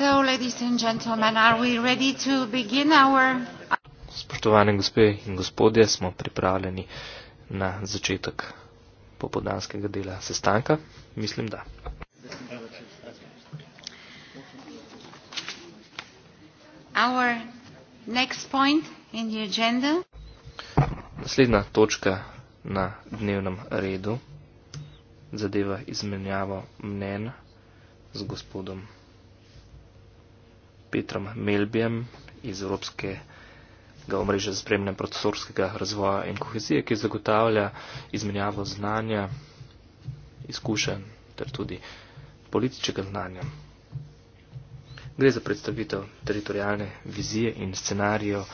Ladies and gentlemen, are we ready to begin our... Spoštovane gospe in gospodje, smo pripravljeni na začetek popodanskega dela sestanka? Mislim, da. Our next point in the agenda. Naslednja točka na dnevnem redu zadeva izmenjavo mnen z gospodom Petrom Melbijem iz Evropskega omrežja za spremljanje procesorskega razvoja in kohezije, ki zagotavlja izmenjavo znanja, izkušenj ter tudi političnega znanja. Gre za predstavitev teritorijalne vizije in scenarijo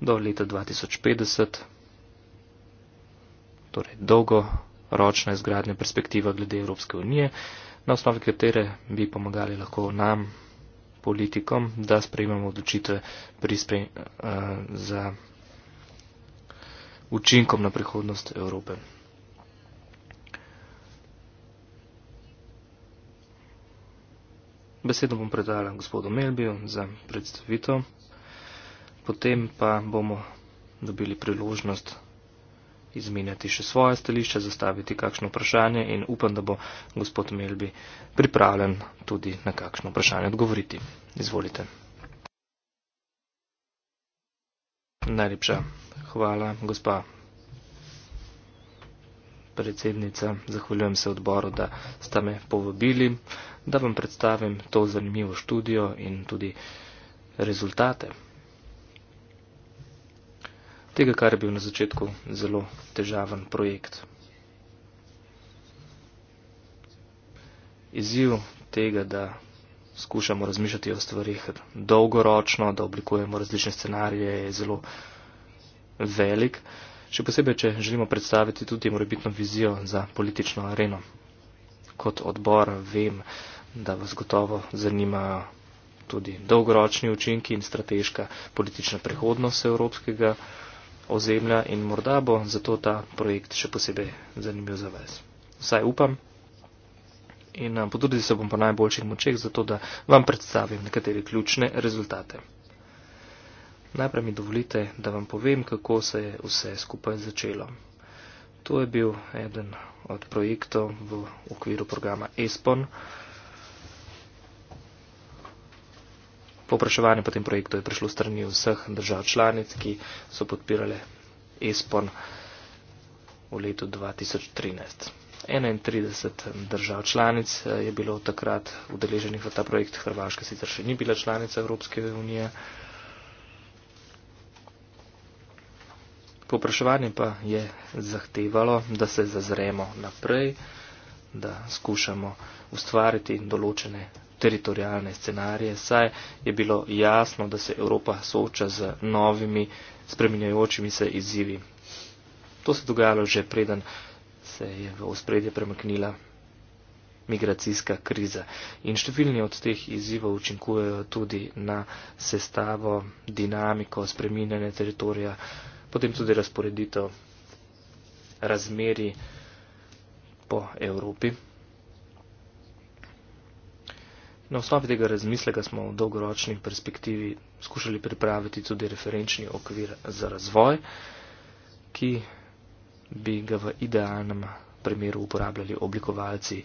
do leta 2050, torej dolgoročna izgradnja perspektiva glede Evropske unije, na osnovi katere bi pomagali lahko nam, politikom, da sprejemamo odločitve pri spre, uh, za učinkom na prihodnost Evrope. Besedo bom predala gospodu Melbiju za predstavitev, potem pa bomo dobili priložnost izmenjati še svoje stališče, zastaviti kakšno vprašanje in upam, da bo gospod Melbi pripravljen tudi na kakšno vprašanje odgovoriti. Izvolite. Najlepša hvala, gospa predsednica. Zahvaljujem se odboru, da sta me povabili, da vam predstavim to zanimivo študijo in tudi rezultate tega, kar je bil na začetku zelo težaven projekt. Izziv tega, da skušamo razmišljati o stvarih dolgoročno, da oblikujemo različne scenarije, je zelo velik, še posebej, če želimo predstaviti tudi morebitno vizijo za politično areno. Kot odbor vem, da vas gotovo zanimajo tudi dolgoročni učinki in strateška politična prihodnost evropskega ozemlja in morda bo zato ta projekt še posebej zanimiv za vas. Vsaj upam in eh, potrudil se bom po najboljših močeh za to, da vam predstavim nekatere ključne rezultate. Najprej mi dovolite, da vam povem, kako se je vse skupaj začelo. To je bil eden od projektov v okviru programa ESPON, Popraševanje po tem projektu je prišlo strani vseh držav članic, ki so podpirale ESPON v letu 2013. 31 eh, držav članic eh, je bilo takrat udeleženih v ta projekt. Hrvaška sicer še ni bila članica Evropske unije. Popraševanje pa je zahtevalo, da se zazremo naprej, da skušamo ustvariti določene teritorijalne scenarije, saj je bilo jasno, da se Evropa sooča z novimi, spreminjajočimi se izzivi. To se dogajalo že preden se je v ospredje premaknila migracijska kriza in številni od teh izzivov učinkujejo tudi na sestavo, dinamiko, spreminjanje teritorija, potem tudi razporeditev razmeri po Evropi. Na osnovi tega razmisleka smo v dolgoročni perspektivi skušali pripraviti tudi referenčni okvir za razvoj, ki bi ga v idealnem primeru uporabljali oblikovalci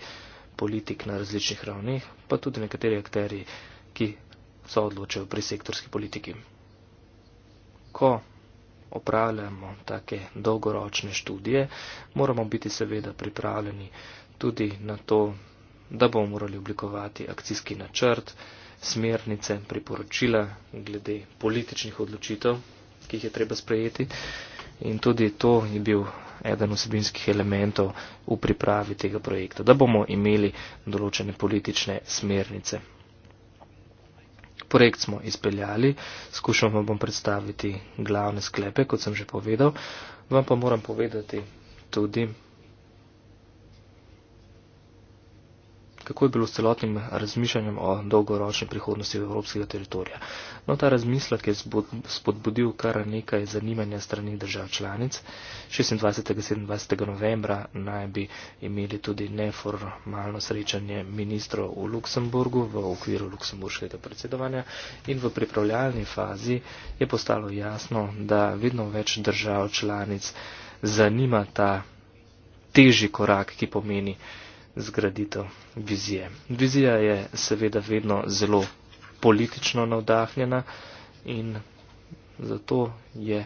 politik na različnih ravneh, pa tudi nekateri akteri, ki so odločajo pri sektorski politiki. Ko opravljamo take dolgoročne študije, moramo biti seveda pripravljeni tudi na to, da bomo morali oblikovati akcijski načrt, smernice, priporočila glede političnih odločitev, ki jih je treba sprejeti. In tudi to je bil eden osebinskih elementov v pripravi tega projekta, da bomo imeli določene politične smernice. Projekt smo izpeljali, skušal vam bom predstaviti glavne sklepe, kot sem že povedal, vam pa moram povedati tudi kako je bilo s celotnim razmišljanjem o dolgoročni prihodnosti evropskega teritorija. No, ta razmislek je spodbudil kar nekaj zanimanja strani držav članic. 26. in 27. novembra naj bi imeli tudi neformalno srečanje ministrov v Luksemburgu v okviru luksemburškega predsedovanja in v pripravljalni fazi je postalo jasno, da vedno več držav članic zanima ta teži korak, ki pomeni, zgraditev vizije. Vizija je seveda vedno zelo politično navdahnjena in zato je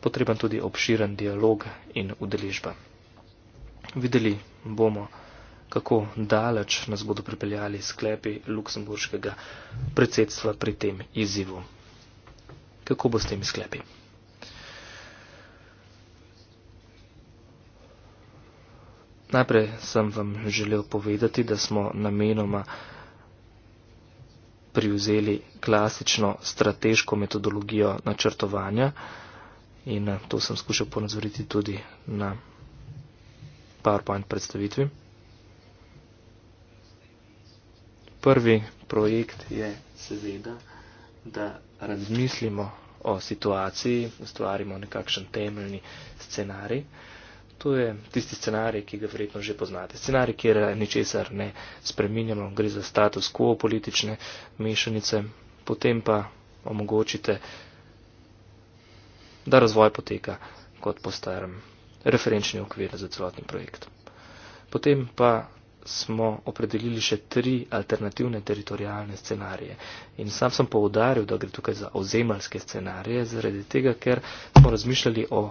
potreben tudi obširen dialog in udeležba. Videli bomo, kako daleč nas bodo pripeljali sklepi luksemburškega predsedstva pri tem izzivu. Kako bo s temi sklepi? Najprej sem vam želel povedati, da smo namenoma privzeli klasično strateško metodologijo načrtovanja in eh, to sem skušal ponazoriti tudi na PowerPoint predstavitvi. Prvi projekt je seveda, da razmislimo o situaciji, ustvarimo nekakšen temeljni scenarij. To je tisti scenarij, ki ga verjetno že poznate. Scenarij, kjer ničesar ne spreminjamo, gre za status quo politične mešanice, potem pa omogočite, da razvoj poteka kot po starem referenčni okvir za celotni projekt. Potem pa smo opredelili še tri alternativne teritorijalne scenarije. In sam sem poudaril, da gre tukaj za ozemalske scenarije, zaradi tega, ker smo razmišljali o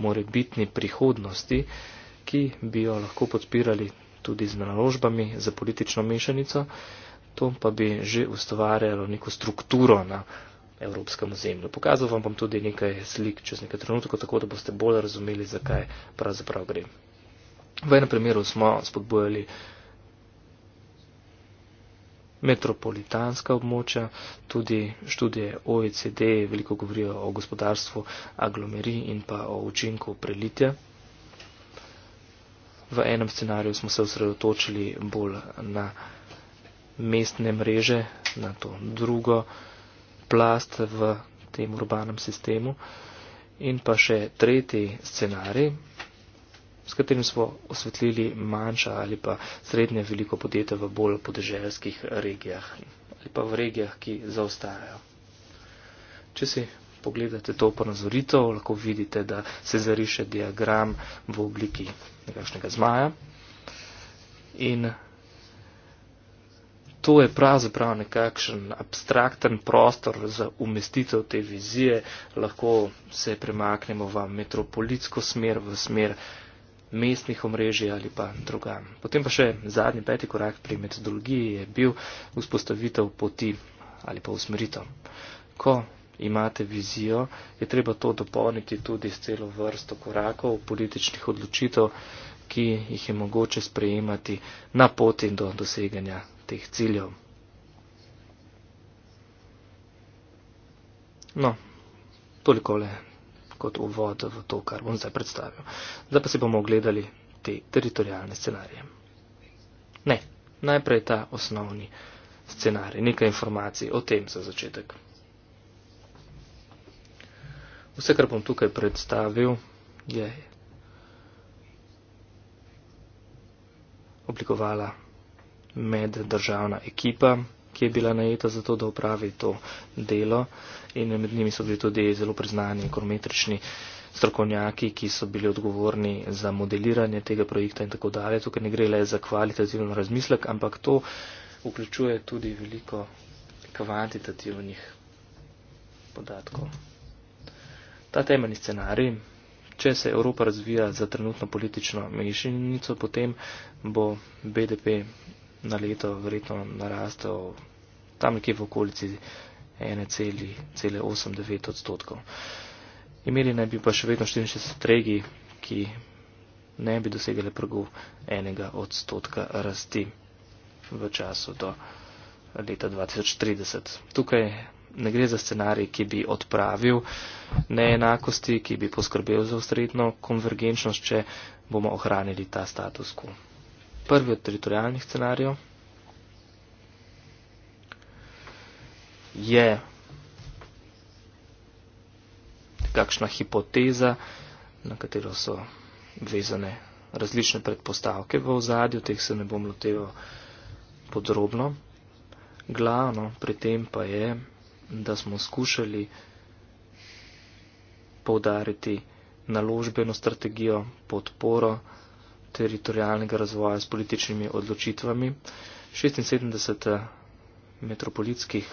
morebitni prihodnosti, ki bi jo lahko podpirali tudi z naložbami za politično mešanico, to pa bi že ustvarjalo neko strukturo na evropskem zemlju. Pokazal vam bom tudi nekaj slik čez nekaj trenutkov, tako da boste bolj razumeli, zakaj pravzaprav gre. V enem primeru smo spodbojali metropolitanska območja, tudi študije OECD veliko govorijo o gospodarstvu aglomeri in pa o učinku prelitja. V enem scenariju smo se osredotočili bolj na mestne mreže, na to drugo plast v tem urbanem sistemu. In pa še tretji scenarij, s katerim smo osvetlili manjša ali pa srednje veliko podjetja v bolj podeželskih regijah ali pa v regijah, ki zaostajajo. Če si pogledate to ponazoritev, lahko vidite, da se zariše diagram v obliki nekakšnega zmaja. In to je pravzaprav nekakšen abstrakten prostor za umestitev te vizije. Lahko se premaknemo v metropolitsko smer, v smer mestnih omrežij ali pa drugam. Potem pa še zadnji peti korak pri metodologiji je bil vzpostavitev poti ali pa usmeritev. Ko imate vizijo, je treba to dopolniti tudi s celo vrsto korakov, političnih odločitev, ki jih je mogoče sprejemati na poti do doseganja teh ciljev. No, toliko le kot uvod v to, kar bom zdaj predstavil. Zdaj pa si bomo ogledali te teritorijalne scenarije. Ne, najprej ta osnovni scenarij, nekaj informacij o tem za začetek. Vse, kar bom tukaj predstavil, je oblikovala meddržavna ekipa, ki je bila najeta za to, da upravi to delo. In med njimi so bili tudi zelo priznani ekonometrični strokovnjaki, ki so bili odgovorni za modeliranje tega projekta in tako dalje. Tukaj ne gre le za kvalitativno razmislek, ampak to vključuje tudi veliko kvantitativnih podatkov. Ta temeljni scenarij, če se Evropa razvija za trenutno politično mešinico, potem bo BDP na leto verjetno narastel tam nekje v okolici 1,89 odstotkov. Imeli naj bi pa še vedno 64 regij, ki ne bi dosegali pragu enega odstotka rasti v času do leta 2030. Tukaj ne gre za scenarij, ki bi odpravil neenakosti, ki bi poskrbel za ustredno konvergenčnost, če bomo ohranili ta status quo. Prvi od teritorijalnih scenarijev. je kakšna hipoteza, na katero so vezane različne predpostavke v ozadju, teh se ne bom loteval podrobno. Glavno pri tem pa je, da smo skušali poudariti naložbeno strategijo podporo teritorijalnega razvoja s političnimi odločitvami. 76 eh, metropolitskih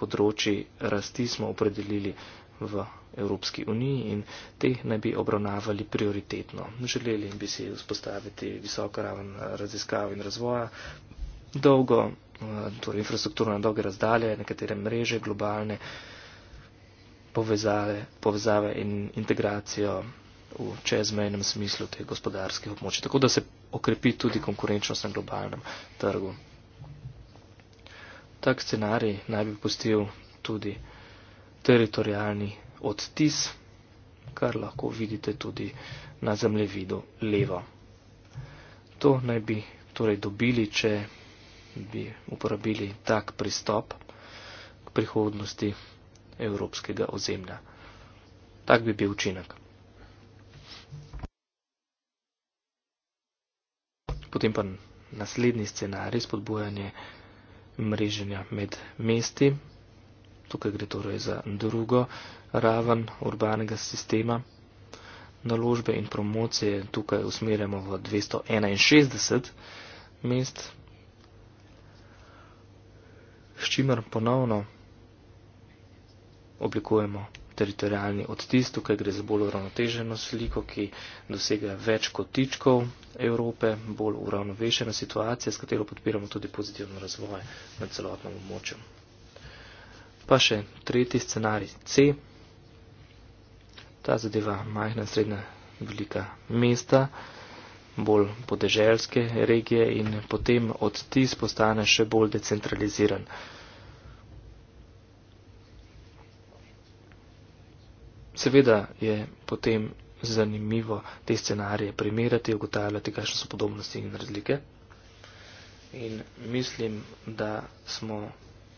področji rasti smo opredelili v Evropski uniji in te naj bi obravnavali prioritetno. Želeli bi si vzpostaviti visoko raven raziskav in razvoja, dolgo, eh, torej infrastrukturo na dolge razdalje, nekatere mreže globalne, povezave, povezave in integracijo v čezmejnem smislu teh gospodarskih območij, tako da se okrepi tudi konkurenčnost na globalnem trgu. Tak scenarij naj bi pustil tudi teritorijalni odtis, kar lahko vidite tudi na zemljevidu levo. To naj bi torej dobili, če bi uporabili tak pristop k prihodnosti evropskega ozemlja. Tak bi bil učinek. Potem pa naslednji scenarij, spodbujanje mreženja med mesti. Tukaj gre torej za drugo raven urbanega sistema. Naložbe in promocije tukaj usmerjamo v 261 mest, s čimer ponovno oblikujemo teritorijalni odtis, tukaj gre za bolj uravnoteženo sliko, ki dosega več kotičkov Evrope, bolj uravnovešena situacija, s katero podpiramo tudi pozitivno razvoj na celotnem območju. Pa še tretji scenarij C. Ta zadeva majhna srednja velika mesta, bolj podeželske regije in potem odtis postane še bolj decentraliziran. Seveda je potem zanimivo te scenarije primerjati, ugotavljati, kakšne so podobnosti in razlike. In mislim, da smo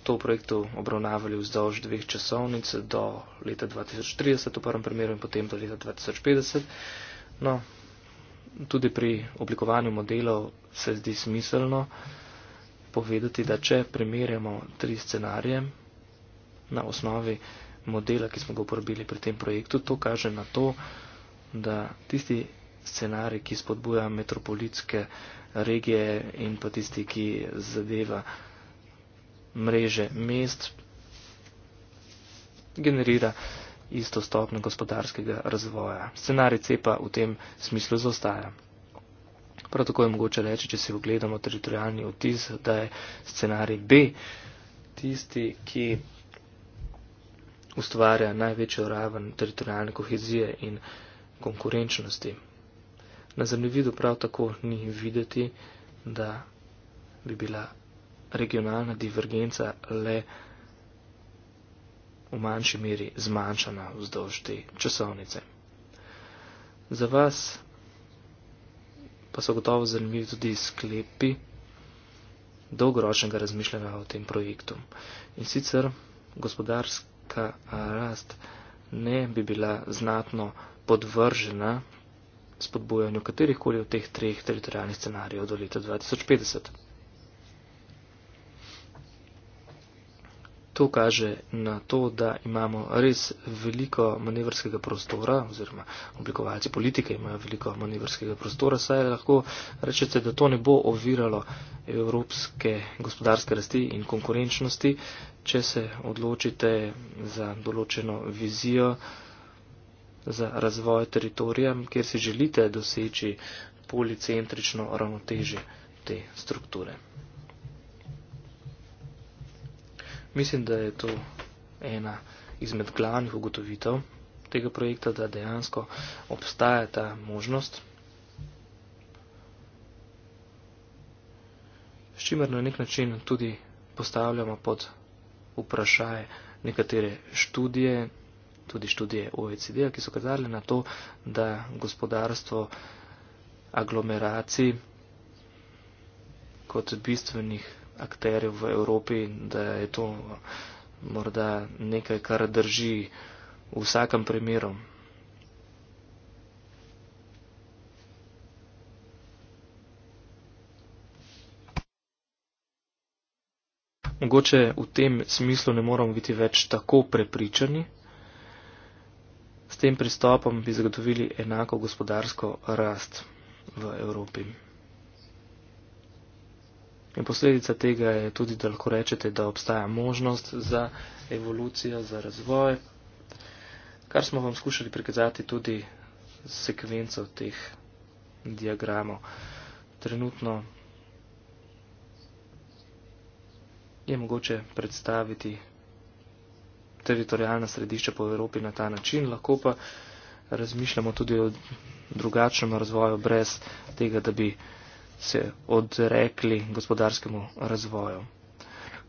to projektu obravnavali vzdolž dveh časovnic do leta 2030 v prvem primeru in potem do leta 2050. No, tudi pri oblikovanju modelov se zdi smiselno povedati, da če primerjamo tri scenarije na osnovi modela, ki smo ga uporabili pri tem projektu, to kaže na to, da tisti scenarij, ki spodbuja metropolitske regije in pa tisti, ki zadeva mreže mest, generira isto stopno gospodarskega razvoja. Scenarij C pa v tem smislu zostaja. Prav tako je mogoče reči, če si ogledamo teritorijalni vtis, da je scenarij B tisti, ki ustvarja največjo raven teritorijalne kohezije in konkurenčnosti. Na zemljevidu prav tako ni videti, da bi bila regionalna divergenca le v manjši meri zmanjšana vzdolž te časovnice. Za vas pa so gotovo zanimivi tudi sklepi dolgoročnega razmišljanja o tem projektu. In sicer gospodarski taka rast ne bi bila znatno podvržena spodbujanju katerihkoli od teh treh teritorijalnih scenarijev do leta 2050. to kaže na to, da imamo res veliko manevrskega prostora, oziroma oblikovalci politike imajo veliko manevrskega prostora, saj lahko rečete, da to ne bo oviralo evropske gospodarske rasti in konkurenčnosti, če se odločite za določeno vizijo za razvoj teritorija, kjer si želite doseči policentrično ravnotežje te strukture. Mislim, da je to ena izmed glavnih ugotovitev tega projekta, da dejansko obstaja ta možnost, s čimer na nek način tudi postavljamo pod vprašanje nekatere študije, tudi študije OECD-a, ki so kazali na to, da gospodarstvo aglomeracij kot bistvenih akterjev v Evropi, da je to morda nekaj, kar drži v vsakem primeru. Mogoče v tem smislu ne moramo biti več tako prepričani. S tem pristopom bi zagotovili enako gospodarsko rast v Evropi. In posledica tega je tudi, da lahko rečete, da obstaja možnost za evolucijo, za razvoj, kar smo vam skušali prikazati tudi z sekvencov teh diagramov. Trenutno je mogoče predstaviti teritorijalna središča po Evropi na ta način, lahko pa razmišljamo tudi o drugačnem razvoju brez tega, da bi se odrekli gospodarskemu razvoju.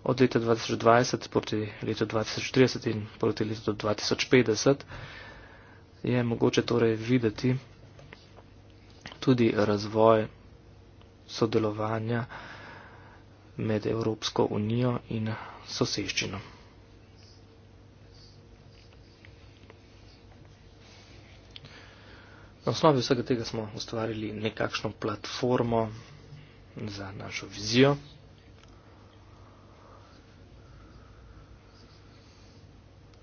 Od leta 2020 proti leta 2030 in proti leta 2050 je mogoče torej videti tudi razvoj sodelovanja med Evropsko unijo in soseščino. Na osnovi vsega tega smo ustvarili nekakšno platformo za našo vizijo.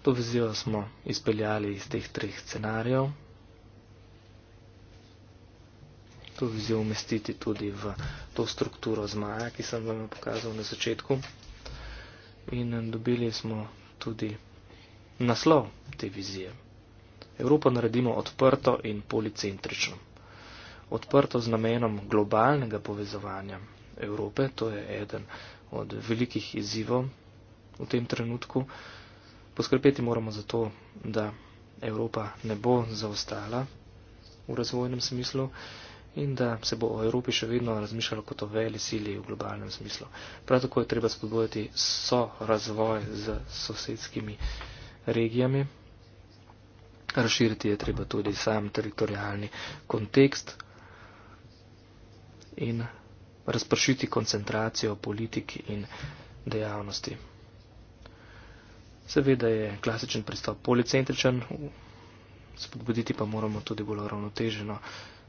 To vizijo smo izpeljali iz teh treh scenarijev. To vizijo umestiti tudi v to strukturo zmaja, ki sem vam pokazal na začetku. In dobili smo tudi naslov te vizije. Evropo naredimo odprto in policentrično. Odprto z namenom globalnega povezovanja Evrope, to je eden od velikih izzivov v tem trenutku. Poskrbeti moramo za to, da Evropa ne bo zaostala v razvojnem smislu in da se bo o Evropi še vedno razmišljalo kot o veli sili v globalnem smislu. Prav tako je treba spodbojati so razvoj z sosedskimi regijami. Razširiti je treba tudi sam teritorijalni kontekst in razpršiti koncentracijo politik in dejavnosti. Seveda je klasičen pristop policentričen, spodbuditi pa moramo tudi bolj ravnoteženo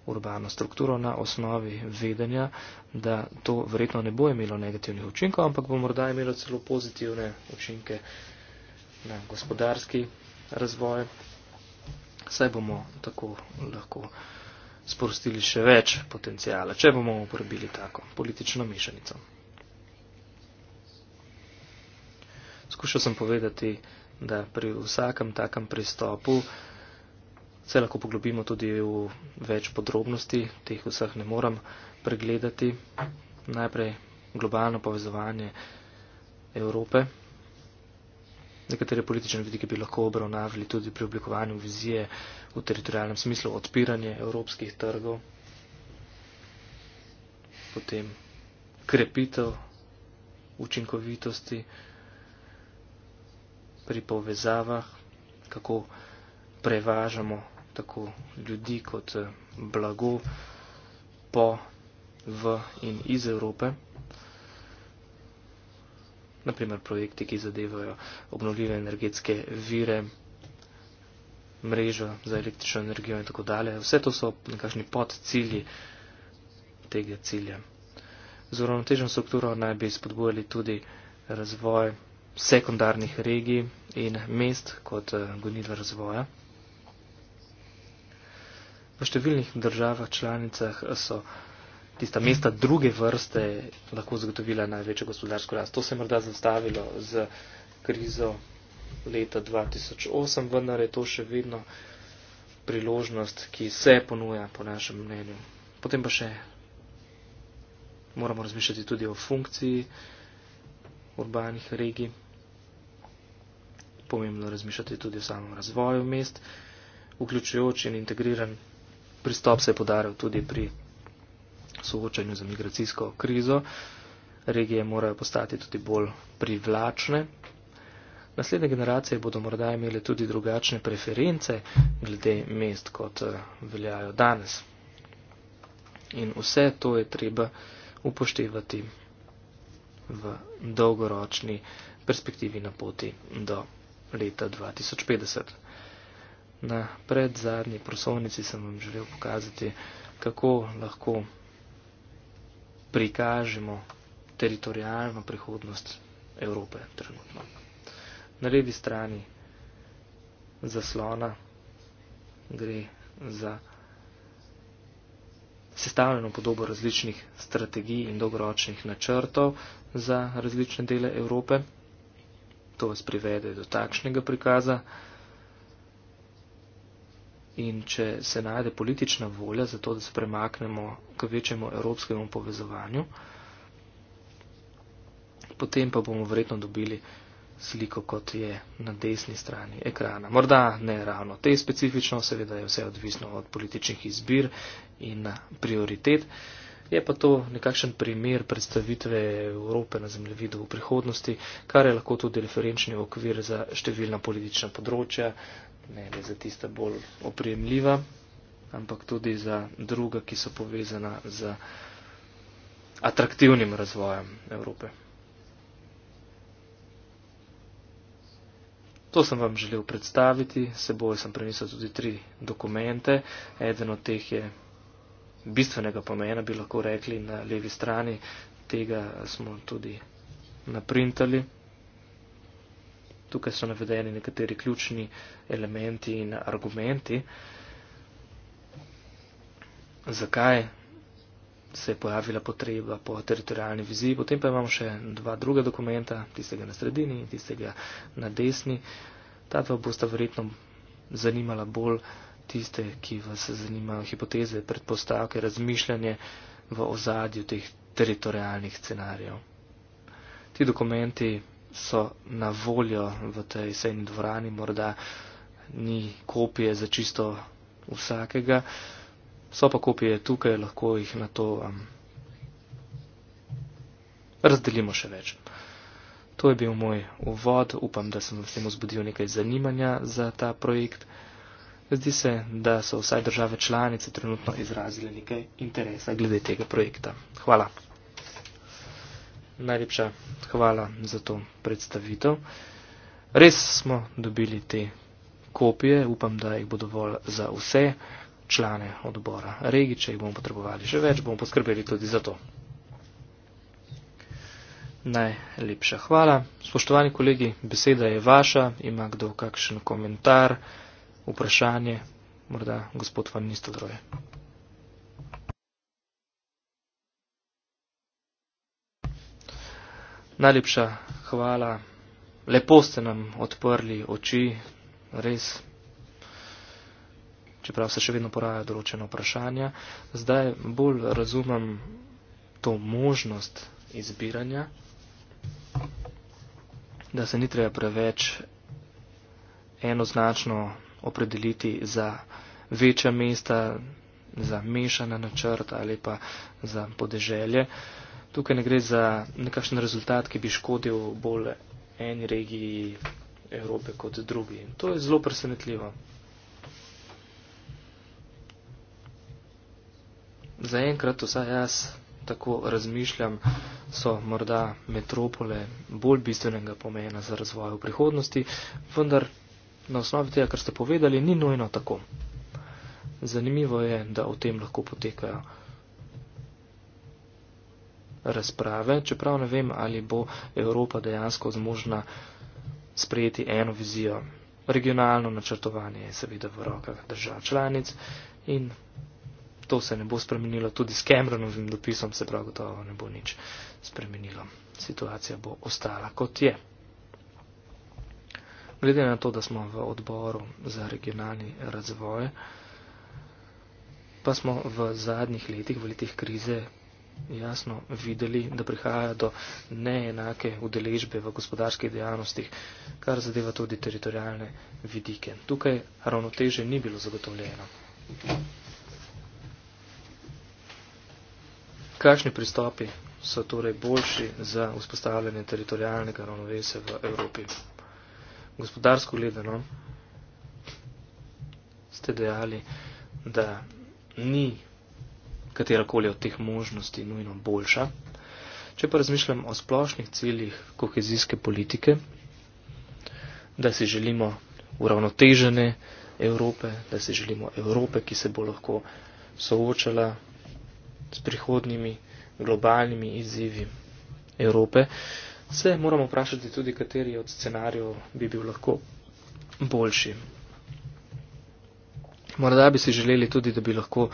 urbano strukturo na osnovi vedenja, da to verjetno ne bo imelo negativnih učinkov, ampak bo morda imelo celo pozitivne učinke na gospodarski razvoj saj bomo tako lahko sprostili še več potencijala, če bomo uporabili tako politično mešanico. Skušal sem povedati, da pri vsakem takem pristopu se lahko poglobimo tudi v več podrobnosti, teh vseh ne moram pregledati. Najprej globalno povezovanje Evrope nekatere politične vidike bi lahko obravnavali tudi pri oblikovanju vizije v teritorijalnem smislu, odpiranje evropskih trgov, potem krepitev učinkovitosti pri povezavah, kako prevažamo tako ljudi kot eh, blago po v in iz Evrope naprimer projekti, ki zadevajo obnovljive energetske vire, mrežo za električno energijo in tako dalje. Vse to so nekakšni pod cilji tega cilja. Z uravnotežen strukturo naj bi spodbujali tudi razvoj sekundarnih regij in mest kot eh, gonilo razvoja. V številnih državah članicah so tista mesta druge vrste lahko zagotovila največjo gospodarsko rast. To se je morda zastavilo z krizo leta 2008, vendar je to še vedno priložnost, ki se ponuja po našem mnenju. Potem pa še moramo razmišljati tudi o funkciji urbanih regij. Pomembno razmišljati tudi o samem razvoju mest, vključujoč in integriran pristop se je podaril tudi pri soočanju z migracijsko krizo. Regije morajo postati tudi bolj privlačne. Naslednje generacije bodo morda imele tudi drugačne preference glede mest, kot eh, veljajo danes. In vse to je treba upoštevati v dolgoročni perspektivi na poti do leta 2050. Na predzadnji prosovnici sem vam želel pokazati, kako lahko prikažemo teritorijalno prihodnost Evrope trenutno. Na levi strani zaslona gre za sestavljeno podobo različnih strategij in dolgoročnih načrtov za različne dele Evrope. To vas privede do takšnega prikaza in če se najde politična volja za to, da se premaknemo k večjemu evropskemu povezovanju, potem pa bomo verjetno dobili sliko, kot je na desni strani ekrana. Morda ne ravno te specifično, seveda je vse odvisno od političnih izbir in prioritet je pa to nekakšen primer predstavitve Evrope na zemljevidu v prihodnosti, kar je lahko tudi referenčni okvir za številna politična področja, ne le za tista bolj opremljiva, ampak tudi za druga, ki so povezana z atraktivnim razvojem Evrope. To sem vam želel predstaviti, seboj sem prenesel tudi tri dokumente, eden od teh je bistvenega pomena, bi lahko rekli, na levi strani. Tega smo tudi naprintali. Tukaj so navedeni nekateri ključni elementi in argumenti, zakaj se je pojavila potreba po teritorijalni viziji. Potem pa imamo še dva druga dokumenta, tistega na sredini in tistega na desni. Ta dva bosta verjetno zanimala bolj tiste, ki vas zanimajo hipoteze, predpostavke, razmišljanje v ozadju teh teritorijalnih scenarijev. Ti dokumenti so na voljo v tej sejni dvorani, morda ni kopije za čisto vsakega, so pa kopije tukaj, lahko jih na to um, razdelimo še več. To je bil moj uvod, upam, da sem vsem vzbudil nekaj zanimanja za ta projekt. Zdi se, da so vsaj države članice trenutno izrazile nekaj interesa glede tega projekta. Hvala. Najlepša hvala za to predstavitev. Res smo dobili te kopije, upam, da jih bo dovolj za vse člane odbora regi, če jih bomo potrebovali še več, bomo poskrbeli tudi za to. Najlepša hvala. Spoštovani kolegi, beseda je vaša, ima kdo kakšen komentar vprašanje, morda gospod Van Nistelrooy. Najlepša hvala. Lepo ste nam odprli oči, res, čeprav se še vedno porajajo določena vprašanja. Zdaj bolj razumem to možnost izbiranja, da se ni treba preveč enoznačno opredeliti za večja mesta, za mešana načrt ali pa za podeželje. Tukaj ne gre za nekakšen rezultat, ki bi škodil bolj eni regiji Evrope kot drugi. To je zelo presenetljivo. Za enkrat vsaj jaz tako razmišljam, so morda metropole bolj bistvenega pomena za razvoj v prihodnosti, vendar na osnovi tega, kar ste povedali, ni nujno tako. Zanimivo je, da o tem lahko potekajo razprave, čeprav ne vem, ali bo Evropa dejansko zmožna sprejeti eno vizijo. Regionalno načrtovanje je seveda v rokah držav članic in to se ne bo spremenilo, tudi s Cameronovim dopisom se prav gotovo ne bo nič spremenilo. Situacija bo ostala kot je glede na to, da smo v odboru za regionalni razvoj, pa smo v zadnjih letih, v letih krize, jasno videli, da prihaja do neenake udeležbe v gospodarskih dejavnostih, kar zadeva tudi teritorijalne vidike. Tukaj ravnoteže ni bilo zagotovljeno. Kakšni pristopi so torej boljši za vzpostavljanje teritorijalnega ravnovesja v Evropi? gospodarsko gledano, ste dejali, da ni katerakoli od teh možnosti nujno boljša. Če pa razmišljam o splošnih ciljih kohezijske politike, da si želimo uravnotežene Evrope, da si želimo Evrope, ki se bo lahko soočala s prihodnimi globalnimi izzivi Evrope, Se moramo vprašati tudi, kateri od scenarijev bi bil lahko boljši. Morda bi si želeli tudi, da bi, lahko,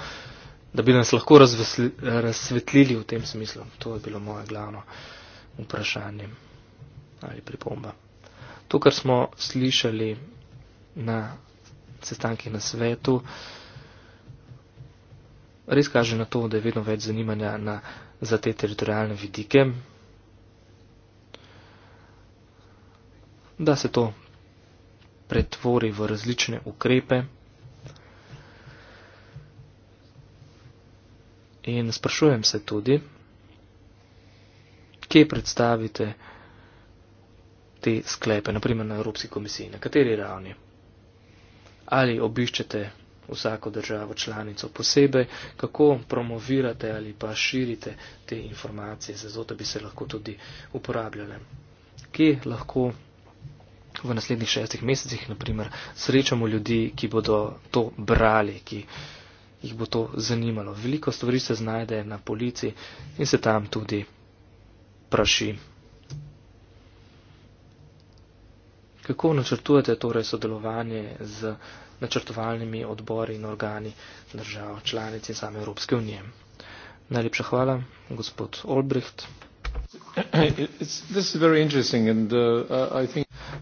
da bi nas lahko razvesli, razsvetlili v tem smislu. To je bilo moje glavno vprašanje ali pripomba. To, kar smo slišali na sestankih na svetu, res kaže na to, da je vedno več zanimanja na, za te teritorijalne vidike. da se to pretvori v različne ukrepe. In sprašujem se tudi, kje predstavite te sklepe, naprimer na Evropski komisiji, na kateri ravni. Ali obiščete vsako državo članico posebej, kako promovirate ali pa širite te informacije, zato da bi se lahko tudi uporabljale. Kje lahko v naslednjih šestih mesecih, naprimer, srečamo ljudi, ki bodo to brali, ki jih bo to zanimalo. Veliko stvari se znajde na polici in se tam tudi praši. Kako načrtujete torej sodelovanje z načrtovalnimi odbori in organi držav članic in same Evropske unije? Najlepša hvala, gospod Olbricht. Uh,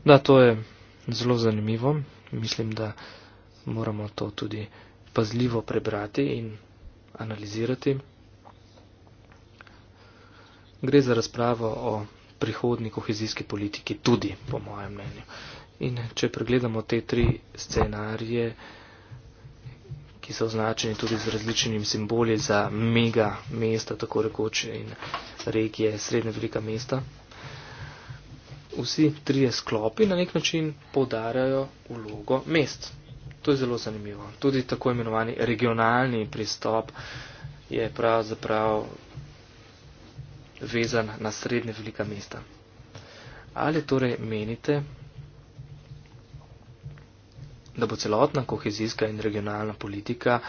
da, to je zelo zanimivo. Mislim, da moramo to tudi pazljivo prebrati in analizirati. Gre za razpravo o prihodni kohezijski politiki tudi, po mojem mnenju. In če pregledamo te tri scenarije, ki so označeni tudi z različnimi simboli za mega mesta, tako rekoč in regije, srednje velika mesta. Vsi trije sklopi na nek način podarjajo vlogo mest. To je zelo zanimivo. Tudi tako imenovani regionalni pristop je pravzaprav vezan na srednje velika mesta. Ali torej menite, da bo celotna kohezijska in regionalna politika,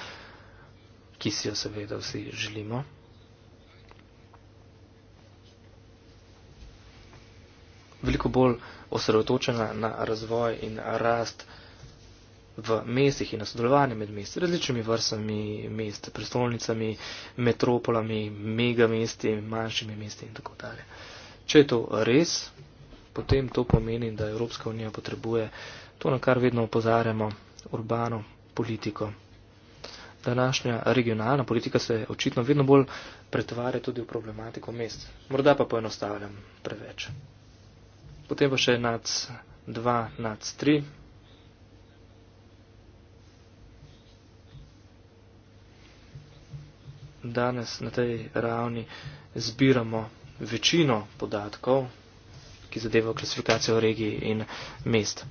ki si jo seveda vsi želimo, veliko bolj osredotočena na razvoj in rast v mestih in na sodelovanje med mesti, različnimi vrstami mest, prestolnicami, metropolami, megamesti, manjšimi mesti in tako dalje. Če je to res, potem to pomeni, da Evropska unija potrebuje to, na kar vedno opozarjamo urbano politiko. Današnja regionalna politika se očitno vedno bolj pretvarja tudi v problematiko mest. Morda pa poenostavljam preveč. Potem pa še nad 2, nad 3. Danes na tej ravni zbiramo večino podatkov, ki zadevajo klasifikacijo regij in mest.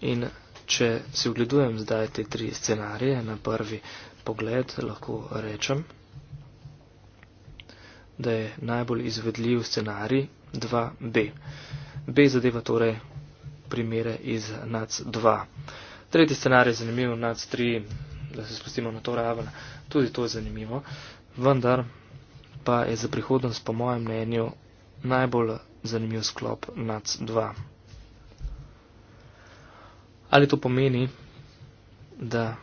In če si ogledujem zdaj te tri scenarije na prvi pogled, lahko rečem, da je najbolj izvedljiv scenarij 2B. B zadeva torej primere iz NAC 2. Tretji scenarij je zanimiv, NAC 3, da se spustimo na to raven, tudi to je zanimivo, vendar pa je za prihodnost po mojem mnenju najbolj zanimiv sklop NAC 2. Ali to pomeni, da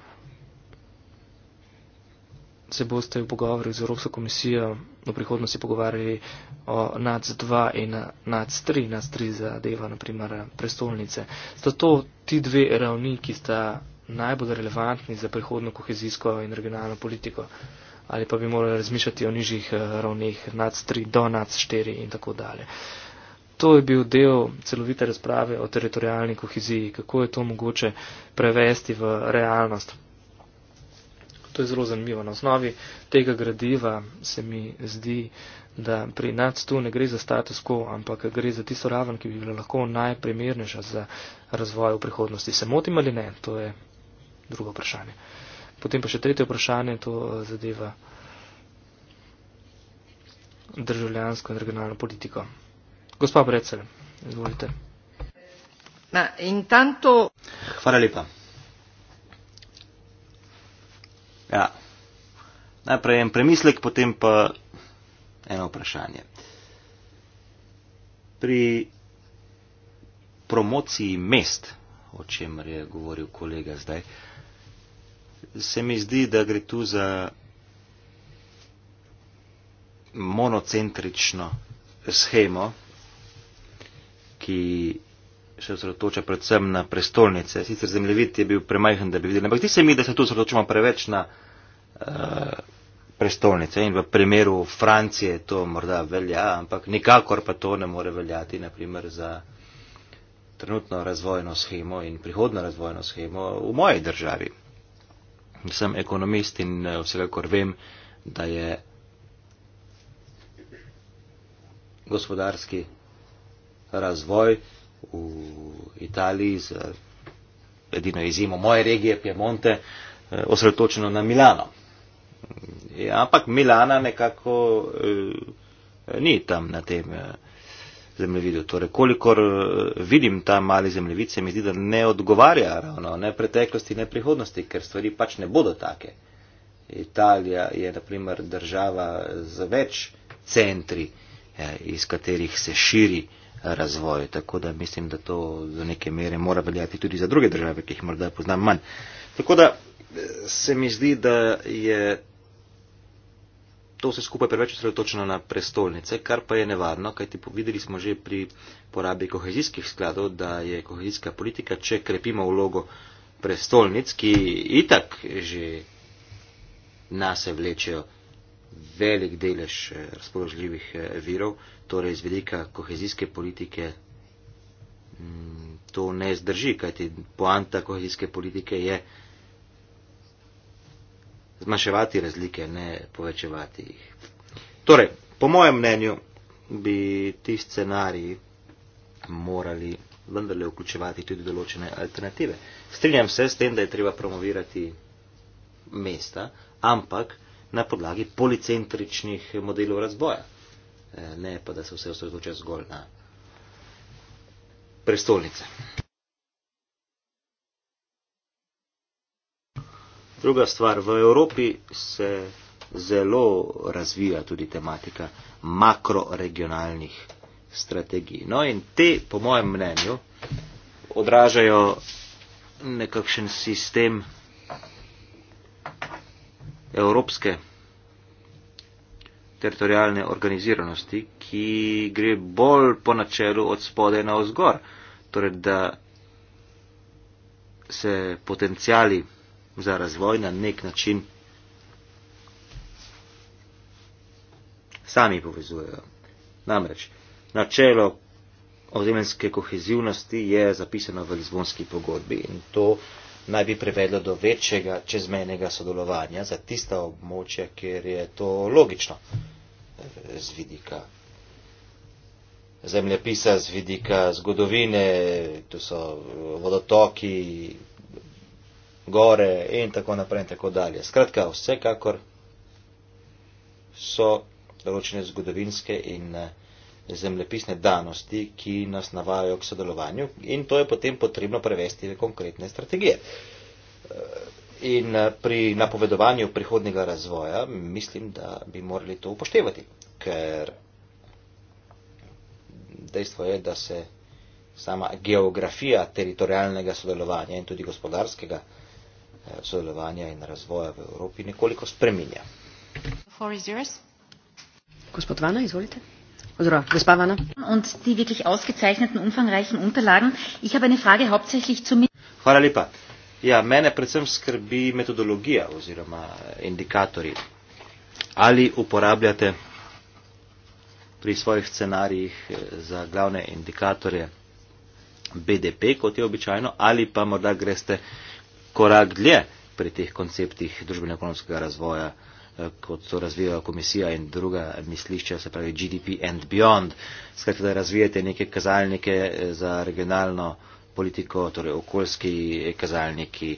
se boste v pogovoru z Evropsko komisijo v prihodnosti pogovarjali o NAC2 in NAC3, NAC3 zadeva, naprimer, prestolnice. Zato ti dve ravni, ki sta najbolj relevantni za prihodno kohezijsko in regionalno politiko, ali pa bi morali razmišljati o nižjih eh, ravneh NAC3 do NAC4 in tako dalje to je bil del celovite razprave o teritorijalni koheziji, kako je to mogoče prevesti v realnost. To je zelo zanimivo. Na osnovi tega gradiva se mi zdi, da pri nas tu ne gre za status quo, ampak gre za tisto raven, ki bi bila lahko najprimernejša za razvoj v prihodnosti. Se motim ali ne? To je drugo vprašanje. Potem pa še tretje vprašanje, to eh, zadeva državljansko in regionalno politiko gospa brecelj izvolite Na, in tanto hvala lepa ja najprej en premislek potem pa eno vprašanje pri promociji mest o čemer je govoril kolega zdaj se mi zdi da gre tu za monocentrično shemo, ki se osredotoča predvsem na prestolnice. Sicer zemljevid je bil premajhen, da bi videli, ampak ti se mi, da se tu osredotočamo preveč na uh, prestolnice in v primeru Francije to morda velja, ampak nikakor pa to ne more veljati, naprimer za trenutno razvojno schemo in prihodno razvojno schemo v moji državi. Sem ekonomist in eh, vsekakor vem, da je gospodarski razvoj v Italiji z edino izjemo moje regije Piemonte eh, osredotočeno na Milano. Ja, ampak Milana nekako eh, ni tam na tem eh, zemljevidu. Torej, kolikor eh, vidim ta mali zemljevid, se mi zdi, da ne odgovarja ravno ne preteklosti, ne prihodnosti, ker stvari pač ne bodo take. Italija je naprimer država z več centri, eh, iz katerih se širi eh, razvoju. Tako da mislim, da to do neke mere mora veljati tudi za druge države, ki jih morda poznam manj. Tako da eh, se mi zdi, da je to vse skupaj preveč osredotočeno na prestolnice, kar pa je nevarno, kajti videli smo že pri porabi kohezijskih skladov, da je kohezijska politika, če krepimo vlogo prestolnic, ki itak že nase vlečejo velik delež eh, razpoložljivih eh, virov, torej iz velika kohezijske politike mm, to ne zdrži, kajti poanta kohezijske politike je zmaševati razlike, ne povečevati jih. Torej, po mojem mnenju bi ti scenariji morali vendarle vključevati tudi določene alternative. Strinjam se s tem, da je treba promovirati mesta, ampak na podlagi policentričnih modelov razvoja. E, ne pa, da se vse osredotoča zgolj na prestolnice. Druga stvar, v Evropi se zelo razvija tudi tematika makroregionalnih strategij. No in te, po mojem mnenju, odražajo nekakšen sistem, evropske teritorijalne organiziranosti, ki gre bolj po načelu od spode na vzgor, torej da se potencijali za razvoj na nek način sami povezujejo. Namreč, načelo ozemenske kohezivnosti je zapisano v Lizbonski pogodbi in to naj bi privedlo do večjega čezmejnega sodelovanja za tista območja, kjer je to logično eh, z vidika zemljepisa, z vidika zgodovine, tu so vodotoki, gore in tako naprej in tako dalje. Skratka, vsekakor so določene zgodovinske in eh, zemljepisne danosti, ki nas navajajo k sodelovanju in to je potem potrebno prevesti v konkretne strategije. In eh, pri napovedovanju prihodnega razvoja mislim, da bi morali to upoštevati, ker dejstvo je, da se sama geografija teritorijalnega sodelovanja in tudi gospodarskega eh, sodelovanja in razvoja v Evropi nekoliko spreminja. Gospod Vana, izvolite und die wirklich ausgezeichneten, umfangreichen Unterlagen. Ich habe eine Frage hauptsächlich zu. Hvala lepa. Ja, mene predvsem skrbi metodologija oziroma indikatori. Ali uporabljate pri svojih scenarijih eh, za glavne indikatorje BDP, kot je običajno, ali pa morda greste korak dlje pri teh konceptih družbeno-ekonomskega razvoja, Eh, kot to razvijajo komisija in druga mislišča, se pravi GDP and beyond. Skratka, da razvijate neke kazalnike eh, za regionalno politiko, torej okoljski eh, kazalniki,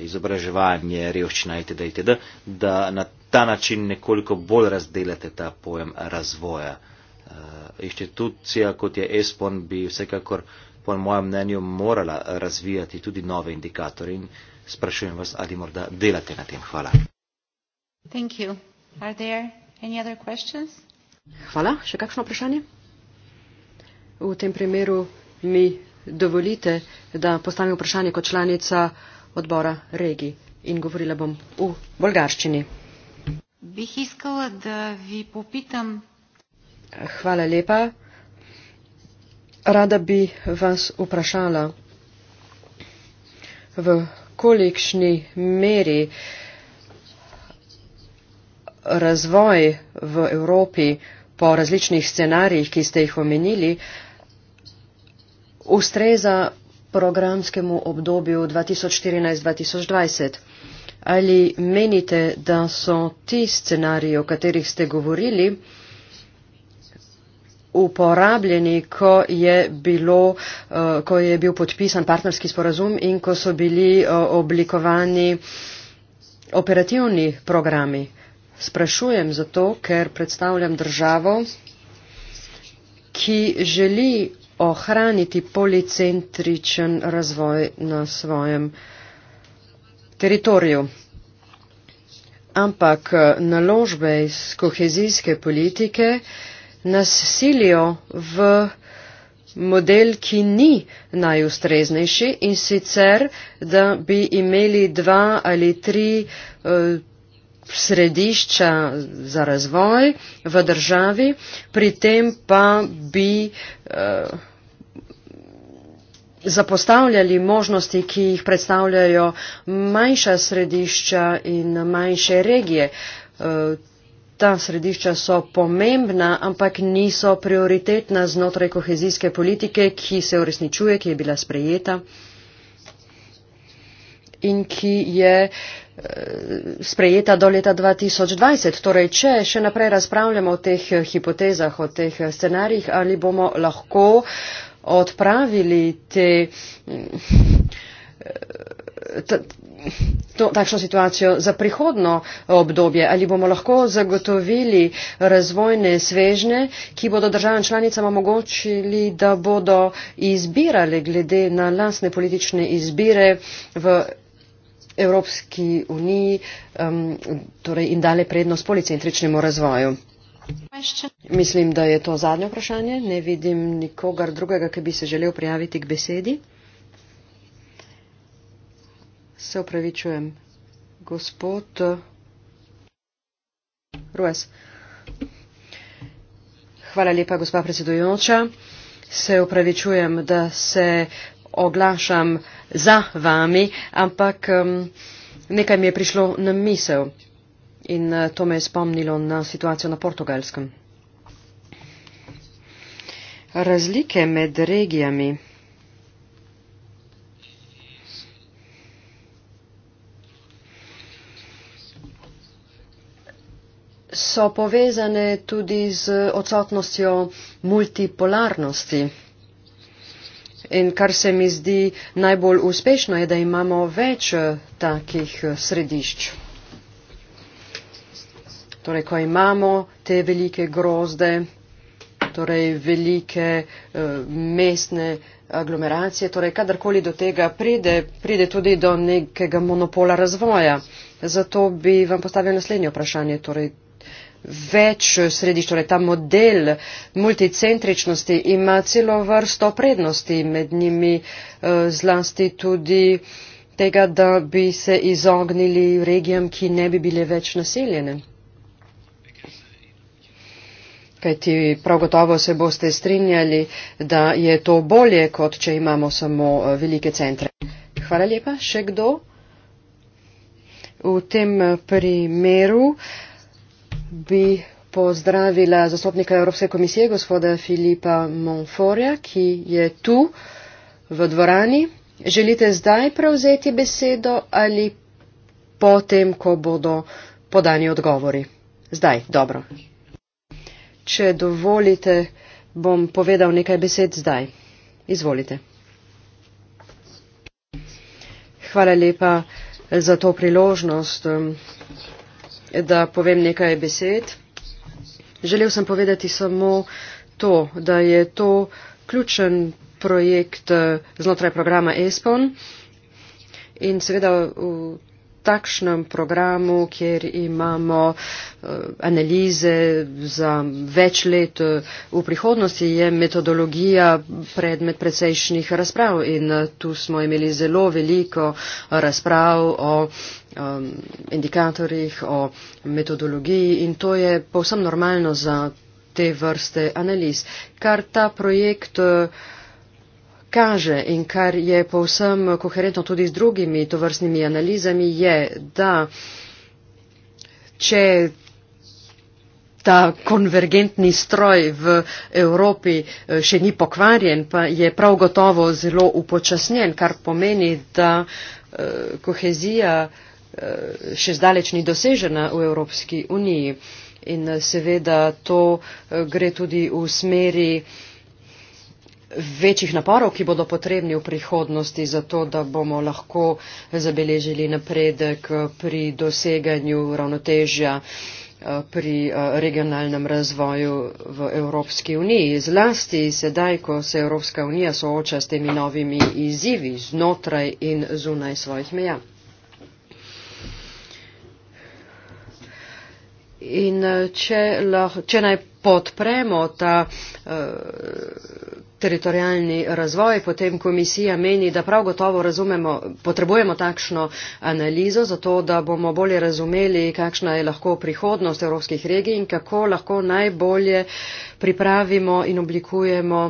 izobraževanje, revščina itd. itd. da na ta način nekoliko bolj razdelate ta pojem razvoja. Inštitucija kot je ESPON bi vsekakor po mojem mnenju morala razvijati tudi nove indikatorje in sprašujem vas, ali morda delate na tem. Hvala. Hvala. Še kakšno vprašanje? V tem primeru mi dovolite, da postavim vprašanje kot članica odbora regij in govorila bom v bolgarščini. Bih iskala, da vi popitam. Hvala lepa. Rada bi vas vprašala, v kolikšni meri uh, razvoj v Evropi po različnih scenarijih, ki ste jih omenili, ustreza programskemu obdobju 2014-2020. Ali menite, da so ti scenariji, o katerih ste govorili, uporabljeni, ko je, bilo, eh, ko je bil podpisan partnerski sporazum in ko so bili eh, oblikovani operativni programi? Sprašujem zato, ker predstavljam državo, ki želi ohraniti policentričen razvoj na svojem teritoriju. Ampak eh, naložbe iz kohezijske politike nas silijo v model, ki ni najustreznejši in sicer, da bi imeli dva ali tri. Uh, središča za razvoj v državi, pri tem pa bi eh, zapostavljali možnosti, ki jih predstavljajo manjša središča in manjše regije. Eh, ta središča so pomembna, ampak niso prioritetna znotraj kohezijske politike, ki se uresničuje, ki je bila sprejeta in ki je eh, sprejeta do leta 2020. Torej, če še naprej razpravljamo o teh eh, hipotezah, o teh eh, scenarijih, ali bomo lahko odpravili te, eh, t, to, takšno situacijo za prihodno obdobje, ali bomo lahko zagotovili razvojne svežne, ki bodo državam članicam omogočili, da bodo izbirale glede na lastne politične izbire v Evropski uniji um, torej in dale prednost policentričnemu razvoju. Mislim, da je to zadnje vprašanje. Ne vidim nikogar drugega, ki bi se želel prijaviti k besedi. Se upravičujem, gospod eh, Rues. Hvala lepa, gospa predsedujoča. Se upravičujem, da se oglašam za vami, ampak um, nekaj mi je prišlo na misel in uh, to me je spomnilo na situacijo na portugalskem. Razlike med regijami. so povezane tudi z odsotnostjo multipolarnosti. In kar se mi zdi najbolj uspešno je, da imamo več eh, takih eh, središč. Torej, ko imamo te velike grozde, torej velike uh, mestne aglomeracije, torej kadarkoli do tega pride, pride tudi do nekega monopola razvoja. Zato bi vam postavil naslednje vprašanje. Torej, več središč, torej ta model multicentričnosti ima celo vrsto prednosti, med njimi eh, zlasti tudi tega, da bi se izognili regijam, ki ne bi bile več naseljene. Kajti prav gotovo se boste strinjali, da je to bolje, kot če imamo samo eh, velike centre. Hvala lepa. Še kdo? V tem eh, primeru. Uh, bi pozdravila zastopnika Evropske komisije, gospoda Filipa Monforja, ki je tu v dvorani. Želite zdaj prevzeti besedo ali potem, ko bodo podani odgovori? Zdaj, dobro. Če dovolite, bom povedal nekaj besed zdaj. Izvolite. Hvala lepa za to priložnost. Um, da povem nekaj besed. Želel sem povedati samo to, da je to ključen projekt eh, znotraj programa ESPON in seveda v takšnem programu, kjer imamo eh, analize za več let eh, v prihodnosti, je metodologija predmet precejšnjih razprav in eh, tu smo imeli zelo veliko razprav o ehm, indikatorjih, o metodologiji in to je povsem normalno za te vrste analiz. Kar ta projekt kaže in kar je povsem koherentno tudi z drugimi tovrstnimi analizami, je, da če ta konvergentni stroj v Evropi eh, še ni pokvarjen, pa je prav gotovo zelo upočasnjen, kar pomeni, da eh, kohezija eh, še zdaleč ni dosežena v Evropski uniji. In seveda to gre tudi v smeri večjih naporov, ki bodo potrebni v prihodnosti za to, da bomo lahko zabeležili napredek pri doseganju ravnotežja eh, pri eh, regionalnem razvoju v Evropski uniji. Zlasti sedaj, ko se Evropska unija sooča s temi novimi izzivi znotraj in zunaj svojih meja. In eh, če, lah, če naj podpremo ta uh, teritorijalni razvoj, potem komisija meni, da prav gotovo razumemo, potrebujemo takšno analizo, zato da bomo bolje razumeli, kakšna je lahko prihodnost evropskih regij in kako lahko najbolje pripravimo in oblikujemo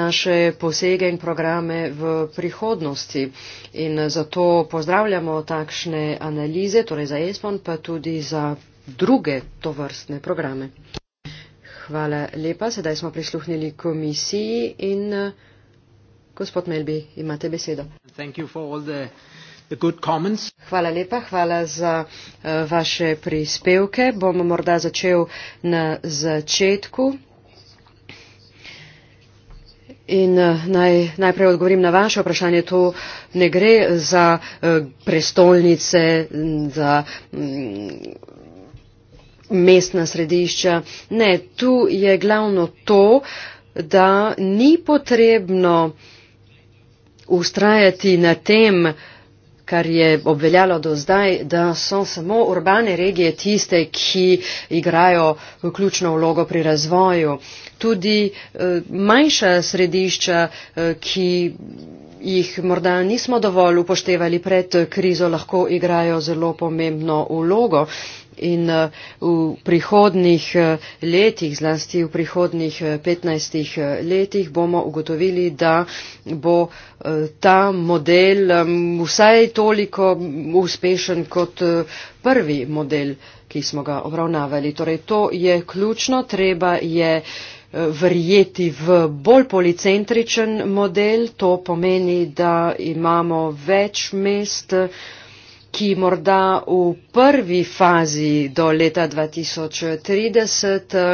naše posege in programe v prihodnosti. In zato pozdravljamo takšne analize, torej za ESPON, pa tudi za druge tovrstne programe. Hvala lepa. Sedaj smo prisluhnili komisiji in eh, gospod Melbi, imate besedo. Hvala lepa, hvala za eh, vaše prispevke. Bom morda začel na začetku. In eh, naj, najprej odgovorim na vaše vprašanje. To ne gre za prestolnice, za mm, mestna središča. Ne, tu je glavno to, da ni potrebno ustrajati na tem, kar je obveljalo do zdaj, da so samo urbane regije tiste, ki igrajo ključno vlogo pri razvoju. Tudi eh, manjša središča, eh, ki jih morda nismo dovolj upoštevali pred krizo, lahko igrajo zelo pomembno vlogo in eh, v prihodnih eh, letih, zlasti v prihodnih 15 eh, letih, bomo ugotovili, da bo ta model vsaj toliko uspešen kot prvi model, ki smo ga obravnavali. Torej, to je ključno, treba je verjeti v bolj policentričen model, to pomeni, da imamo več mest, ki morda v prvi fazi do leta 2030 eh,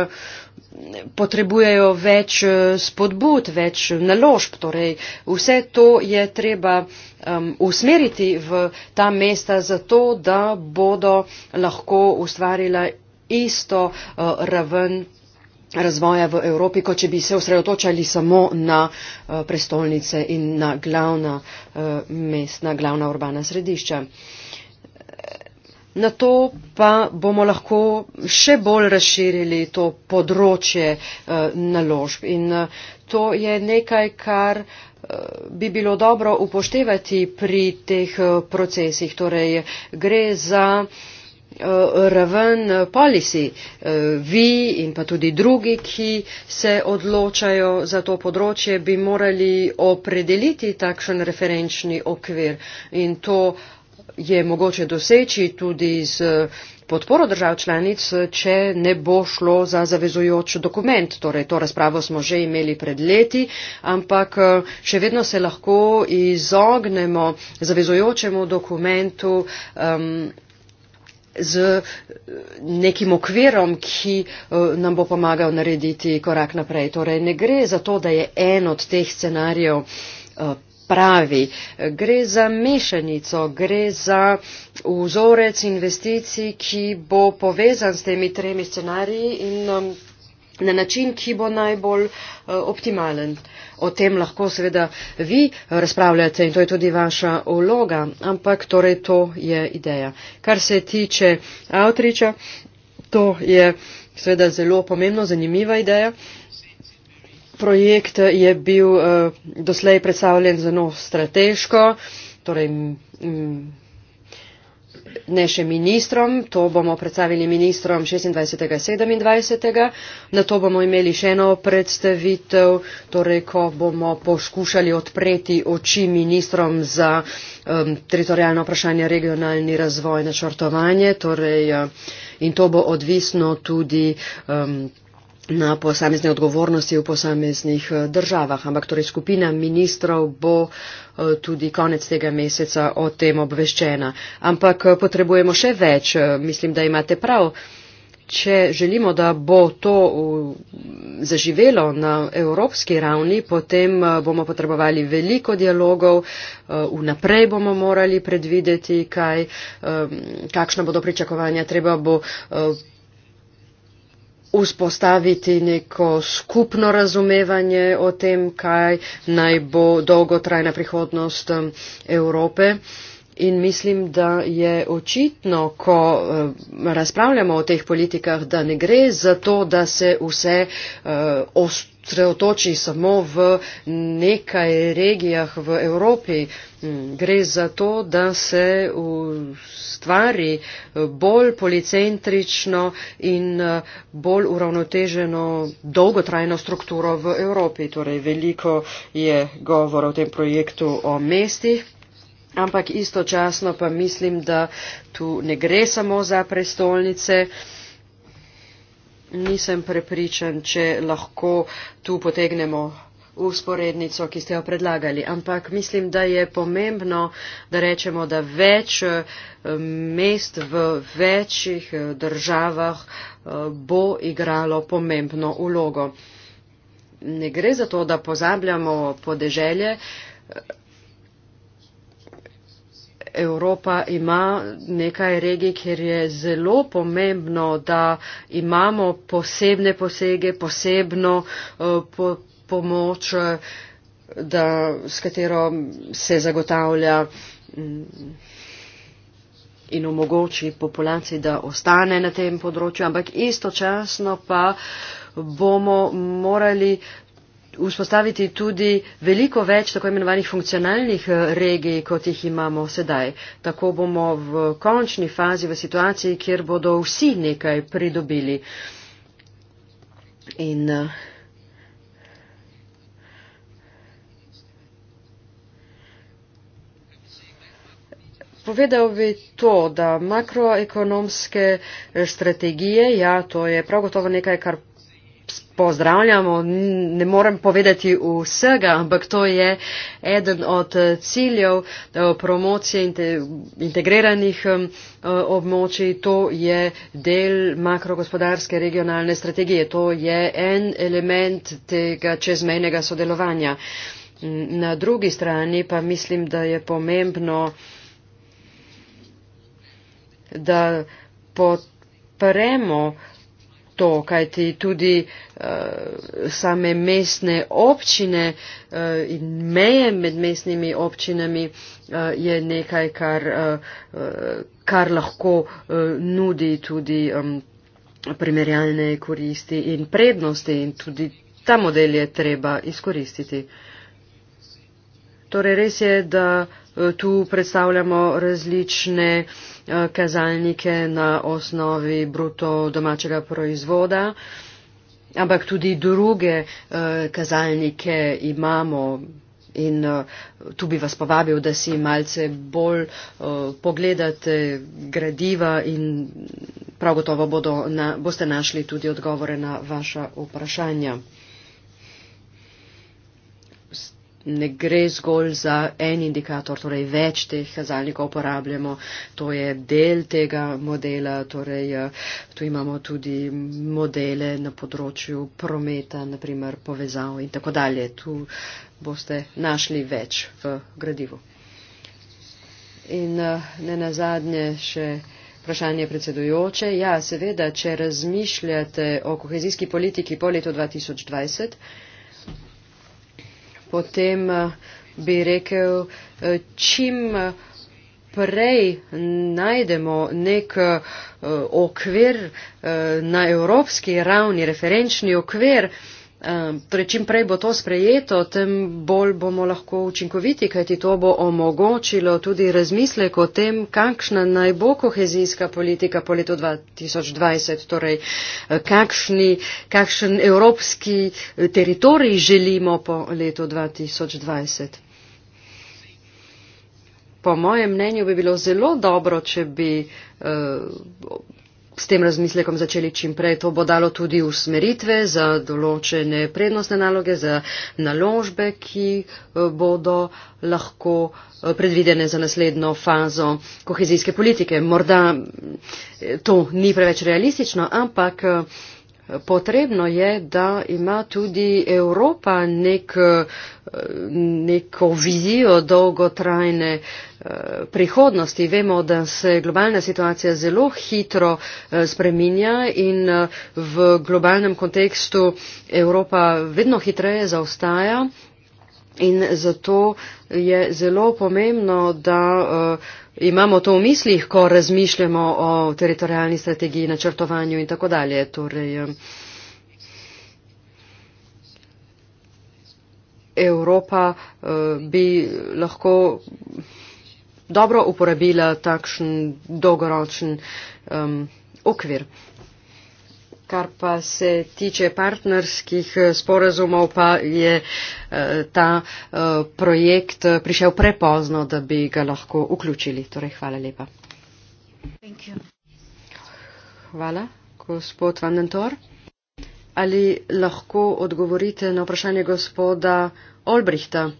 potrebujejo več eh, spodbud, več naložb. Torej, vse to je treba um, usmeriti v ta mesta zato, da bodo lahko ustvarila isto uh, raven razvoja v Evropi, kot če bi se osredotočali samo na prestolnice in na glavna mestna, glavna urbana središča. Na to pa bomo lahko še bolj razširili to področje eh, naložb. In eh, to je nekaj, kar eh, bi bilo dobro upoštevati pri teh procesih. Torej, gre za raven policy. Vi in pa tudi drugi, ki se odločajo za to področje, bi morali opredeliti takšen referenčni okvir in to uh, je mogoče doseči tudi z eh, podporo držav članic, če ne bo šlo za zavezujoč dokument. Torej, to razpravo smo že imeli pred leti, ampak eh, še vedno se lahko izognemo zavezujočemu dokumentu. Um, z eh, nekim okvirom, ki nam bo pomagal narediti korak naprej. Torej, ne gre za to, da je en od teh scenarijev pravi. Gre za mešanico, gre za vzorec investicij, ki bo povezan s temi tremi scenariji in um, na način, ki bo najbolj uh, optimalen. O tem lahko seveda vi razpravljate in to je tudi vaša vloga, ampak torej to je ideja. Kar se tiče avtriča, to je seveda zelo pomembno, zanimiva ideja. Uh, projekt je bil uh, doslej predstavljen zelo strateško, torej mm, ne še ministrom, to bomo predstavili ministrom 26. in 27. Na to bomo imeli še eno predstavitev, torej ko bomo poskušali odpreti oči ministrom za um, teritorijalno vprašanje, regionalni razvoj, načrtovanje. Torej, uh, in to bo odvisno tudi. Um, na posamezne odgovornosti v posameznih eh, državah. Ampak torej skupina ministrov bo eh, tudi konec tega meseca o tem obveščena. Ampak eh, potrebujemo še več. Mislim, da imate prav. Če želimo, da bo to zaživelo na evropski ravni, potem bomo potrebovali veliko dialogov, vnaprej bomo morali predvideti, kaj, kakšna bodo pričakovanja, treba bo vzpostaviti neko skupno razumevanje o tem, kaj naj bo dolgotrajna prihodnost um, Evrope. In mislim, da je očitno, ko um, razpravljamo o teh politikah, da ne gre za to, da se vse uh, ostreotoči samo v nekaj regijah v Evropi. Gre za to, da se ustvari bolj policentrično in eh, bolj uravnoteženo dolgotrajno strukturo v Evropi. Torej, veliko je govora o tem projektu o mestih, ampak istočasno pa mislim, da tu ne gre samo za prestolnice. Nisem prepričan, če lahko tu potegnemo usporednico, ki ste jo predlagali, ampak mislim, da je pomembno, da rečemo, da več eh, mest v večjih eh, državah eh, bo igralo pomembno ulogo. Ne gre za to, da pozabljamo podeželje. Evropa ima nekaj regij, kjer je zelo pomembno, da imamo posebne posege, posebno po, pomoč, eh, da, s katero se zagotavlja mm, in omogoči populaciji, da ostane na tem področju, ampak istočasno pa bomo morali vzpostaviti tudi veliko več tako imenovanih funkcionalnih eh, regij, kot jih imamo sedaj. Tako bomo v končni fazi v situaciji, kjer bodo vsi nekaj pridobili. In uh, Povedal bi to, da makroekonomske strategije, ja, to je prav gotovo nekaj, kar pozdravljamo, ne morem povedati vsega, ampak to je eden od ciljev eh, promocije integriranih eh, območij, to je del makrogospodarske regionalne strategije, to je en element tega čezmejnega sodelovanja. Na drugi strani pa mislim, da je pomembno, da podpremo to, kajti tudi uh, same mestne občine uh, in meje med mestnimi občinami uh, je nekaj, kar, uh, kar lahko uh, nudi tudi um, primerjalne koristi in prednosti in tudi ta model je treba izkoristiti. Torej res je, da uh, tu predstavljamo različne eh, kazalnike na osnovi bruto domačega proizvoda, ampak tudi druge eh, kazalnike imamo. In uh, tu bi vas povabil, da si malce bolj uh, pogledate gradiva in prav gotovo bodo na, boste našli tudi odgovore na vaša vprašanja ne gre zgolj za en indikator, torej več teh kazalnikov uporabljamo, to je del tega modela, torej eh, tu imamo tudi modele na področju prometa, naprimer povezav in tako dalje. Tu boste našli več v gradivu. In eh, ne nazadnje še. Vprašanje predsedujoče. Ja, seveda, če razmišljate o kohezijski politiki po letu 2020 potem eh, bi rekel, eh, čim prej najdemo nek eh, okvir na evropski ravni, referenčni okvir, Ehm, torej, čim prej bo to sprejeto, tem bolj bomo lahko učinkoviti, kajti to bo omogočilo tudi razmislek o tem, kakšna naj bo kohezijska politika po letu 2020, torej eh, kakšni, kakšen evropski eh, teritorij želimo po letu 2020. Po mojem mnenju bi bilo zelo dobro, če bi. Uh, s tem razmislekom začeli čim prej. To bo dalo tudi usmeritve za določene prednostne naloge, za naložbe, ki eh, bodo lahko eh, predvidene za naslednjo fazo kohezijske politike. Morda eh, to ni preveč realistično, ampak potrebno je, da ima tudi Evropa nek, neko vizijo dolgotrajne uh, Eh, prihodnosti. Vemo, da se globalna situacija zelo hitro eh, spreminja in eh, v globalnem kontekstu Evropa vedno hitreje zaostaja in zato je zelo pomembno, da imamo to v mislih, ko razmišljamo o teritorijalni strategiji, načrtovanju in tako dalje. Torej, Evropa uh, bi lahko dobro uporabila takšen dolgoročen um, okvir. Kar pa se tiče partnerskih eh, sporazumov, pa je eh, ta eh, projekt prišel prepozno, da bi ga lahko vključili. Torej, hvala lepa. Hvala, gospod Van den Thor. Ali lahko odgovorite na vprašanje gospoda Olbrihta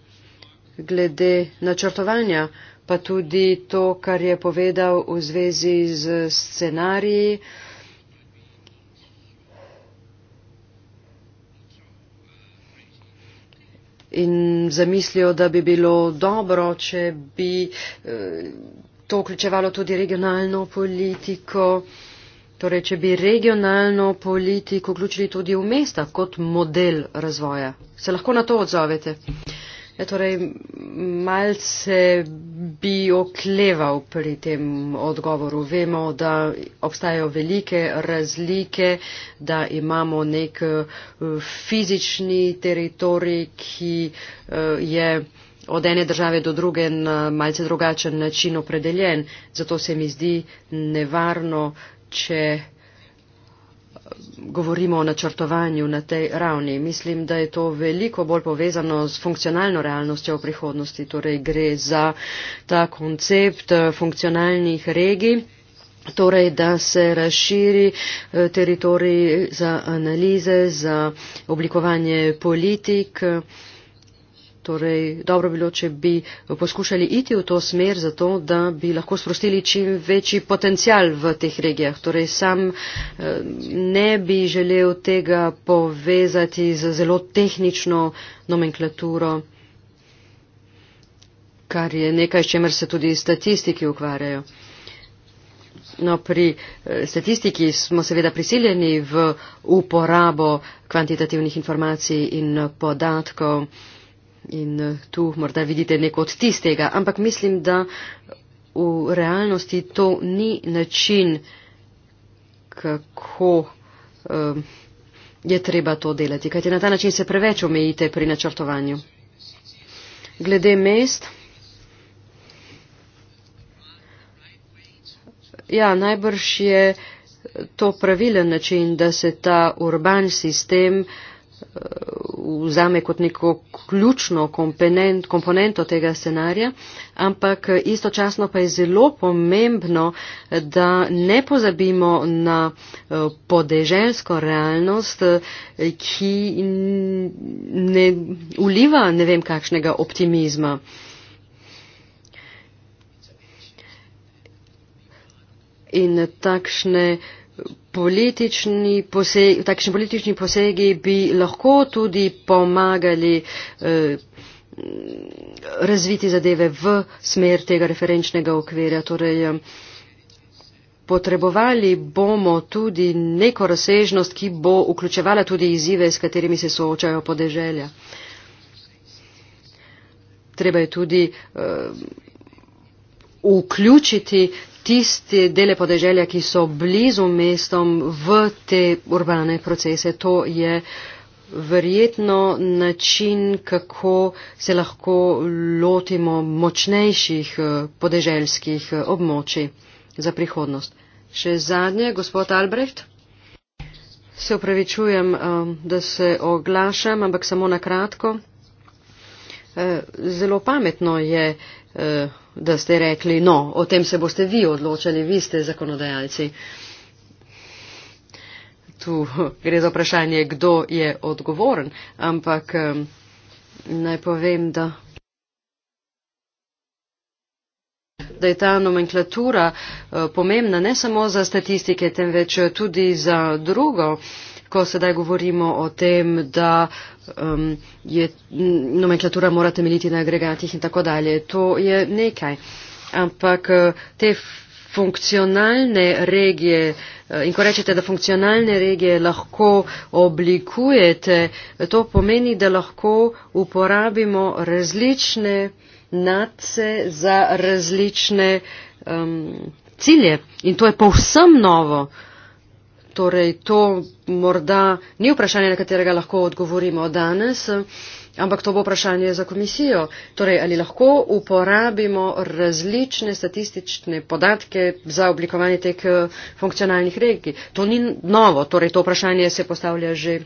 glede načrtovanja? pa tudi to, kar je povedal v zvezi z scenariji. In zamislijo, da bi bilo dobro, če bi eh, to vključevalo tudi regionalno politiko, torej če bi regionalno politiko vključili tudi v mesta kot model razvoja. Se lahko na to odzovete? Uh, Ja, torej, malce bi okleval pri tem odgovoru. Vemo, da obstajajo velike razlike, da imamo nek eh, fizični teritorij, ki eh, je od ene države do druge na malce drugačen način opredeljen. Zato se mi zdi nevarno, če govorimo o načrtovanju na tej ravni. Mislim, da je to veliko bolj povezano z funkcionalno realnostjo v prihodnosti, torej gre za ta koncept eh, funkcionalnih regij. Torej, da se razširi eh, teritorij za analize, za oblikovanje politik. Eh, torej dobro bilo, če bi poskušali iti v to smer, zato da bi lahko sprostili čim večji potencial v teh regijah. Torej sam eh, ne bi želel tega povezati z zelo tehnično nomenklaturo, kar je nekaj, s čemer se tudi statistiki ukvarjajo. No, pri eh, statistiki smo seveda prisiljeni v uporabo kvantitativnih informacij in podatkov in eh, tu morda vidite neko od tistega, ampak mislim, da v realnosti to ni način, kako eh, je treba to delati, kajti na ta način se preveč omejite pri načrtovanju. Glede mest. Ja, najbrž je to pravilen način, da se ta urban sistem uh, vzame kot neko ključno komponent, komponento tega scenarija, ampak istočasno pa je zelo pomembno, da ne pozabimo na eh, podeželsko realnost, eh, ki ne uliva ne vem kakšnega optimizma. In takšne uh, politični posegi, takšni politični posegi bi lahko tudi pomagali eh, razviti zadeve v smer tega referenčnega okvirja. Torej, eh, potrebovali bomo tudi neko razsežnost, ki bo vključevala tudi izzive, s katerimi se soočajo podeželja. Treba je tudi eh, vključiti tiste dele podeželja, ki so blizu mestom v te urbane procese. To je verjetno način, kako se lahko lotimo močnejših eh, podeželskih eh, območij za prihodnost. Še zadnje, gospod Albrecht. Se upravičujem, eh, da se oglašam, ampak samo na kratko. Zelo pametno je da ste rekli, no, o tem se boste vi odločali, vi ste zakonodajalci. Tu gre za vprašanje, kdo je odgovoren, ampak naj povem, da. da je ta nomenklatura eh, pomembna ne samo za statistike, temveč tudi za drugo ko sedaj govorimo o tem, da um, je nomenklatura mora temeljiti na agregatih in tako dalje. To je nekaj. Ampak eh, te funkcionalne regije eh, in ko rečete, da funkcionalne regije lahko oblikujete, to pomeni, da lahko uporabimo različne nadce za različne um, cilje. In to je povsem novo. Uh, Torej, to morda ni vprašanje, na katerega lahko odgovorimo danes, ampak to bo vprašanje za komisijo. Torej, ali lahko uporabimo različne statistične podatke za oblikovanje teh eh, funkcionalnih regij. To ni novo, torej to vprašanje se postavlja že.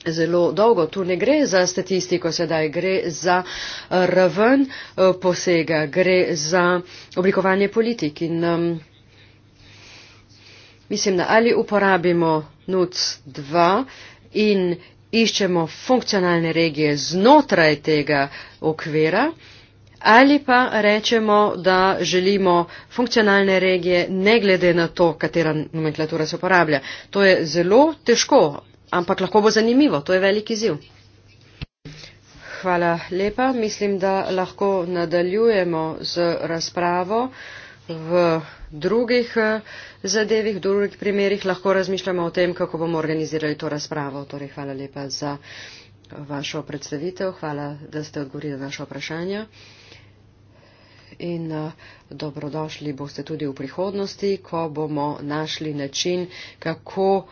Zelo dolgo. Tu ne gre za statistiko, sedaj gre za eh, raven eh, posega, gre za oblikovanje politik. In, um, mislim, da ali uporabimo NUC2 in iščemo funkcionalne regije znotraj tega okvira, ali pa rečemo, da želimo funkcionalne regije ne glede na to, katera nomenklatura se uporablja. To je zelo težko, ampak lahko bo zanimivo, to je veliki ziv. Hvala lepa. Mislim, da lahko nadaljujemo z razpravo v drugih eh, zadevih, drugih primerih lahko razmišljamo o tem, kako bomo organizirali to razpravo. Torej, hvala lepa za vašo predstavitev, hvala, da ste odgovorili na naše vprašanje. In eh, dobrodošli boste tudi v prihodnosti, ko bomo našli način, kako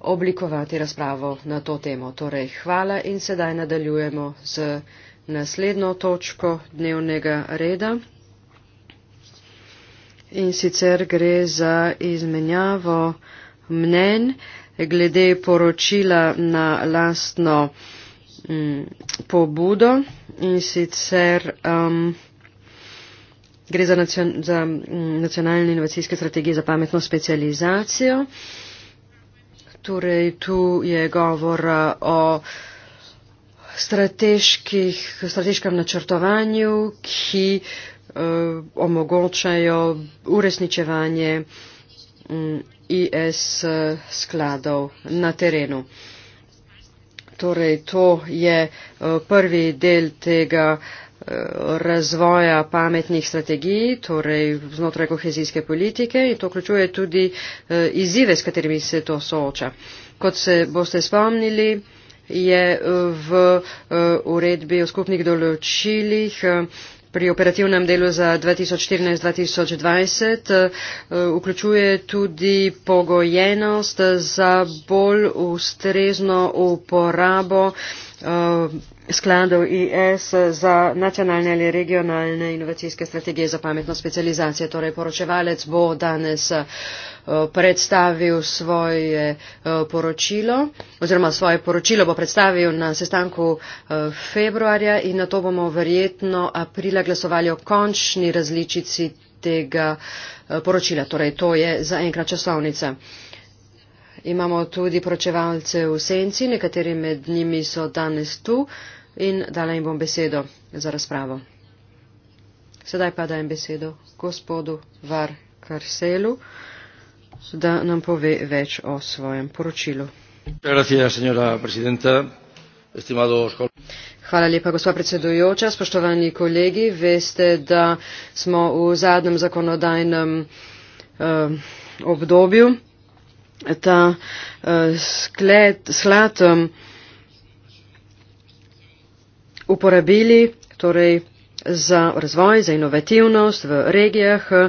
oblikovati razpravo na to temo. Torej, hvala in sedaj nadaljujemo z naslednjo točko dnevnega reda in sicer gre za izmenjavo mnen glede poročila na lastno m, mm, pobudo in sicer um, gre za, nacion, za mm, nacionalne inovacijske strategije za pametno specializacijo. Torej, tu je govor o strateških, strateškem načrtovanju, ki Eh, omogočajo uresničevanje mm, IS eh, skladov na terenu. Torej, to je eh, prvi del tega razvoja pametnih strategij, torej znotraj kohezijske politike in to vključuje tudi izzive, s katerimi se to sooča. Kot se boste spomnili, je v uredbi o skupnih določilih pri operativnem delu za 2014-2020 eh, vključuje tudi pogojenost za bolj ustrezno uporabo eh, skladov IS za nacionalne ali regionalne inovacijske strategije za pametno specializacijo. Torej, poročevalec bo danes eh, predstavil svoje eh, poročilo oziroma svoje poročilo bo predstavil na sestanku eh, februarja in na to bomo verjetno aprila glasovali o končni različici tega poročila. Torej, to je zaenkrat časovnica. Imamo tudi pročevalce v senci, nekateri med njimi so danes tu in dala jim bom besedo za razpravo. Sedaj pa dajem besedo gospodu Var Karselu, da nam pove več o svojem poročilu. Hvala lepa, gospod predsedujoča. Spoštovani kolegi, veste, da smo v zadnjem zakonodajnem eh, obdobju ta e, skled, sklad uporabili torej, za razvoj, za inovativnost v regijah e,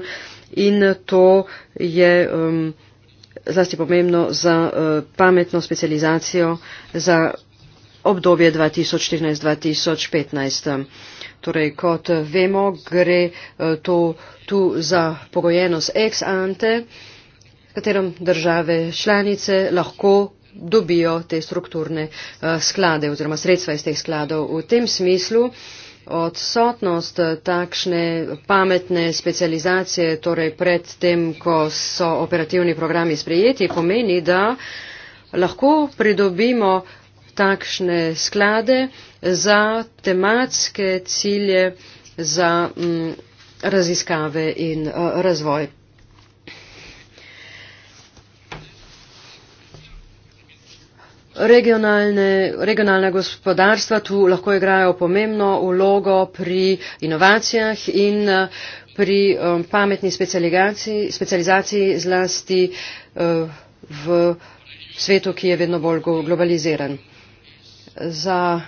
in to je um, zlasti pomembno za uh, pametno specializacijo za obdobje 2014-2015. Torej, kot vemo, gre to tu za pogojenost ex ante, uh, katerem države članice lahko dobijo te strukturne eh, sklade oziroma sredstva iz teh skladov. V tem smislu odsotnost takšne pametne specializacije, torej pred tem, ko so operativni programi sprejeti, pomeni, da lahko pridobimo takšne sklade za tematske cilje, za m, mm, raziskave in a, eh, razvoj. regionalna gospodarstva tu lahko igrajo pomembno vlogo pri inovacijah in eh, pri um, pametni specializaciji, specializaciji zlasti uh, v svetu, ki je vedno bolj globaliziran. Za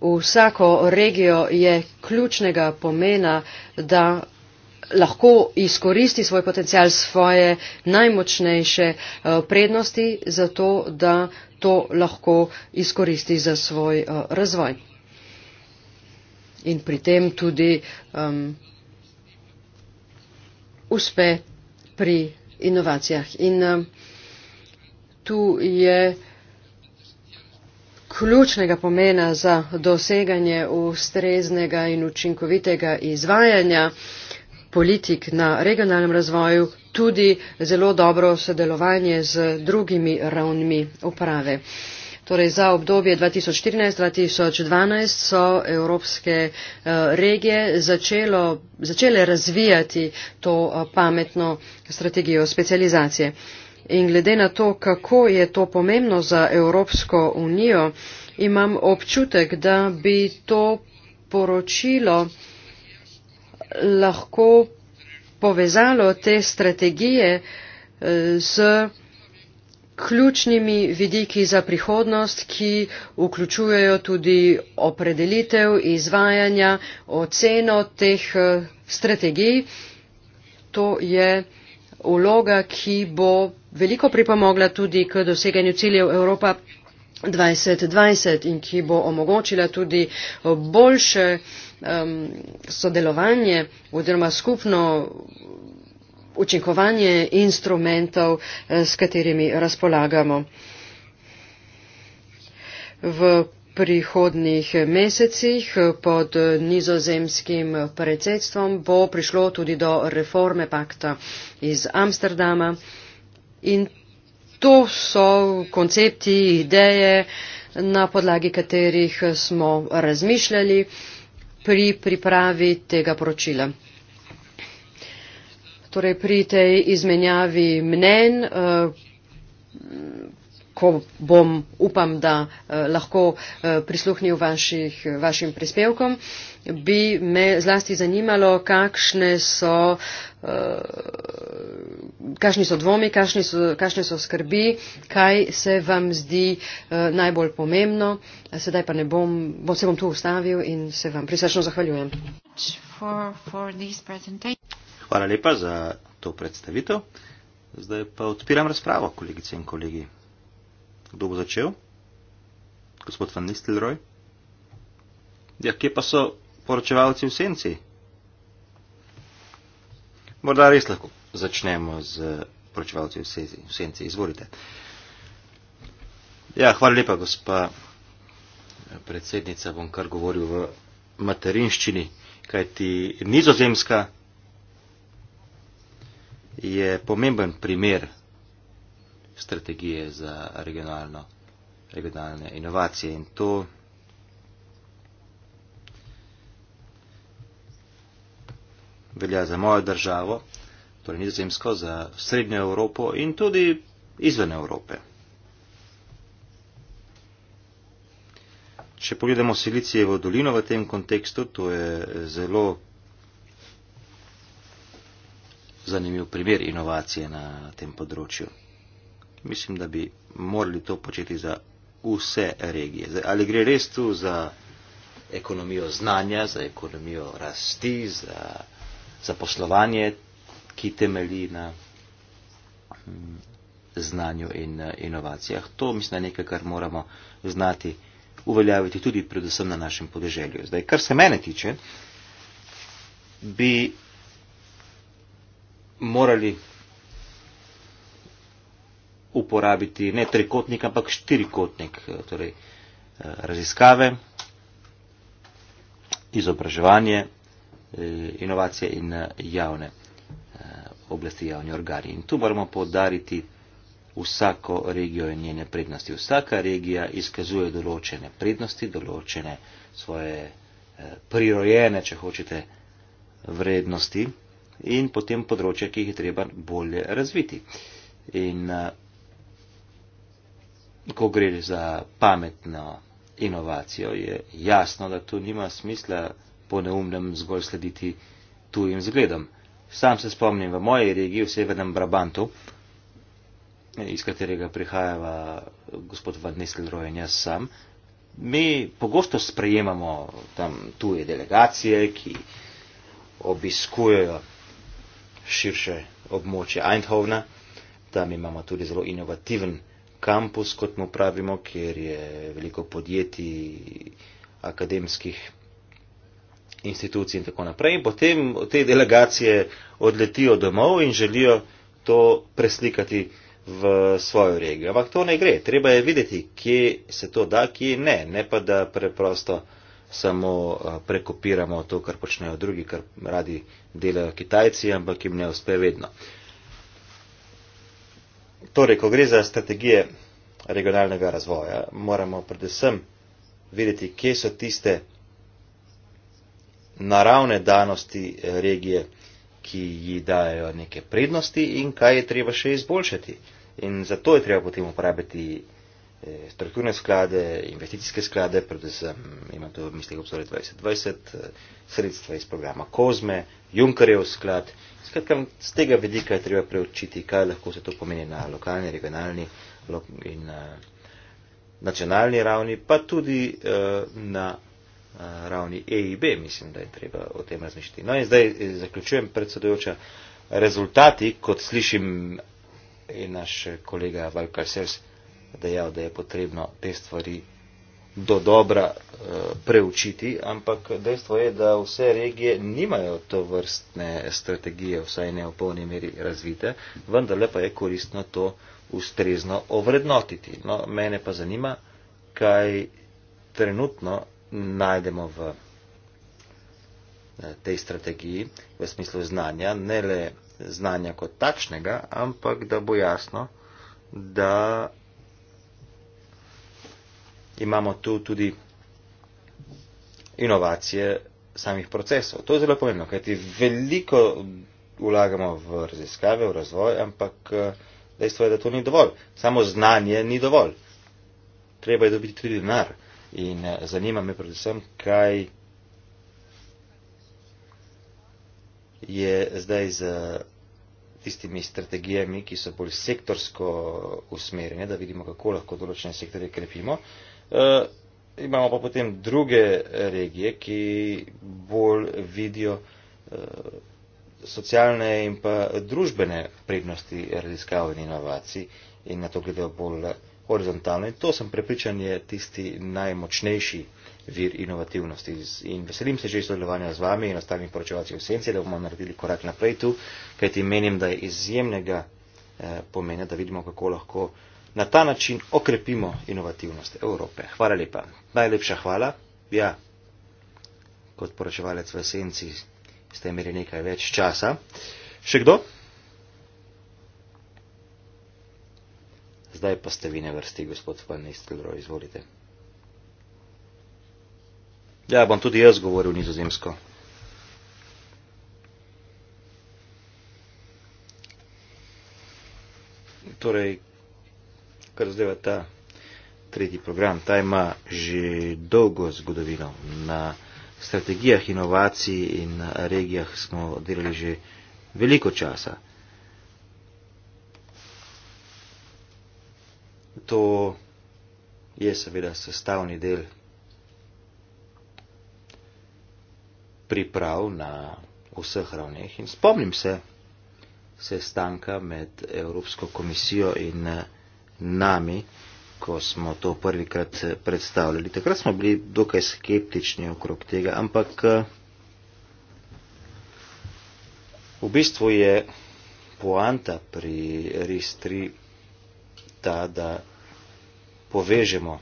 vsako regijo je ključnega pomena, da lahko izkoristi svoj potencial, svoje najmočnejše uh, prednosti, zato da to lahko izkoristi za svoj uh, razvoj. In pri tem tudi um, uspe pri inovacijah. In uh, tu je ključnega pomena za doseganje ustreznega in učinkovitega izvajanja uh, politik na regionalnem razvoju, tudi zelo dobro sodelovanje z drugimi ravnmi uprave. Torej za obdobje 2014-2012 so evropske eh, regije začelo, začele razvijati to eh, pametno strategijo specializacije. In glede na to, kako je to pomembno za Evropsko unijo, imam občutek, da bi to poročilo lahko povezalo te strategije z eh, ključnimi vidiki za prihodnost, ki vključujejo tudi opredelitev izvajanja, oceno teh eh, strategij. To je uloga, ki bo veliko pripomogla tudi k doseganju ciljev Evropa 2020 in ki bo omogočila tudi boljše um, sodelovanje oziroma skupno učinkovanje instrumentov, eh, s katerimi razpolagamo. V prihodnih mesecih eh, pod nizozemskim predsedstvom bo prišlo tudi do reforme pakta iz Amsterdama in to so koncepti, ideje, na podlagi katerih smo razmišljali. Um, pri pripravi tega poročila. Torej pri tej izmenjavi mnen, eh, ko bom upam, da eh, lahko eh, prisluhnil vaših, vašim prispevkom bi me zlasti zanimalo, kakšne so, eh, kakšni so dvomi, kakšne so, kakšne so skrbi, kaj se vam zdi eh, najbolj pomembno. Sedaj pa ne bom, bom se bom tu ustavil in se vam prisrčno zahvaljujem. For, for Hvala lepa za to predstavitev. Zdaj pa odpiram razpravo, kolegice in kolegi. Kdo bo začel? Gospod Van Nistelrooy? Ja, kje pa so poročevalci v senci? Morda res lahko začnemo z poročevalci v senci. Izvolite. Ja, hvala lepa, gospa predsednica. Bom kar govoril v materinščini, kajti nizozemska je pomemben primer strategije za regionalno, regionalne inovacije in to velja za mojo državo, torej nizozemsko, za srednjo Evropo in tudi izven Evrope. Če pogledamo Silicijevo dolino v tem kontekstu, to je zelo zanimiv primer inovacije na tem področju. Mislim, da bi morali to početi za vse regije. Zdaj, ali gre res tu za ekonomijo znanja, za ekonomijo rasti, za za poslovanje, ki temelji na mm, znanju in eh, inovacijah. To mislim, da je nekaj, kar moramo znati uveljaviti tudi predvsem na našem podeželju. Zdaj, kar se mene tiče, bi morali uporabiti ne trikotnik, ampak štirikotnik, eh, torej eh, raziskave, izobraževanje, Eh, inovacije in eh, javne eh, oblasti, javni organi. In tu moramo podariti vsako regijo in njene prednosti. Vsaka regija izkazuje določene prednosti, določene svoje prirojene, če hočete, vrednosti in potem področje, ki jih je treba bolje razviti. In ko gre za pametno inovacijo, je jasno, da tu nima smisla po neumnem zgolj slediti tujim zgledom. Sam se spomnim v moji regiji v severnem Brabantu, iz katerega prihajava gospod Vadnesel Rojen jaz sam. Mi pogosto sprejemamo tam tuje delegacije, ki obiskujejo širše območje Eindhovna. Tam imamo tudi zelo inovativen kampus, kot mu pravimo, kjer je veliko podjetij, akademskih podjetij institucij in tako naprej. In potem te delegacije odletijo domov in želijo to preslikati v svojo regijo. Ampak to ne gre. Treba je videti, kje se to da, kje ne. Ne pa, da preprosto samo eh, prekopiramo to, kar počnejo drugi, kar radi delajo Kitajci, ampak jim ne uspe vedno. Torej, ko gre za strategije regionalnega razvoja, moramo predvsem videti, kje so tiste naravne danosti eh, regije, ki ji dajo neke prednosti in kaj je treba še izboljšati. In zato je treba potem uporabiti eh, strukturne sklade, investicijske sklade, predvsem ima to v mislih obzore 2020, eh, sredstva iz programa Kozme, Junkerjev sklad. Skratka, z tega vidika je treba preučiti, kaj lahko se to pomeni na lokalni, regionalni in nacionalni ravni, pa tudi na Eh, ravni E in B, mislim, da je treba o tem razmišljati. No in zdaj eh, zaključujem predsedujoča rezultati, kot slišim je naš kolega Valkar Sers dejal, da je potrebno te stvari do dobra eh, preučiti, ampak dejstvo je, da vse regije nimajo to vrstne strategije, vsaj ne v polni meri razvite, vendarle pa je koristno to ustrezno ovrednotiti. No, mene pa zanima, kaj trenutno najdemo v eh, tej strategiji v smislu znanja, ne le znanja kot takšnega, ampak da bo jasno, da imamo tu tudi inovacije samih procesov. To je zelo pomembno, kajti veliko ulagamo v raziskave, v razvoj, ampak eh, dejstvo je, da to ni dovolj. Samo znanje ni dovolj. Treba je dobiti tudi denar. In eh, zanima me predvsem, kaj je zdaj z eh, tistimi strategijami, ki so bolj sektorsko usmerjene, da vidimo, kako lahko določene sektorje krepimo. E, imamo pa potem druge regije, ki bolj vidijo e, socialne in pa družbene prednosti raziskav in inovacij in na to gledajo bolj horizontalno in to sem prepričan je tisti najmočnejši vir inovativnosti. In veselim se že sodelovanja z vami in ostalimi poročevalci v senci, da bomo naredili korak naprej tu, kajti menim, da je izjemnega eh, pomena, da vidimo, kako lahko na ta način okrepimo inovativnost Evrope. Hvala lepa. Najlepša hvala. Ja, kot poročevalec v senci ste imeli nekaj več časa. Še kdo? Zdaj pa ste vi na vrsti, gospod Fanistelro, izvolite. Ja, bom tudi jaz govoril nizozemsko. Torej, kar zdaj ta tretji program, ta ima že dolgo zgodovino. Na strategijah inovacij in na regijah smo delali že veliko časa. To je seveda sestavni del priprav na vseh ravneh in spomnim se sestanka med Evropsko komisijo in eh, nami, ko smo to prvikrat eh, predstavljali. Takrat smo bili dokaj skeptični okrog tega, ampak eh, v bistvu je poanta pri RIS 3 ta, da povežemo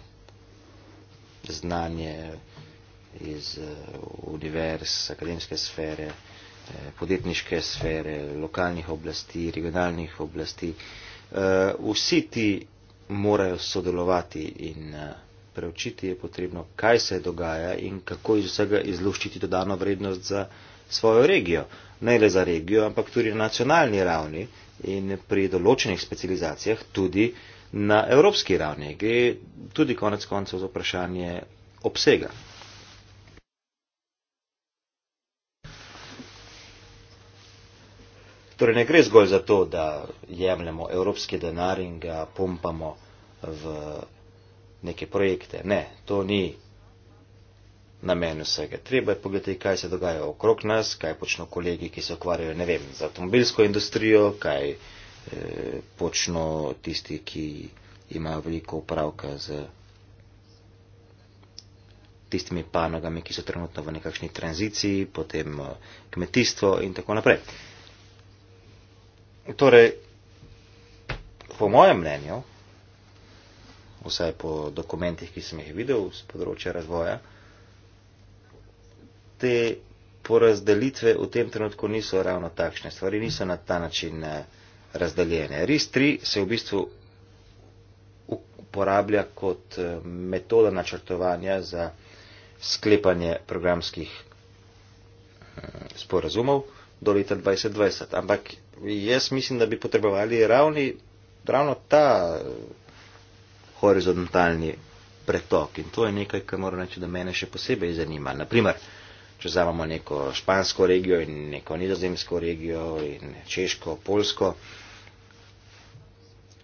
znanje iz eh, univerz, akademske sfere, eh, podjetniške sfere, lokalnih oblasti, regionalnih oblasti. Eh, vsi ti morajo sodelovati in preučiti je potrebno, kaj se dogaja in kako iz vsega izluščiti dodano vrednost za svojo regijo. Ne le za regijo, ampak tudi na nacionalni ravni in pri določenih specializacijah tudi eh, na evropski ravni. Gre tudi konec koncev za vprašanje obsega. Torej ne gre zgolj za to, da jemljemo evropski denar in ga pumpamo v neke projekte. Ne, to ni namen vsega. Treba je pogledati, kaj se dogaja okrog nas, kaj počno kolegi, ki se okvarjajo, ne vem, z avtomobilsko industrijo, kaj uh, počno tisti, ki ima veliko upravka z tistimi panogami, ki so trenutno v nekakšni tranziciji, potem eh, kmetijstvo in tako naprej. Torej, po mojem mnenju, vsaj po dokumentih, ki sem jih videl z področja razvoja, te porazdelitve v tem trenutku niso ravno takšne. Stvari niso na ta način. Ne, eh, razdeljene. RIS-3 se v bistvu uporablja kot eh, metoda načrtovanja za sklepanje programskih eh, sporazumov do leta 2020. Ampak jaz mislim, da bi potrebovali ravni, ravno ta eh, horizontalni pretok in to je nekaj, kar moram reči, da mene še posebej zanima. Naprimer, če vzamemo neko špansko regijo in neko nizozemsko regijo in češko, polsko,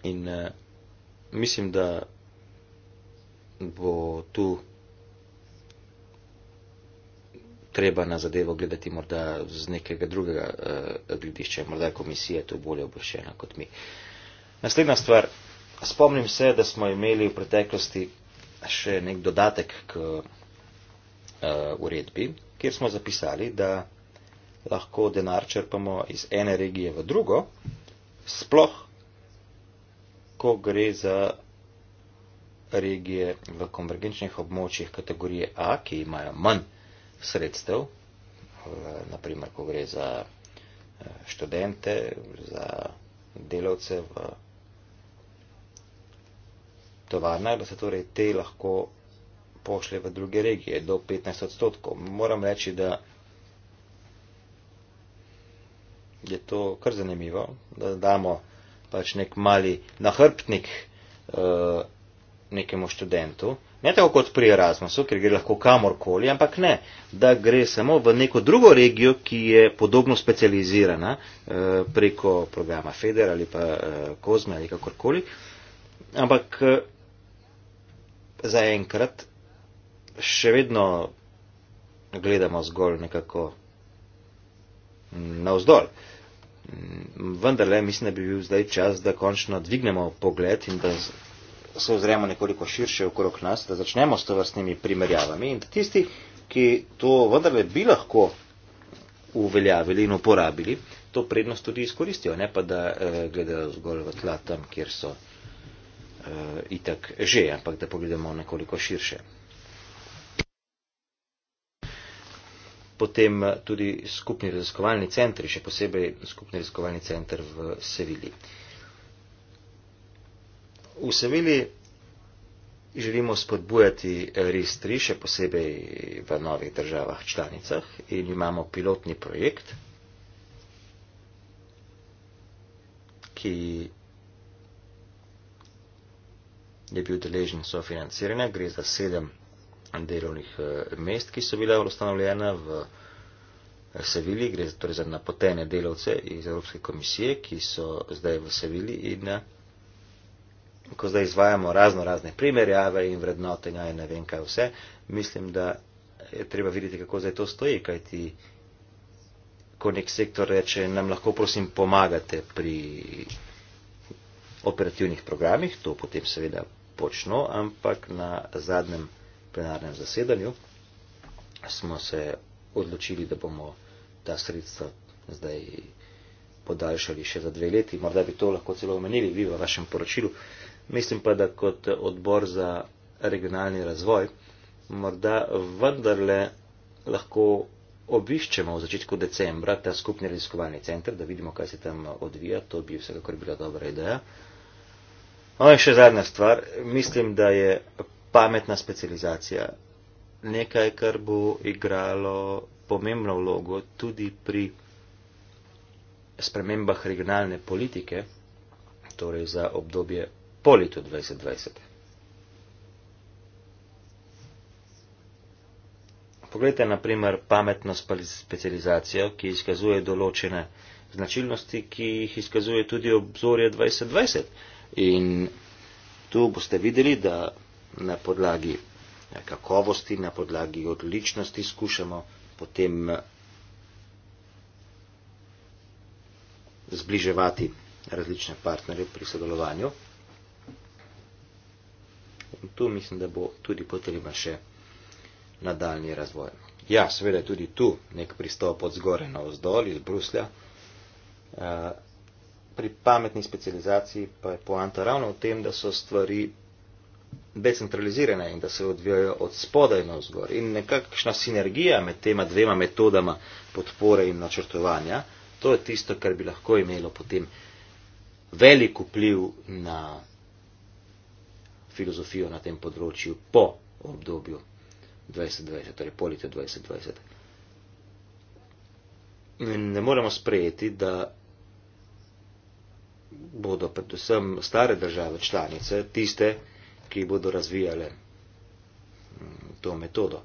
In uh, mislim, da bo tu treba na zadevo gledati morda z nekega drugega uh, gledišča, morda komisija je tu bolje obveščena kot mi. Naslednja stvar. Spomnim se, da smo imeli v preteklosti še nek dodatek k uh, uredbi, kjer smo zapisali, da lahko denar črpamo iz ene regije v drugo, sploh ko gre za regije v konvergenčnih območjih kategorije A, ki imajo manj sredstev, naprimer, ko gre za eh, študente, za delavce v tovarnah, da se torej te lahko pošle v druge regije do 15 odstotkov. Moram reči, da je to kar zanimivo, da damo pač nek mali nahrbtnik eh, nekemu študentu. Ne tako kot pri Erasmusu, ker gre lahko kamorkoli, ampak ne, da gre samo v neko drugo regijo, ki je podobno specializirana eh, preko programa FEDER ali pa COSME eh, ali kakorkoli. Ampak zaenkrat še vedno gledamo zgolj nekako navzdolj. Mm, vendarle mislim, da bi bil zdaj čas, da končno dvignemo pogled in da se ozremo nekoliko širše okrog nas, da začnemo s to vrstnimi primerjavami in da tisti, ki to vendarle bi lahko uveljavili in uporabili, to prednost tudi izkoristijo, ne pa da eh, gledajo zgolj v tla tam, kjer so eh, itak že, ampak da pogledamo nekoliko širše. potem eh, tudi skupni raziskovalni centri, še posebej skupni raziskovalni centr v Sevilji. V Sevilji želimo spodbujati RIS-3, še posebej v novih državah članicah in imamo pilotni projekt, ki je bil deležen sofinanciranja, gre za sedem delovnih eh, mest, ki so bila ustanovljena v eh, Sevili, gre torej za napotene delovce iz Evropske komisije, ki so zdaj v Sevili in eh, ko zdaj izvajamo razno razne primerjave in vrednotenja in ne vem kaj vse, mislim, da je treba videti, kako zdaj to stoji, kaj ti ko nek sektor reče, nam lahko prosim pomagate pri operativnih programih, to potem seveda počno, ampak na zadnjem plenarnem zasedanju, smo se odločili, da bomo ta sredstva zdaj podaljšali še za dve leti. Morda bi to lahko celo omenili vi v vašem poročilu. Mislim pa, da kot odbor za regionalni razvoj morda vendarle lahko obiščemo v začetku decembra ta skupni raziskovalni center, da vidimo, kaj se tam odvija. To bi vsekakor bila dobra ideja. Ona no, je še zadnja stvar. Mislim, da je pametna specializacija. Nekaj, kar bo igralo pomembno vlogo tudi pri spremembah regionalne politike, torej za obdobje po letu 2020. Poglejte, naprimer, pametno specializacijo, ki izkazuje določene značilnosti, ki jih izkazuje tudi obzorje 2020. In tu boste videli, da na podlagi kakovosti, na podlagi odličnosti skušamo potem eh, zbliževati različne partnerje pri sodelovanju. In tu mislim, da bo tudi potreba še nadaljni razvoj. Ja, seveda je tudi tu nek pristop od zgore na vzdolj iz Bruslja. Eh, pri pametni specializaciji pa je poanta ravno v tem, da so stvari decentralizirane in da se odvijajo od spodaj na vzgor. In nekakšna sinergija med tema dvema metodama podpore in načrtovanja, to je tisto, kar bi lahko imelo potem velik vpliv na filozofijo na tem področju po obdobju 2020, torej polite 2020. In ne moremo sprejeti, da bodo predvsem stare države članice tiste, ki ki bodo razvijale mm, to metodo.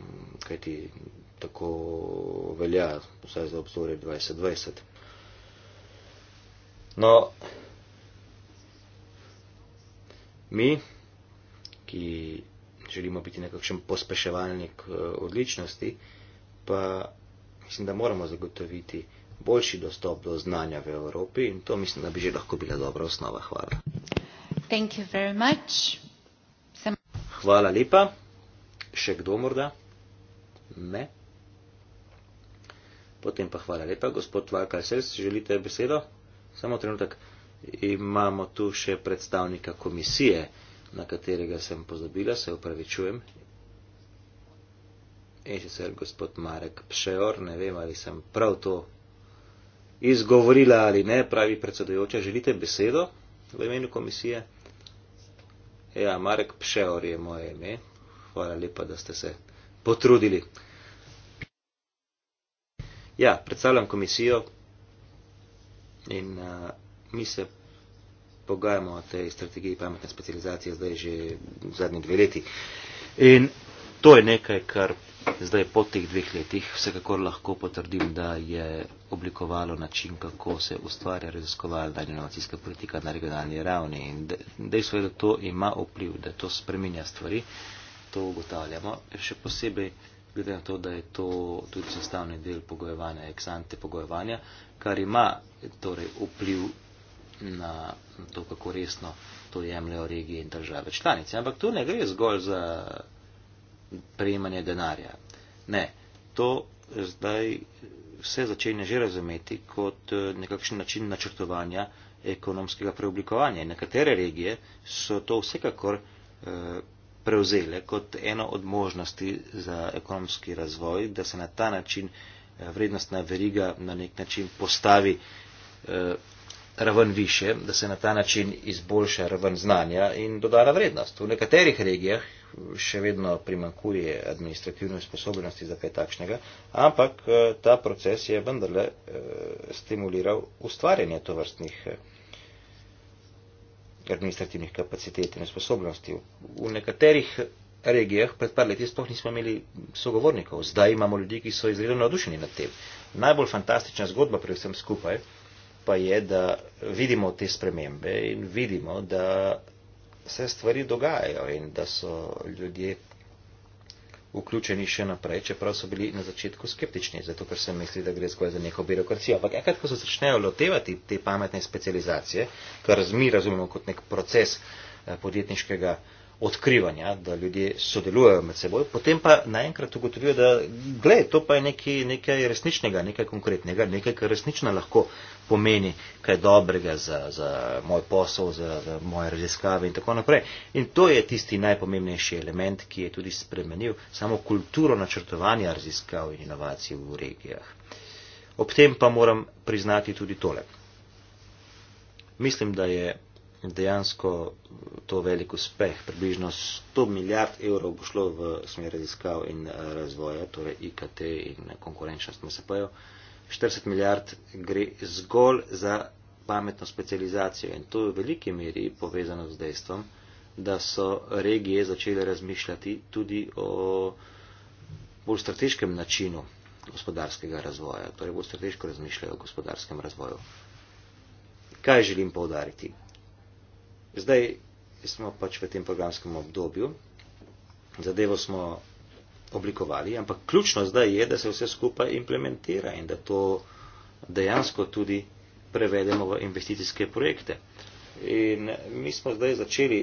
Mm, Kaj ti tako velja, vsaj za obzorje 2020. No, mi, ki želimo biti nekakšen pospeševalnik eh, odličnosti, pa mislim, da moramo zagotoviti boljši dostop do znanja v Evropi in to mislim, da bi že lahko bila dobra osnova. Hvala. Thank you very much. Sem... Hvala lepa. Še kdo morda? Ne. Potem pa hvala lepa, gospod Valkarsels, želite besedo? Samo trenutek. Imamo tu še predstavnika komisije, na katerega sem pozabila, se upravičujem. In še sicer gospod Marek Pšeor, ne vem, ali sem prav to izgovorila ali ne, pravi predsedojoča, želite besedo v imenu komisije? Ja, Marek Pšeor je moje ime. Hvala lepa, da ste se potrudili. Ja, predstavljam komisijo in a, mi se pogajamo o tej strategiji pametne specializacije zdaj že zadnji dve leti. In to je nekaj, kar Zdaj, po teh dveh letih, vsekakor lahko potrdim, da je oblikovalo način, kako se ustvarja raziskovalna in inovacijska politika na regionalni ravni. In dejstvo je, da to ima vpliv, da to spreminja stvari, to ugotavljamo. Še posebej, glede na to, da je to tudi sestavni del pogojevanja, eksante pogojevanja, kar ima torej, vpliv na to, kako resno to jemljajo regije in države članice. Ampak tu ne gre zgolj za prejemanje denarja. Ne, to zdaj vse začenja že razumeti kot eh, nekakšen način načrtovanja ekonomskega preoblikovanja. Nekatere regije so to vsekakor eh, prevzele kot eno od možnosti za ekonomski razvoj, da se na ta način eh, vrednostna veriga na nek način postavi raven više, da se na ta način izboljša raven znanja in dodana vrednost. V nekaterih regijah še vedno primankuje administrativne sposobnosti za kaj takšnega, ampak eh, ta proces je vendarle eh, stimuliral ustvarjanje tovrstnih eh, administrativnih kapacitet in sposobnosti. V nekaterih regijah pred par leti sploh nismo imeli sogovornikov, zdaj imamo ljudi, ki so izredno nadušeni nad tem. Najbolj fantastična zgodba pri vsem skupaj pa je, da vidimo te spremembe in vidimo, da se stvari dogajajo in da so ljudje vključeni še naprej, čeprav so bili na začetku skeptični, zato ker se misli, da gre zgolj za neko birokracijo. Ampak enkrat, ko se začnejo lotevati te pametne specializacije, kar mi razumemo kot nek proces eh, podjetniškega odkrivanja, da ljudje sodelujejo med seboj, potem pa naenkrat ugotovijo, da gled, to pa je nekaj, nekaj resničnega, nekaj konkretnega, nekaj, kar resnično lahko pomeni kaj dobrega za, za moj posel, za, za moje raziskave in tako naprej. In to je tisti najpomembnejši element, ki je tudi spremenil samo kulturo načrtovanja raziskav in inovacij v regijah. Ob tem pa moram priznati tudi tole. Mislim, da je dejansko to velik uspeh. Približno 100 milijard evrov bo šlo v smer raziskav in eh, razvoja, torej IKT in konkurenčnost MSP-jev. 40 milijard gre zgolj za pametno specializacijo in to je v veliki meri povezano z dejstvom, da so regije začele razmišljati tudi o bolj strateškem načinu gospodarskega razvoja, torej bolj strateško razmišljajo o gospodarskem razvoju. Kaj želim povdariti? Zdaj smo pač v tem programskem obdobju, zadevo smo oblikovali, ampak ključno zdaj je, da se vse skupaj implementira in da to dejansko tudi prevedemo v investicijske projekte. In mi smo zdaj začeli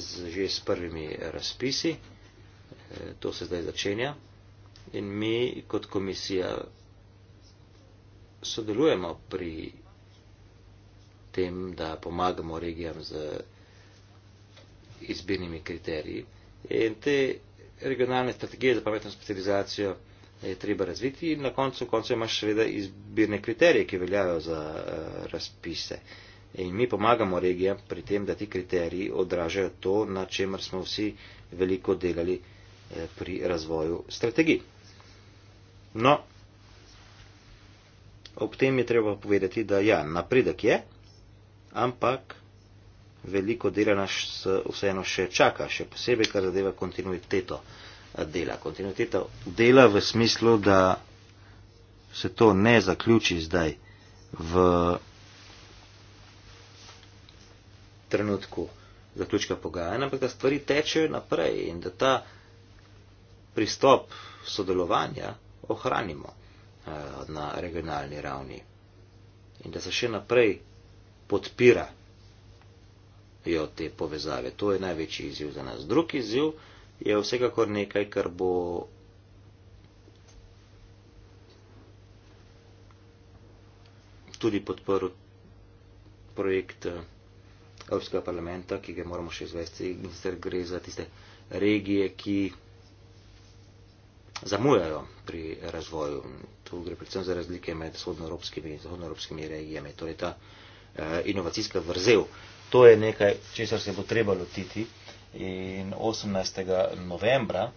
z, že s prvimi razpisi, eh, to se zdaj začenja in mi kot komisija sodelujemo pri tem, da pomagamo regijam z izbirnimi kriteriji. In te regionalne strategije za pametno specializacijo je treba razviti in na koncu koncu imaš seveda izbirne kriterije, ki veljajo za uh, razpise. In mi pomagamo regijam pri tem, da ti kriteriji odražajo to, na čemer smo vsi veliko delali eh, pri razvoju strategij. No, ob tem je treba povedati, da ja, napredek je ampak veliko dela nas vseeno še čaka, še posebej, kar zadeva kontinuiteto eh, dela. Kontinuiteta dela v smislu, da se to ne zaključi zdaj v trenutku zaključka pogajanja, ampak da stvari tečejo naprej in da ta pristop sodelovanja ohranimo eh, na regionalni ravni in da se še naprej podpirajo te povezave. To je največji izziv za nas. Drugi izziv je vsekakor nekaj, kar bo tudi podprl projekt eh, Evropskega parlamenta, ki ga moramo še izvesti in sicer gre za tiste regije, ki zamujajo pri razvoju. Tu gre predvsem za razlike med vzhodnoevropskimi in zahodnoevropskimi regijami. Torej ta, uh, Eh, inovacijska vrzel. To je nekaj, česar se bo treba lotiti in 18. novembra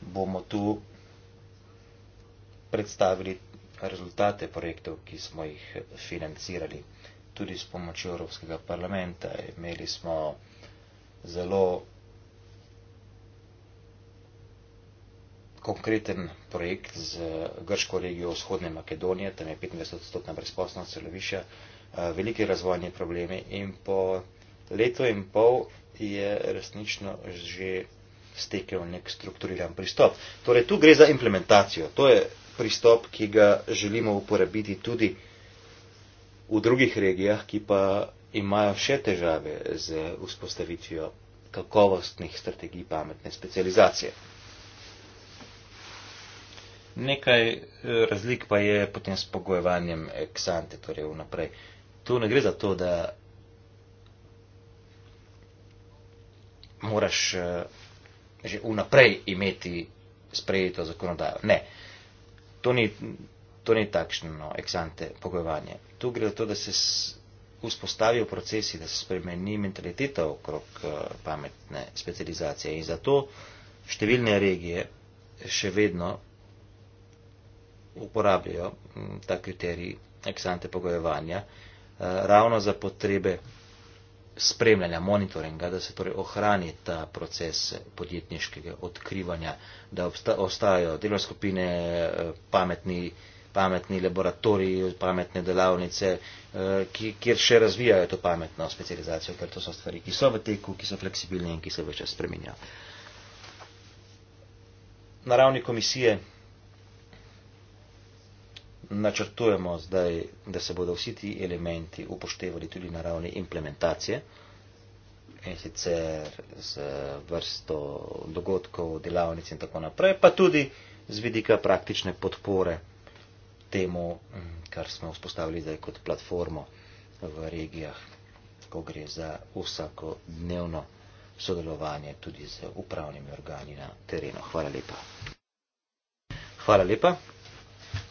bomo tu predstavili rezultate projektov, ki smo jih financirali tudi s pomočjo Evropskega parlamenta. Imeli smo zelo konkreten projekt z grško regijo vzhodne Makedonije, tam je 25-stotna brezposnost celo višja, Eh, veliki razvojni problemi in po letu in pol je resnično že stekel nek strukturiran pristop. Torej, tu gre za implementacijo. To je pristop, ki ga želimo uporabiti tudi v drugih regijah, ki pa imajo še težave z vzpostavitvijo kakovostnih strategij pametne specializacije. Nekaj eh, razlik pa je potem s pogojevanjem eksante, torej vnaprej. Uh, tu ne gre za to, da moraš eh, že vnaprej imeti sprejeto zakonodajo. Ne, to ni, to ni takšno eksante pogojevanje. Tu gre za to, da se vzpostavijo procesi, da se spremeni mentaliteta okrog eh, pametne specializacije in zato številne regije še vedno uporabljajo mm, ta kriterij eksante pogojevanja, uh, Eh, ravno za potrebe spremljanja, monitoringa, da se torej ohrani ta proces podjetniškega odkrivanja, da ostajajo delovne skupine, eh, pametni, pametni laboratoriji, pametne delavnice, eh, kjer še razvijajo to pametno specializacijo, ker to so stvari, ki so v teku, ki so fleksibilne in ki se več spreminjajo. Na ravni komisije načrtujemo zdaj, da se bodo vsi ti elementi upoštevali tudi na ravni implementacije in sicer z vrsto dogodkov, delavnic in tako naprej, pa tudi z vidika praktične podpore temu, mm, kar smo vzpostavili zdaj kot platformo v regijah, ko gre za vsako dnevno sodelovanje tudi z upravnimi organi na terenu. Hvala lepa. Hvala lepa.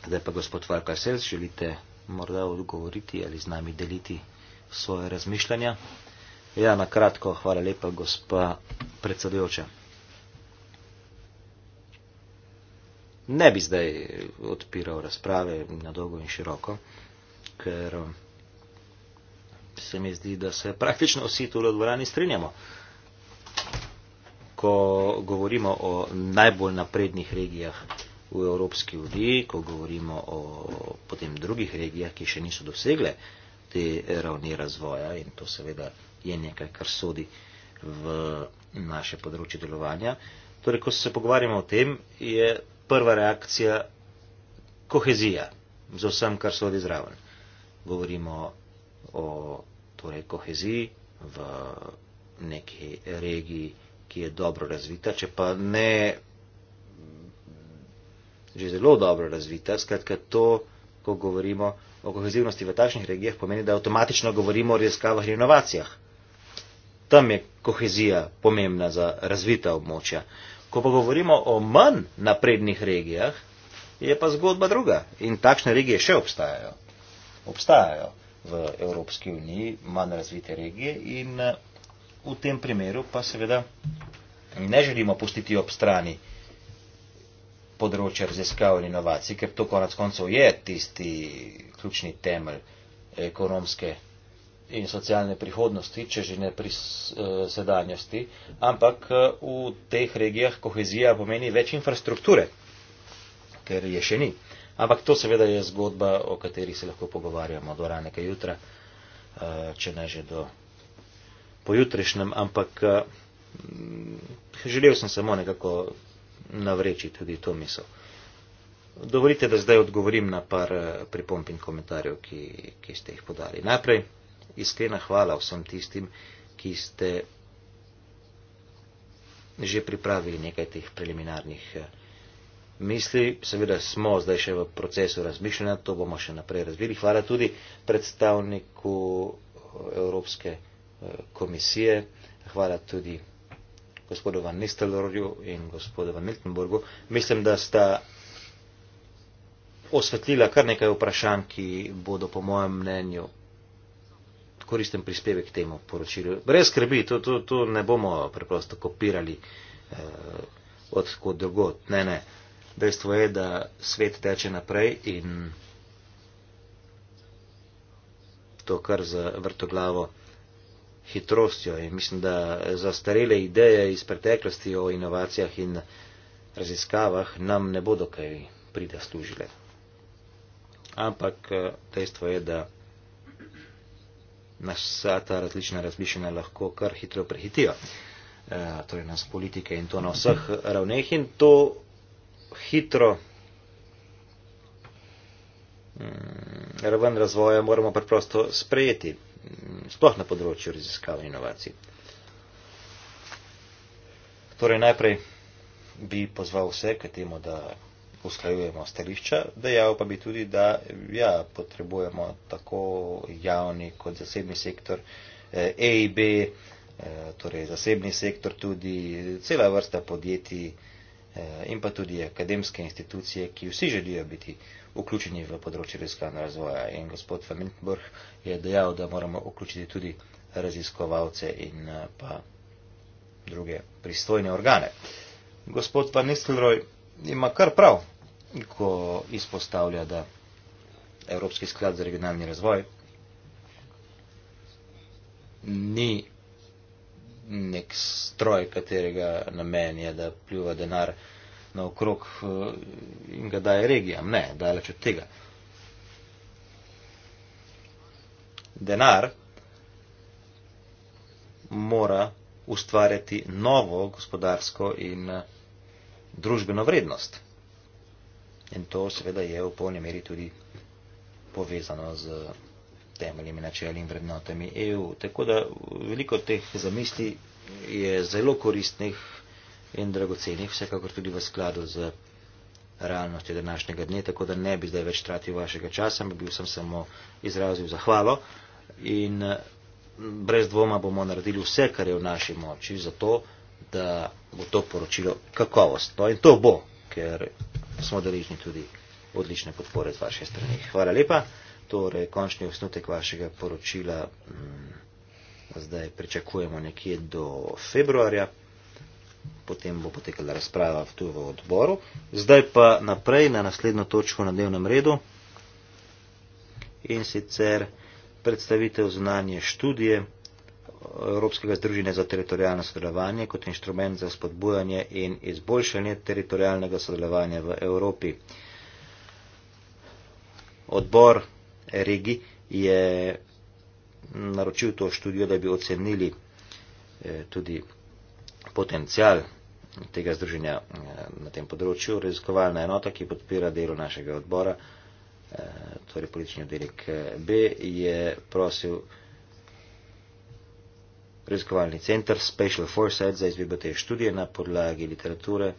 Zdaj pa gospod Varka Sels, želite morda odgovoriti ali z nami deliti svoje razmišljanja? Ja, na kratko, hvala lepa, gospa predsedujoča. Ne bi zdaj odpiral razprave na dolgo in široko, ker um, se mi zdi, da se praktično vsi tu v dvorani strinjamo. Ko govorimo o najbolj naprednih regijah v Evropski uniji, ko govorimo o potem drugih regijah, ki še niso dosegle te ravni razvoja in to seveda je nekaj, kar sodi v naše področje delovanja. Torej, ko se pogovarjamo o tem, je prva reakcija kohezija z vsem, kar sodi zraven. Govorimo o torej, koheziji v neki regiji, ki je dobro razvita, če pa ne že zelo dobro razvita. Skratka, to, ko govorimo o kohezivnosti v takšnih regijah, pomeni, da avtomatično govorimo o raziskavah in inovacijah. Tam je kohezija pomembna za razvita območja. Ko pa govorimo o manj naprednih regijah, je pa zgodba druga. In takšne regije še obstajajo. Obstajajo v Evropski uniji manj razvite regije in eh, v tem primeru pa seveda ne želimo pustiti ob strani uh, področje raziskav in inovacij, ker to konec koncev je tisti ključni temelj ekonomske in socialne prihodnosti, če že ne pri eh, sedanjosti, ampak eh, v teh regijah kohezija pomeni več infrastrukture, ker je še ni. Ampak to seveda je zgodba, o kateri se lahko pogovarjamo do ranega jutra, eh, če ne že do pojutrišnjem, ampak želel sem samo nekako navreči tudi to misel. Dovolite, da zdaj odgovorim na par eh, pripomp in komentarjev, ki, ki ste jih podali. Najprej iskrena hvala vsem tistim, ki ste že pripravili nekaj teh preliminarnih eh, misli. Seveda smo zdaj še v procesu razmišljanja, to bomo še naprej razvili. Hvala tudi predstavniku eh, Evropske komisije. Hvala tudi gospodu Van Nistelrooyu in gospodu Van Miltenburgu. Mislim, da sta osvetlila kar nekaj vprašanj, ki bodo po mojem mnenju koristen prispevek k temu poročilu. Brez skrbi, to, to, to ne bomo preprosto kopirali eh, odkud drugod. Ne, ne. Dejstvo je, da svet teče naprej in to kar za vrtoglavo. glavo hitrostjo. In mislim, da zastarele ideje iz preteklosti o inovacijah in raziskavah nam ne bodo kaj prida služile. Ampak eh, dejstvo je, da nas vsa ta različna razmišljanja lahko kar hitro prehitijo. E, torej nas politike in to na vseh ravneh in to hitro mm, raven razvoja moramo preprosto sprejeti sploh na področju raziskav in inovacij. Torej, najprej bi pozval vse k temu, da usklajujemo stališča, dejal pa bi tudi, da ja, potrebujemo tako javni kot zasebni sektor, EIB, eh, eh, torej zasebni sektor, tudi cela vrsta podjetij, Eh, in pa tudi akademske institucije, ki vsi želijo biti vključeni v področje raziskovanja razvoja. In gospod Feminborg je dejal, da moramo vključiti tudi raziskovalce in eh, pa druge pristojne organe. Gospod Van Nistelrooy ima kar prav, ko izpostavlja, da Evropski sklad za regionalni razvoj ni nek stroj, katerega namen je, da pljuva denar naokrog eh, in ga daje regijam. Ne, daleč od tega. Denar mora ustvarjati novo gospodarsko in eh, družbeno vrednost. In to seveda je v polni meri tudi povezano z temeljimi načeli in vrednotami EU. Tako da veliko teh zamisli je zelo koristnih in dragocenih, vsekakor tudi v skladu z realnostjo današnjega dne, tako da ne bi zdaj več tratil vašega časa, bi bil sem samo izrazil zahvalo in mm, brez dvoma bomo naredili vse, kar je v naši moči, zato da bo to poročilo kakovostno in to bo, ker smo deležni tudi odlične podpore z vaše strani. Hvala lepa torej končni osnutek vašega poročila mm, zdaj pričakujemo nekje do februarja, potem bo potekala razprava tu v odboru. Zdaj pa naprej na naslednjo točko na dnevnem redu in sicer predstavitev znanje študije Evropskega združenja za teritorijalno sodelovanje kot inštrument za spodbujanje in izboljšanje teritorijalnega sodelovanja v Evropi. Odbor Regi je naročil to študijo, da bi ocenili eh, tudi potencial tega združenja eh, na tem področju. Raziskovalna enota, ki podpira delo našega odbora, eh, torej politični oddelek B, je prosil raziskovalni center Special Foresight za izvedbo te študije na podlagi literature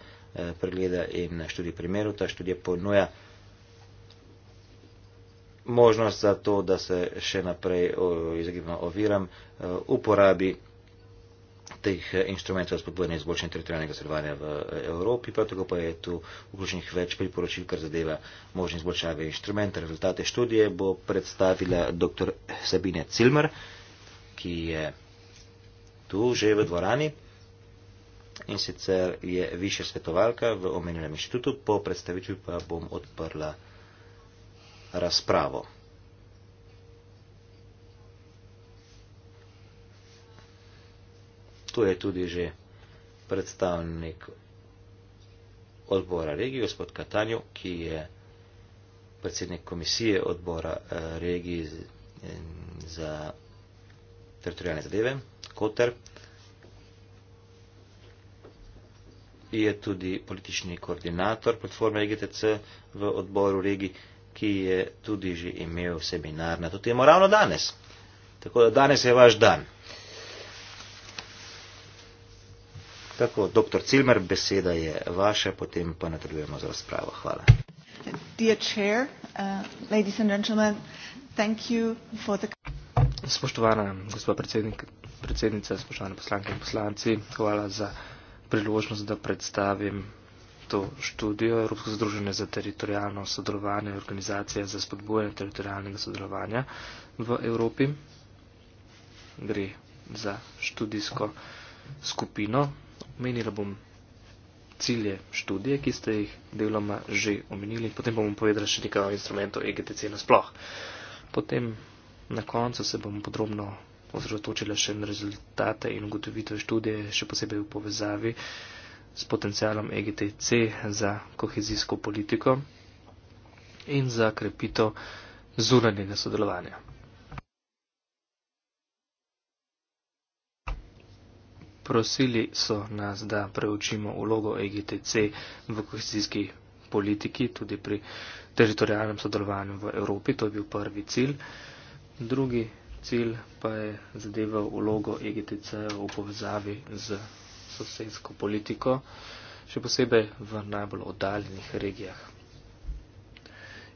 pregleda in študij primeru. Ta študija ponuja možnost za to, da se še naprej izogibamo oviram e, uporabi teh inštrumentov spodbujanja izboljšanja teritorijalnega sodelovanja v e, Evropi, prav tako pa je tu vključenih več priporočil, kar zadeva možne izboljšave inštrumenta. Rezultate študije bo predstavila dr. Sabine Cilmer, ki je tu že v dvorani in sicer je višja svetovalka v omenjenem inštitutu, po predstavitvi pa bom odprla razpravo. Tu je tudi že predstavnik odbora regije, gospod Katanju, ki je predsednik komisije odbora eh, regije za teritorijalne zadeve, Koter. Je tudi politični koordinator platforme IGTC e v odboru regije ki je tudi že imel seminar na to temo ravno danes. Tako da danes je vaš dan. Tako, dr. Cilmer, beseda je vaša, potem pa nadaljujemo z razpravo. Hvala. Uh, Spoštovana gospod predsednik, predsednica, spoštovane poslanke in poslanci, hvala za priložnost, da predstavim projektu študijo Evropsko združenje za teritorijalno sodelovanje, organizacija za spodbujanje teritorijalnega sodelovanja v Evropi. Gre za študijsko skupino. Omenila bom cilje študije, ki ste jih deloma že omenili, potem bom povedala še nekaj o instrumentu EGTC nasploh. Potem na koncu se bom podrobno ozročila še na rezultate in ugotovitve študije, še posebej v povezavi s potencialom EGTC za kohezijsko politiko in za krepito zunanjega sodelovanja. Prosili so nas, da preučimo ulogo EGTC v kohezijski politiki, tudi pri teritorijalnem sodelovanju v Evropi. To je bil prvi cilj. Drugi cilj pa je zadeval ulogo EGTC v povezavi z sosedsko politiko, še posebej v najbolj oddaljenih regijah.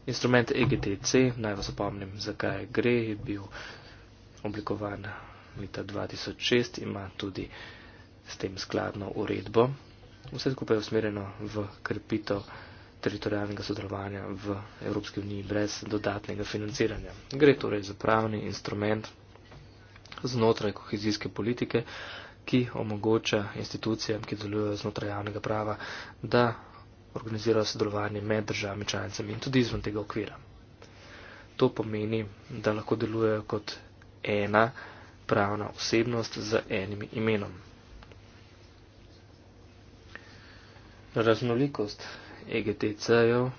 Instrument EGTC, naj vas opomnim, zakaj gre, je bil oblikovan leta 2006, ima tudi s tem skladno uredbo. Vse skupaj je usmerjeno v krepito teritorijalnega sodelovanja v Evropski uniji brez dodatnega financiranja. Gre torej za pravni instrument znotraj kohezijske politike, ki omogoča institucijam, ki delujejo znotraj javnega prava, da organizirajo sodelovanje med državami članicami in tudi izven tega okvira. To pomeni, da lahko delujejo kot ena pravna osebnost z enim imenom. Raznolikost EGTC-jev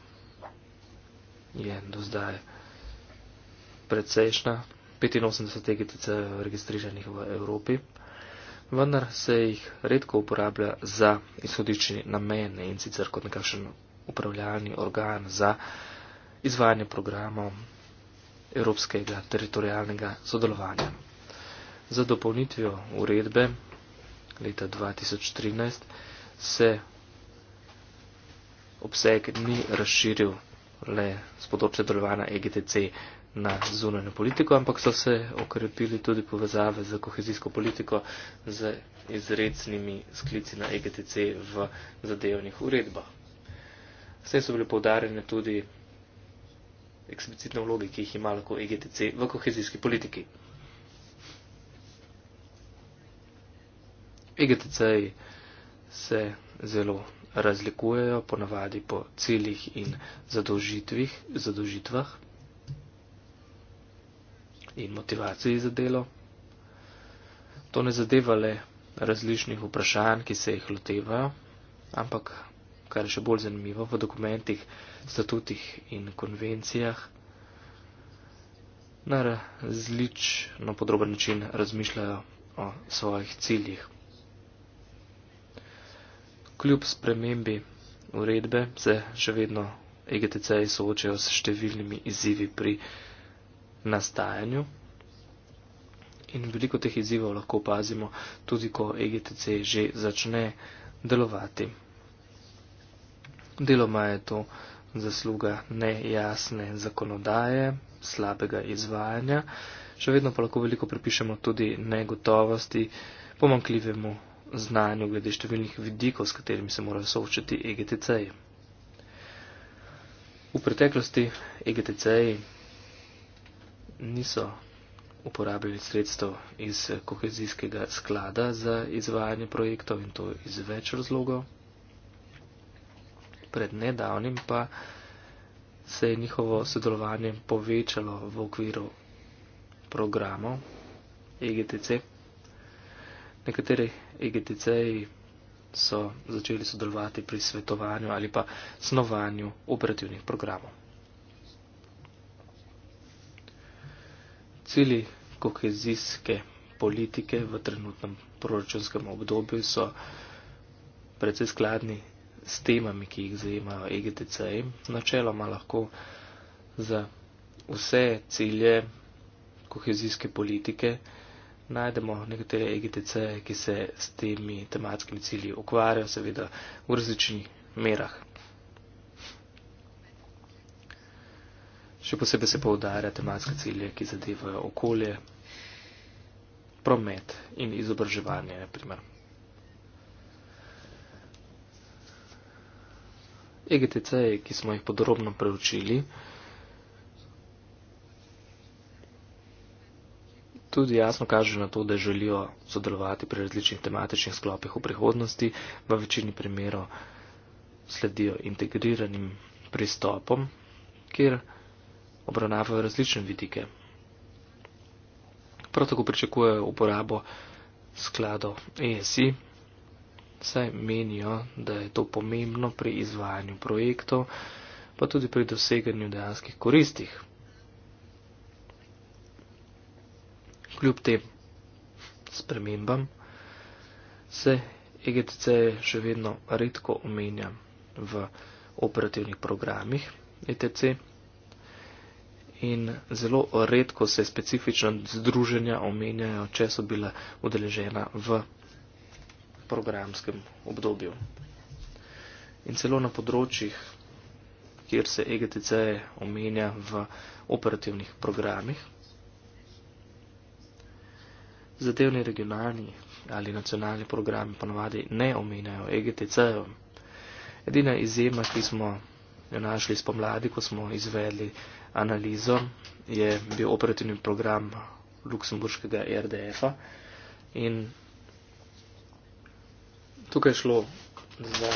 je do zdaj precejšna. 85 EGTC-jev je registriranih v Evropi vendar se jih redko uporablja za izhodični namene in sicer kot nekakšen upravljalni organ za izvajanje programov evropskega teritorijalnega sodelovanja. Za dopolnitvijo uredbe leta 2013 se obseg ni razširil le z področja delovanja EGTC na zunanjo politiko, ampak so se okrepili tudi povezave za kohezijsko politiko z izrecnimi sklici na EGTC v zadevnih uredbah. S tem so bile povdarjene tudi eksplicitne vloge, ki jih ima lahko EGTC v kohezijski politiki. EGTC se zelo razlikujejo ponavadi po ciljih in zadožitvah in motivaciji za delo. To ne zadeva le različnih vprašanj, ki se jih lotevajo, ampak, kar je še bolj zanimivo, v dokumentih, statutih in konvencijah na različno podroben način razmišljajo o svojih ciljih. Kljub spremembi uredbe se še vedno EGTC-ji soočajo s številnimi izzivi pri nastajanju. In veliko teh izzivov lahko opazimo tudi, ko EGTC že začne delovati. Deloma je to zasluga nejasne zakonodaje, slabega izvajanja, še vedno pa lahko veliko pripišemo tudi negotovosti, pomankljivemu znanju glede številnih vidikov, s katerimi se morajo soočati EGTC-ji. V preteklosti EGTC-ji niso uporabili sredstev iz kohezijskega sklada za izvajanje projektov in to iz več razlogov. Pred nedavnim pa se je njihovo sodelovanje povečalo v okviru programov EGTC. Nekateri EGTC-ji so začeli sodelovati pri svetovanju ali pa snovanju operativnih programov. cilji kohezijske politike v trenutnem proračunskem obdobju so predvsej skladni s temami, ki jih zajemajo EGTC. E. Načeloma lahko za vse cilje kohezijske politike najdemo nekatere EGTC, e, ki se s temi tematskimi cilji ukvarjajo, seveda v različnih merah. Še posebej se povdarja tematske cilje, ki zadevajo okolje, promet in izobraževanje, naprimer. EGTC, ki smo jih podrobno preučili, tudi jasno kaže na to, da želijo sodelovati pri različnih tematičnih sklopih v prihodnosti, v večini primerov sledijo integriranim pristopom, kjer obravnavajo različne vidike. Prav tako pričakujejo uporabo skladov ESI, saj menijo, da je to pomembno pri izvajanju projektov, pa tudi pri doseganju dejanskih koristih. Kljub tem spremembam se EGTC še vedno redko omenja v operativnih programih ETC in zelo redko se specifično združenja omenjajo, če so bila udeležena v programskem obdobju. In celo na področjih, kjer se EGTC omenja v operativnih programih, zadevni regionalni ali nacionalni programi ponovadi ne omenjajo EGTC-jo. Edina izjema, ki smo jo našli spomladi, ko smo izvedli analizo, je bil operativni program luksemburškega e RDF-a in tukaj šlo za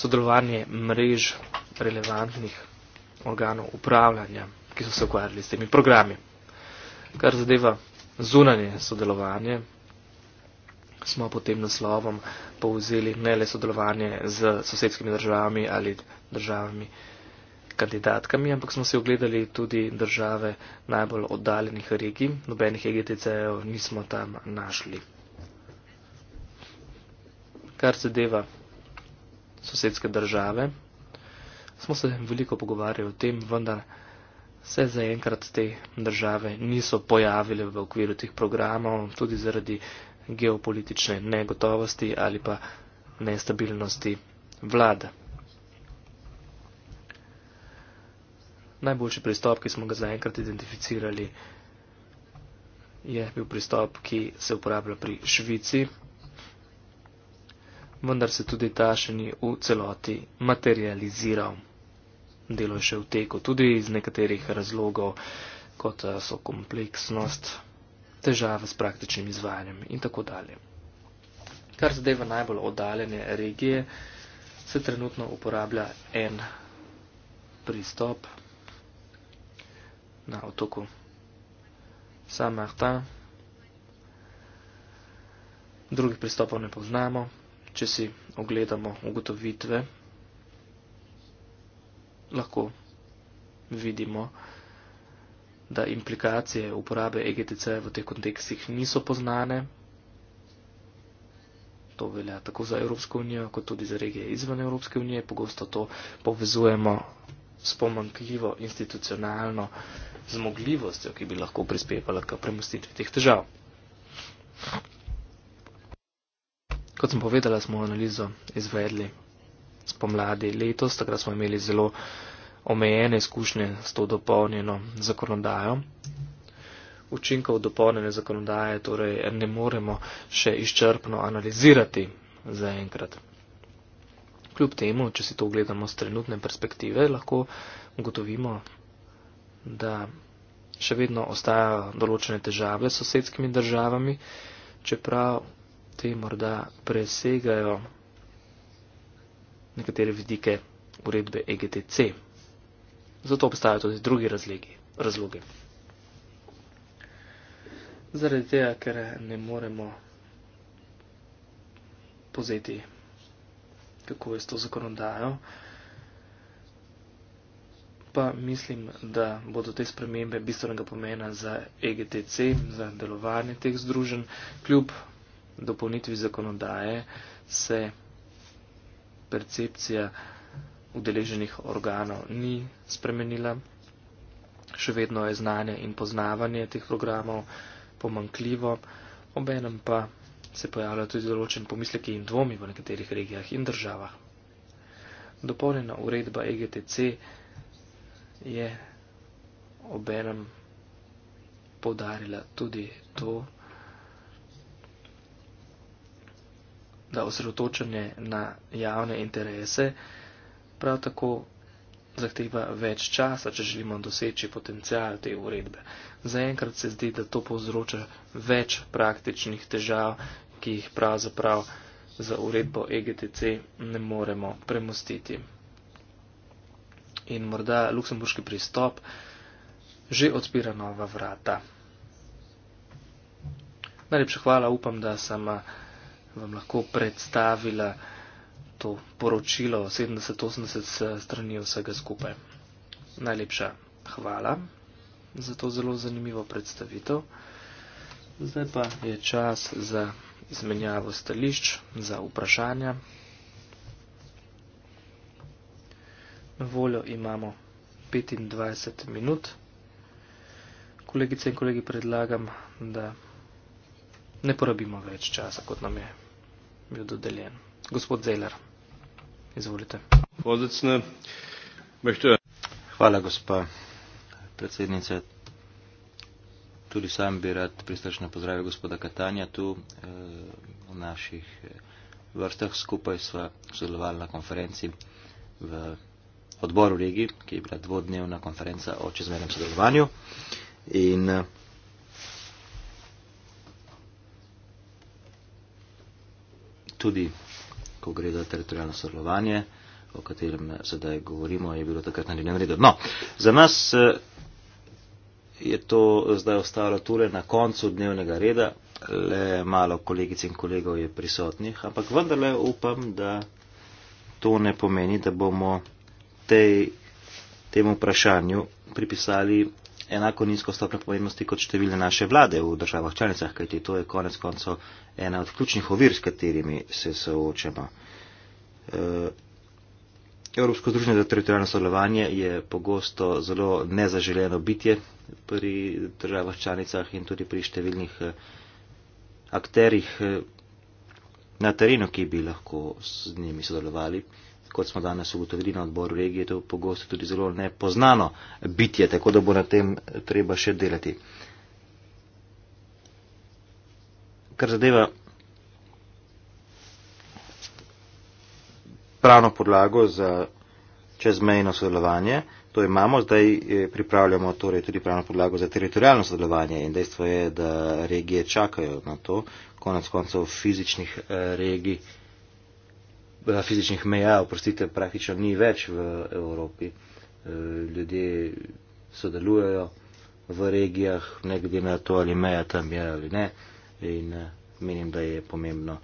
sodelovanje mrež relevantnih organov upravljanja, ki so se ukvarjali s temi programi. Kar zadeva zunanje sodelovanje, smo pod tem naslovom povzeli ne le sodelovanje z sosedskimi državami ali državami, kandidatkami, ampak smo si ogledali tudi države najbolj oddaljenih regij. Nobenih EGTC-jev nismo tam našli. Kar zadeva sosedske države, smo se veliko pogovarjali o tem, vendar se zaenkrat te države niso pojavile v okviru teh programov, tudi zaradi geopolitične negotovosti ali pa nestabilnosti vlade. najboljši pristop, ki smo ga zaenkrat identificirali, je bil pristop, ki se uporablja pri Švici, vendar se tudi ta še ni v celoti materializiral. Delo je še v teku, tudi iz nekaterih razlogov, kot eh, so kompleksnost, težave s praktičnim izvajanjem in tako dalje. Kar zadeva najbolj oddaljene regije, se trenutno uporablja en pristop, na otoku Saint-Martin. Drugih pristopov ne poznamo. Če si ogledamo ugotovitve, lahko vidimo, da implikacije uporabe EGTC v teh kontekstih niso poznane. To velja tako za Evropsko unijo, kot tudi za regije izven Evropske unije. Pogosto to povezujemo s pomankljivo institucionalno zmogljivostjo, ki bi lahko prispevala k premustitvi teh težav. Kot sem povedala, smo analizo izvedli spomladi letos, takrat smo imeli zelo omejene izkušnje s to dopolnjeno zakonodajo. Učinkov dopolnjene zakonodaje torej ne moremo še izčrpno analizirati zaenkrat. Kljub temu, če si to gledamo z trenutne perspektive, lahko ugotovimo, da še vedno ostajajo določene težave s sosedskimi državami, čeprav te morda presegajo nekatere vidike uredbe EGTC. Zato obstajajo tudi drugi razlegi, razloge. Zaradi tega, ker ne moremo pozeti kako je s to zakonodajo. Pa mislim, da bodo te spremembe bistvenega pomena za EGTC, za delovanje teh združen. Kljub dopolnitvi zakonodaje se percepcija udeleženih organov ni spremenila. Še vedno je znanje in poznavanje teh programov pomankljivo, obenem pa se pojavljajo tudi določen pomisleki in dvomi v nekaterih regijah in državah. Dopolnjena uredba EGTC je obenem povdarila tudi to, da osredotočanje na javne interese prav tako zahteva več časa, če želimo doseči potencijal te uredbe. Zaenkrat se zdi, da to povzroča več praktičnih težav ki jih pravzaprav za uredbo EGTC ne moremo premostiti. In morda luksemburški pristop že odpira nova vrata. Najlepša hvala, upam, da sem vam lahko predstavila to poročilo 70-80 strani vsega skupaj. Najlepša hvala za to zelo zanimivo predstavitev. Zdaj pa je čas za izmenjavo stališč za vprašanja. Na voljo imamo 25 minut. Kolegice in kolegi, predlagam, da ne porabimo več časa, kot nam je bil dodeljen. Gospod Zeller, izvolite. Hvala, gospa predsednica Tudi sam bi rad pristrčno pozdravil gospoda Katanja tu eh, v naših eh, vrstah. Skupaj sva sodelovali na konferenci v odboru regi, ki je bila dvodnevna konferenca o čezmernem sodelovanju. In eh, tudi, ko gre za teritorijalno sodelovanje, o katerem sedaj govorimo, je bilo takrat na dnevnem redu. No, za nas je to zdaj ostalo torej na koncu dnevnega reda, le malo kolegic in kolegov je prisotnih, ampak vendarle upam, da to ne pomeni, da bomo tej, temu vprašanju pripisali enako nizko stopno pomembnosti kot številne naše vlade v državah članicah, kajti to je konec konco ena od ključnih ovir, s katerimi se soočamo. E, Evropsko združenje za teritorijalno sodelovanje je pogosto zelo nezaželjeno bitje pri državah članicah in tudi pri številnih eh, akterjih eh, na terenu, ki bi lahko z njimi sodelovali. Kot smo danes ugotovili na odboru regije, to je pogosto tudi zelo nepoznano bitje, tako da bo na tem treba še delati. Kar zadeva pravno podlago za čezmejno sodelovanje. To imamo, zdaj eh, pripravljamo torej tudi pravno podlago za teritorijalno sodelovanje in dejstvo je, da regije čakajo na to, konec koncev fizičnih eh, regij, eh, fizičnih meja, oprostite, praktično ni več v Evropi. Ljudje sodelujejo v regijah, ne glede na to, ali meja tam je ali ne. In menim, da je pomembno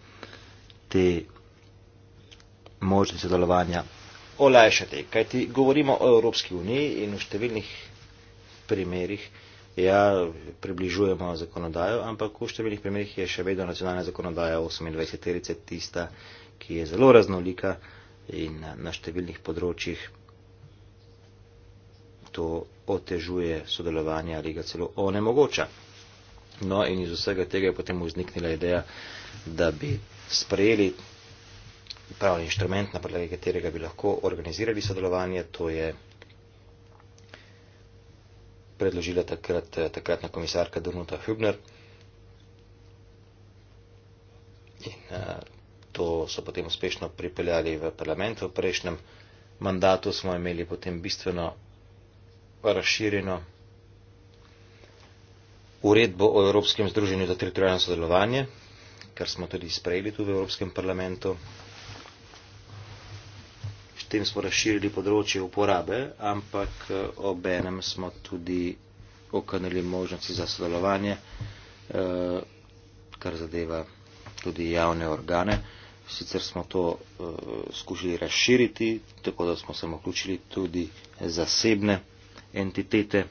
te možnosti sodelovanja olajšati. Kaj ti govorimo o Evropski uniji in v številnih primerjih, ja, približujemo zakonodajo, ampak v številnih primerjih je še vedno nacionalna zakonodaja 28. tista, ki je zelo raznolika in na številnih področjih to otežuje sodelovanje ali ga celo onemogoča. No in iz vsega tega je potem vzniknila ideja, da bi sprejeli pravi inštrument, na podlagi katerega bi lahko organizirali sodelovanje, to je predložila takrat, eh, takratna komisarka Donuta Hübner. In eh, to so potem uspešno pripeljali v parlament. V prejšnjem mandatu smo imeli potem bistveno razširjeno uredbo o Evropskem združenju za teritorijalno sodelovanje, kar smo tudi sprejeli tu v Evropskem parlamentu potem smo razširili področje uporabe, ampak eh, ob enem smo tudi okanili možnosti za sodelovanje, eh, kar zadeva tudi javne organe. Sicer smo to eh, skušali razširiti, tako da smo se vključili tudi zasebne entitete.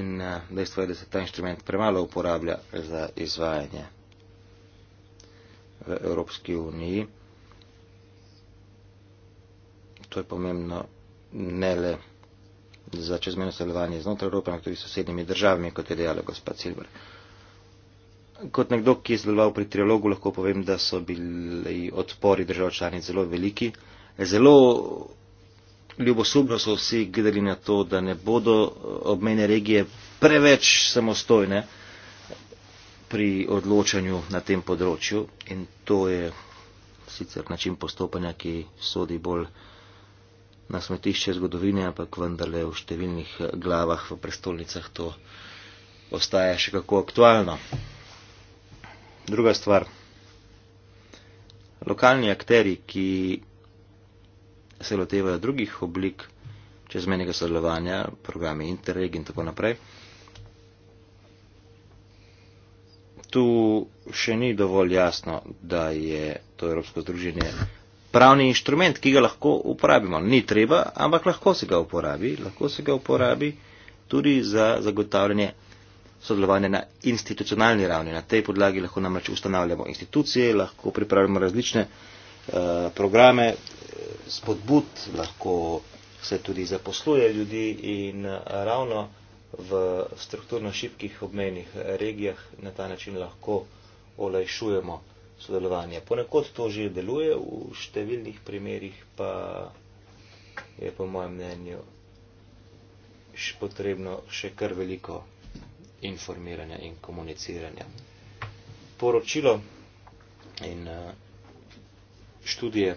In dejstvo je, da se ta inštrument premalo uporablja za izvajanje v Evropski uniji. To je pomembno ne le za čezmeno sodelovanje znotraj Evrope, ampak tudi s sosednjimi državami, kot je dejala gospa Silver. Kot nekdo, ki je sodeloval pri trialogu, lahko povem, da so bili odpori držav članic zelo veliki. Zelo ljubosumno so vsi gledali na to, da ne bodo obmejne regije preveč samostojne pri odločanju na tem področju in to je sicer način postopanja, ki sodi bolj na smetišče zgodovine, ampak vendarle v številnih glavah v prestolnicah to ostaja še kako aktualno. Druga stvar. Lokalni akteri, ki se lotevajo drugih oblik čezmenega sodelovanja, programi Interreg in tako naprej, tu še ni dovolj jasno, da je to Evropsko združenje pravni inštrument, ki ga lahko uporabimo. Ni treba, ampak lahko se ga uporabi, lahko se ga uporabi tudi za zagotavljanje sodelovanje na institucionalni ravni. Na tej podlagi lahko namreč ustanavljamo institucije, lahko pripravljamo različne eh, programe, spodbud, lahko se tudi zaposluje ljudi in eh, ravno v strukturno šibkih obmejnih regijah na ta način lahko olajšujemo sodelovanje. Ponekod to že deluje, v številnih primerjih pa je po mojem mnenju še potrebno še kar veliko informiranja in komuniciranja. Poročilo in študije,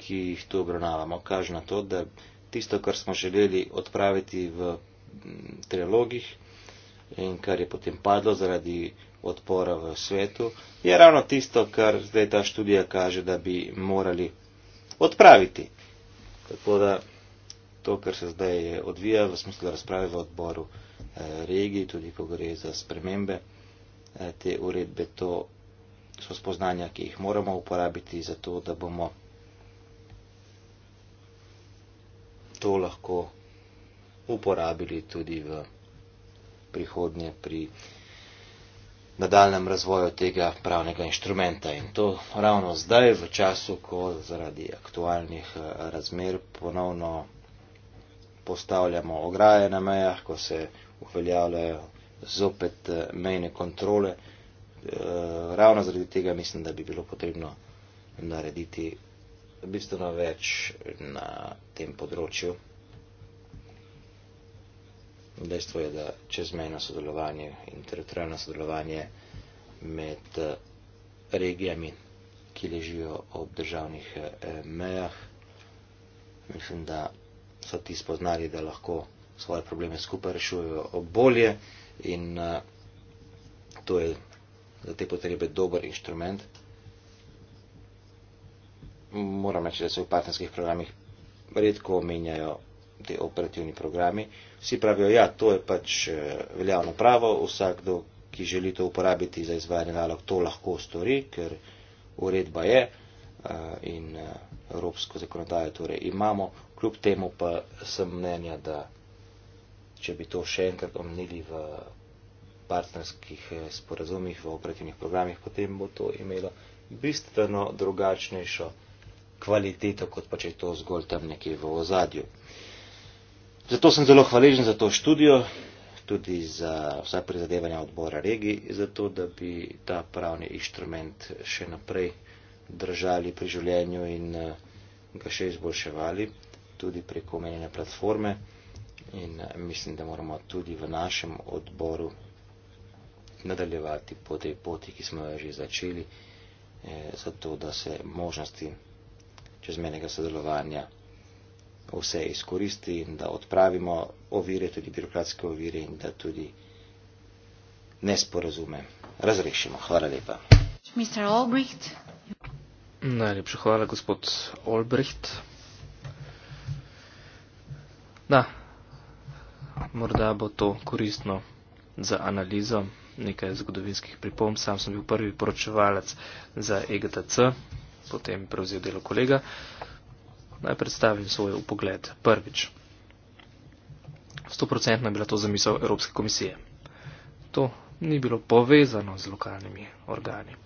ki jih tu obravnavamo, kaže na to, da tisto, kar smo želeli odpraviti v trilogih in kar je potem padlo zaradi odpora v svetu, je ravno tisto, kar zdaj ta študija kaže, da bi morali odpraviti. Tako da to, kar se zdaj odvija v smislu razprave v odboru eh, regiji, tudi ko gre za spremembe eh, te uredbe, to so spoznanja, ki jih moramo uporabiti za to, da bomo to lahko uporabili tudi v prihodnje pri nadaljem razvoju tega pravnega inštrumenta. In to ravno zdaj, v času, ko zaradi aktualnih eh, razmer ponovno postavljamo ograje na mejah, ko se uveljavljajo zopet eh, mejne kontrole. Eh, ravno zaradi tega mislim, da bi bilo potrebno narediti bistveno več na tem področju. Dejstvo je, da čezmejno sodelovanje in teritorijalno sodelovanje med eh, regijami, ki ležijo ob državnih eh, mejah, mislim, da so ti spoznali, da lahko svoje probleme skupaj rešujejo bolje in eh, to je za te potrebe dober inštrument moram reći da se u partnerskih programih rijetko omenjaju ti operativni programi. Vsi pravijo, ja, to je pač eh, veljavno pravo, vsakdo, ki želi to uporabiti za izvajanje nalog, to lahko stori, ker uredba je eh, in eh, evropsko zakonodajo torej imamo. Kljub temu pa sem mnenja, da če bi to še enkrat omenili v partnerskih sporazumih, v operativnih programih, potem bo to imelo bistveno drugačnejšo kvaliteto, kot pa če je to zgolj tam nekje v ozadju. Zato sem zelo hvaležen za to študijo, tudi za vsa prizadevanja odbora regij, zato da bi ta pravni inštrument še naprej držali pri življenju in eh, ga še izboljševali, tudi preko omenjene platforme. In eh, mislim, da moramo tudi v našem odboru nadaljevati po tej poti, ki smo jo že začeli, eh, zato da se možnosti čezmenega sodelovanja vse izkoristi in da odpravimo ovire, tudi birokratske ovire in da tudi nesporazume razrešimo. Hvala lepa. Najlepša hvala, gospod Olbricht. Da, morda bo to koristno za analizo nekaj zgodovinskih pripomb. Sam sem bil prvi poročevalec za EGTC potem prevzel delo kolega. Naj predstavim svoj upogled prvič. 100% je bila to zamisel Evropske komisije. To ni bilo povezano z lokalnimi organi.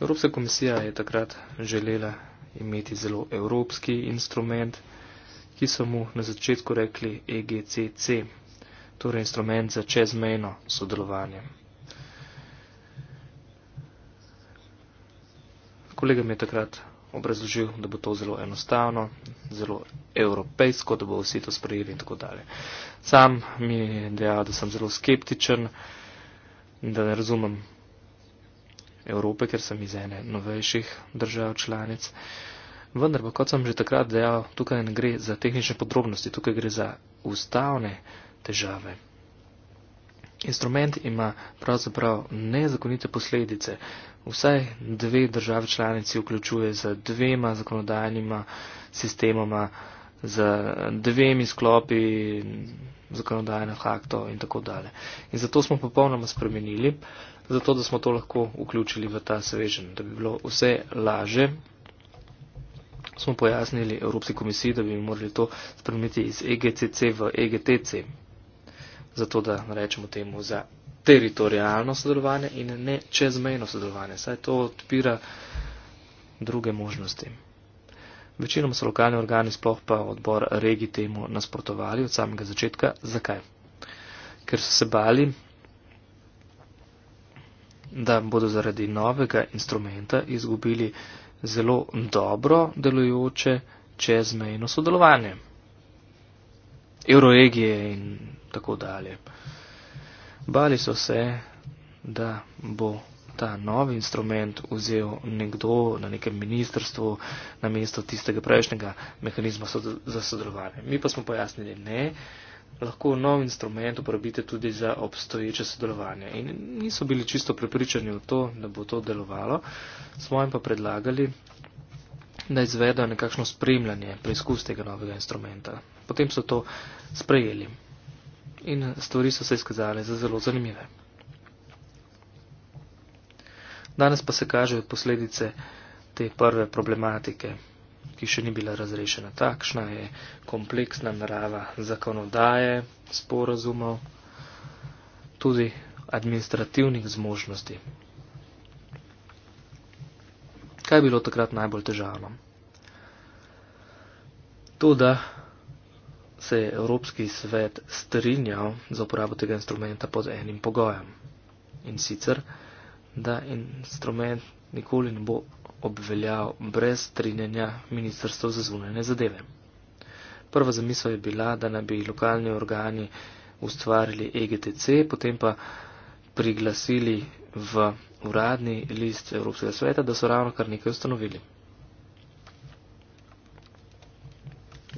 Evropska komisija je takrat želela imeti zelo evropski instrument, ki so mu na začetku rekli EGCC, torej instrument za čezmejno sodelovanje. Kolega mi je takrat obrazložil, da bo to zelo enostavno, zelo evropejsko, da bo vsi to sprejeli in tako dalje. Sam mi je dejal, da sem zelo skeptičen in da ne razumem Evrope, ker sem iz ene novejših držav članic. Vendar pa, kot sem že takrat dejal, tukaj ne gre za tehnične podrobnosti, tukaj gre za ustavne težave. Instrument ima pravzaprav nezakonite posledice. Vsaj dve države članici vključuje z dvema zakonodajnima sistemoma, z dvemi sklopi zakonodajnih aktov in tako dalje. In zato smo popolnoma spremenili, zato da smo to lahko vključili v ta svežen, da bi bilo vse laže. Smo pojasnili Evropski komisiji, da bi morali to spremeniti iz EGCC v EGTC zato da rečemo temu za teritorijalno sodelovanje in ne čezmejno sodelovanje. Saj to odpira druge možnosti. Večinoma so lokalni organi, sploh pa odbor regi temu nasprotovali od samega začetka. Zakaj? Ker so se bali, da bodo zaradi novega instrumenta izgubili zelo dobro delujoče čezmejno sodelovanje. Euroregije in tako dalje. Bali so se, da bo ta novi instrument vzel nekdo na nekem ministrstvu na mesto tistega prejšnjega mehanizma za sodelovanje. Mi pa smo pojasnili ne. Lahko nov instrument uporabite tudi za obstoječe sodelovanje. In niso bili čisto prepričani v to, da bo to delovalo. Smo jim pa predlagali, da izvedo nekakšno spremljanje, preizkus tega novega instrumenta. Potem so to sprejeli in stvari so se izkazale za zelo zanimive. Danes pa se kažejo posledice te prve problematike, ki še ni bila razrešena. Takšna je kompleksna narava zakonodaje, sporazumov, tudi administrativnih zmožnosti. Kaj je bilo takrat najbolj težavno? To, da se je Evropski svet strinjal za uporabo tega instrumenta pod enim pogojem. In sicer, da instrument nikoli ne bo obveljal brez strinjanja ministrstva za zunanje zadeve. Prva zamisel je bila, da naj bi lokalni organi ustvarili EGTC, potem pa priglasili v uradni list Evropskega sveta, da so ravno kar nekaj ustanovili.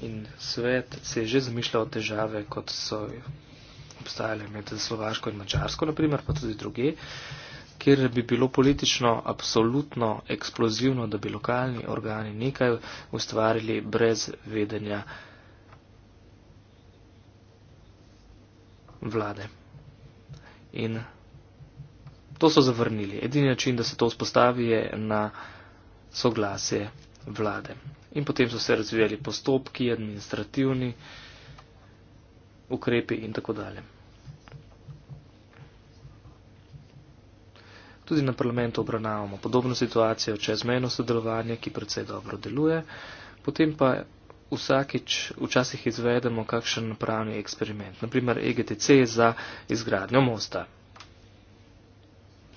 In svet se je že zamišljal težave, kot so obstajale med Slovaško in Mačarsko, naprimer, pa tudi druge, kjer bi bilo politično absolutno eksplozivno, da bi lokalni organi nekaj ustvarili brez vedenja vlade. In to so zavrnili. Edini način, da se to vzpostavi, je na soglasje vlade in potem so se razvijali postopki, administrativni ukrepi in tako dalje. Tudi na parlamentu obravnavamo podobno situacijo čezmejno sodelovanje, ki precej dobro deluje, potem pa vsakič včasih izvedemo kakšen pravni eksperiment, naprimer EGTC za izgradnjo mosta.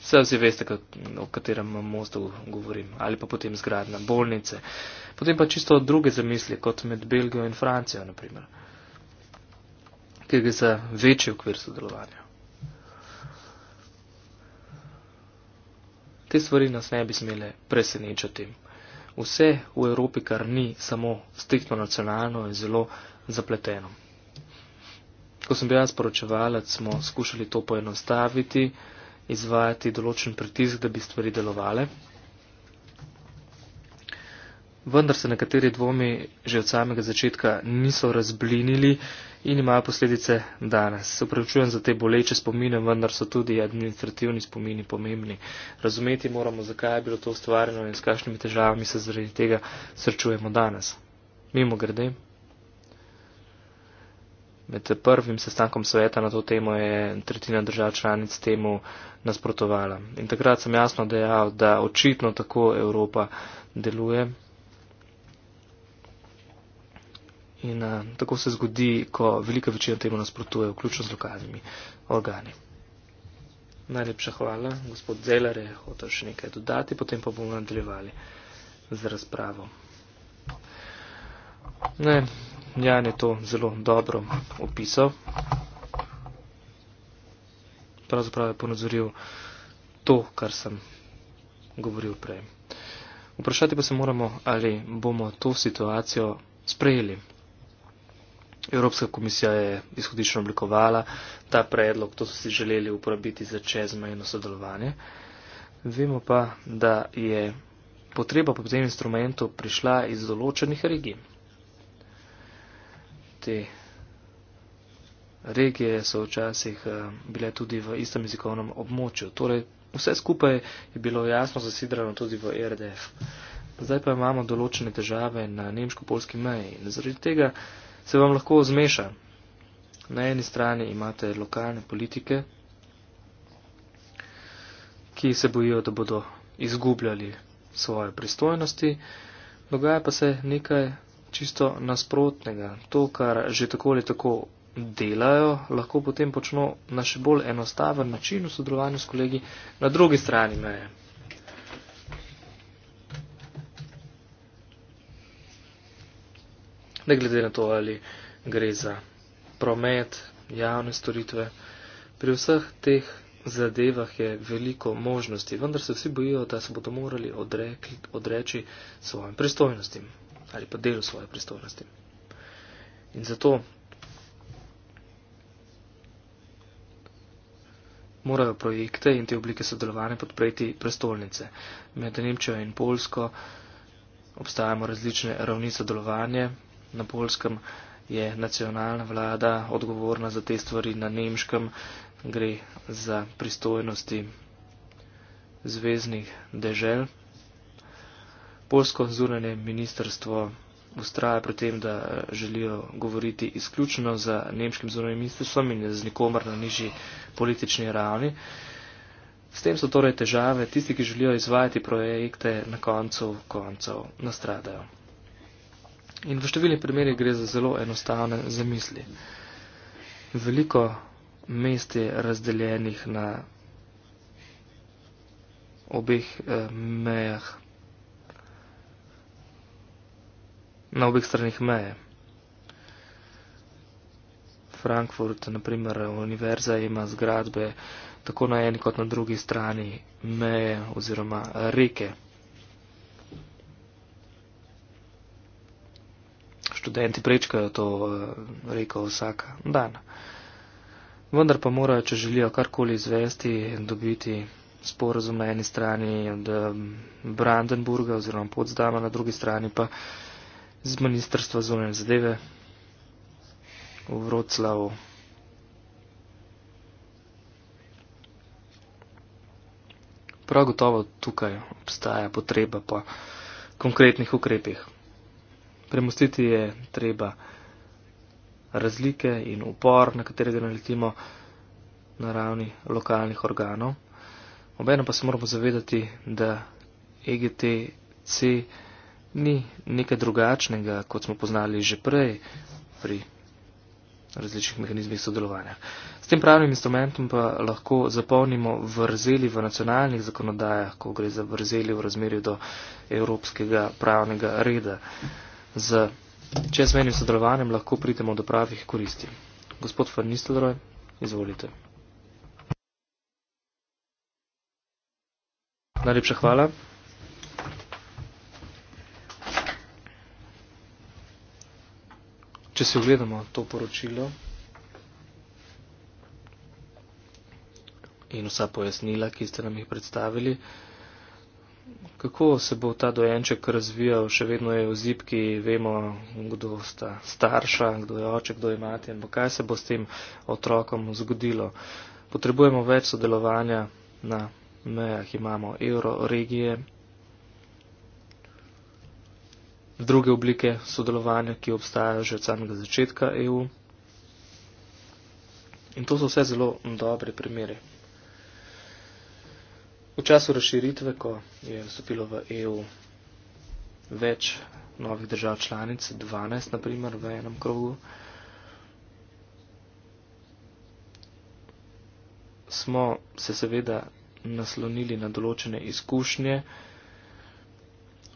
Vse vsi veste, o katerem mostu govorim, ali pa potem zgradna bolnice. Potem pa čisto druge zamisli, kot med Belgijo in Francijo, naprimer, ki gre za večji okvir sodelovanja. Te stvari nas ne bi smele presenečati. Vse v Evropi, kar ni samo striktno nacionalno, je zelo zapleteno. Ko sem bil jaz poročevalec, smo skušali to poenostaviti izvajati določen pritisk, da bi stvari delovale. Vendar se nekateri dvomi že od samega začetka niso razblinili in imajo posledice danes. Se upravičujem za te boleče spomine, vendar so tudi administrativni spomini pomembni. Razumeti moramo, zakaj je bilo to ustvarjeno in s kakšnimi težavami se zaradi tega srečujemo danes. Mimo grede. Med prvim sestankom sveta na to temo je tretjina držav članic temu nasprotovala. In takrat sem jasno dejal, da očitno tako Evropa deluje. In a, tako se zgodi, ko velika večina temu nasprotuje, vključno z lokalnimi organi. Najlepša hvala. Gospod Zeller je hotel še nekaj dodati, potem pa bomo nadaljevali z razpravo. Ne. Jan je to zelo dobro opisal. Pravzaprav je ponazoril to, kar sem govoril prej. Vprašati pa se moramo, ali bomo to situacijo sprejeli. Evropska komisija je izhodično oblikovala ta predlog, to so si želeli uporabiti za čezmejno sodelovanje. Vemo pa, da je potreba po tem instrumentu prišla iz določenih regij te regije so včasih eh, bile tudi v istem jezikovnem območju. Torej, vse skupaj je bilo jasno zasidrano tudi v RDF. Zdaj pa imamo določene težave na nemško-polski meji in zaradi tega se vam lahko zmeša. Na eni strani imate lokalne politike, ki se bojijo, da bodo izgubljali svoje pristojnosti, dogaja pa se nekaj čisto nasprotnega. To, kar že tako ali tako delajo, lahko potem počno na še bolj enostaven način v sodelovanju s kolegi na drugi strani meje. Ne glede na to, ali gre za promet, javne storitve, pri vseh teh zadevah je veliko možnosti, vendar se vsi bojijo, da se bodo morali odreči svojim pristojnostim ali pa delu svoje pristojnosti. In zato morajo projekte in te oblike sodelovanja podpreti prestolnice. Med Nemčijo in Polsko obstajamo različne ravni sodelovanja. Na Polskem je nacionalna vlada odgovorna za te stvari, na Nemškem gre za pristojnosti zvezdnih dežel. Polsko zunanje ministrstvo ustraja pri tem, da eh, želijo govoriti izključno za nemškim zunanjem ministrstvom in z nikomer na nižji politični ravni. S tem so torej težave, tisti, ki želijo izvajati projekte, na koncu koncev nastradajo. In v številnih primerjih gre za zelo enostavne zamisli. Veliko mest je razdeljenih na obeh eh, mejah na obeh stranih meje. Frankfurt, naprimer, univerza ima zgradbe tako na eni kot na drugi strani meje oziroma reke. Študenti prečkajo to eh, reko vsak dan. Vendar pa morajo, če želijo karkoli izvesti, dobiti sporozum na eni strani od eh, Brandenburga oziroma Potsdama, na drugi strani pa z ministrstva zunanje zadeve v Vroclavu. Prav gotovo tukaj obstaja potreba po konkretnih ukrepih. Premostiti je treba razlike in upor, na katerega naletimo na ravni lokalnih organov. Obenem pa se moramo zavedati, da EGTC je ni nekaj drugačnega, kot smo poznali že prej pri različnih mehanizmih sodelovanja. S tem pravnim instrumentom pa lahko zapolnimo vrzeli v nacionalnih zakonodajah, ko gre za vrzeli v razmerju do evropskega pravnega reda. Z čezmenim sodelovanjem lahko pridemo do pravih koristi. Gospod Farnistelroj, izvolite. Najlepša hvala. Če si ogledamo to poročilo in vsa pojasnila, ki ste nam jih predstavili, kako se bo ta dojenček razvijal, še vedno je v zipki, vemo, kdo sta starša, kdo je oče, kdo je mati, ampak kaj se bo s tem otrokom zgodilo. Potrebujemo več sodelovanja na mejah, imamo euro, regije, druge oblike sodelovanja, ki obstajajo že od samega začetka EU. In to so vse zelo dobre primere. V času razširitve, ko je vstopilo v EU več novih držav članic, 12 naprimer v enem krogu, smo se seveda naslonili na določene izkušnje,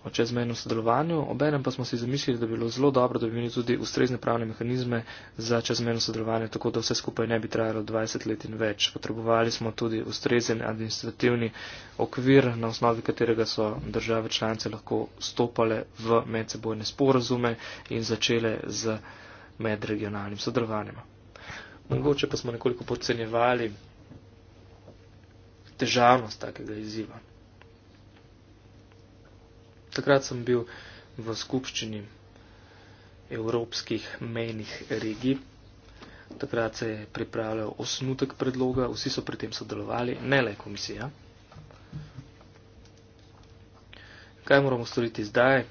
o čezmejnem sodelovanju, obenem pa smo si zamislili, da bi bilo zelo dobro, da bi imeli tudi ustrezne pravne mehanizme za čezmejno sodelovanje, tako da vse skupaj ne bi trajalo 20 let in več. Potrebovali smo tudi ustrezen administrativni okvir, na osnovi katerega so države članice lahko stopale v medsebojne sporazume in začele z medregionalnim sodelovanjem. Mogoče pa smo nekoliko podcenjevali težavnost takega izziva. Takrat sem bil v skupščini evropskih mejnih regij. Takrat se je pripravljal osnutek predloga, vsi so pri tem sodelovali, ne le komisija. Kaj moramo storiti zdaj?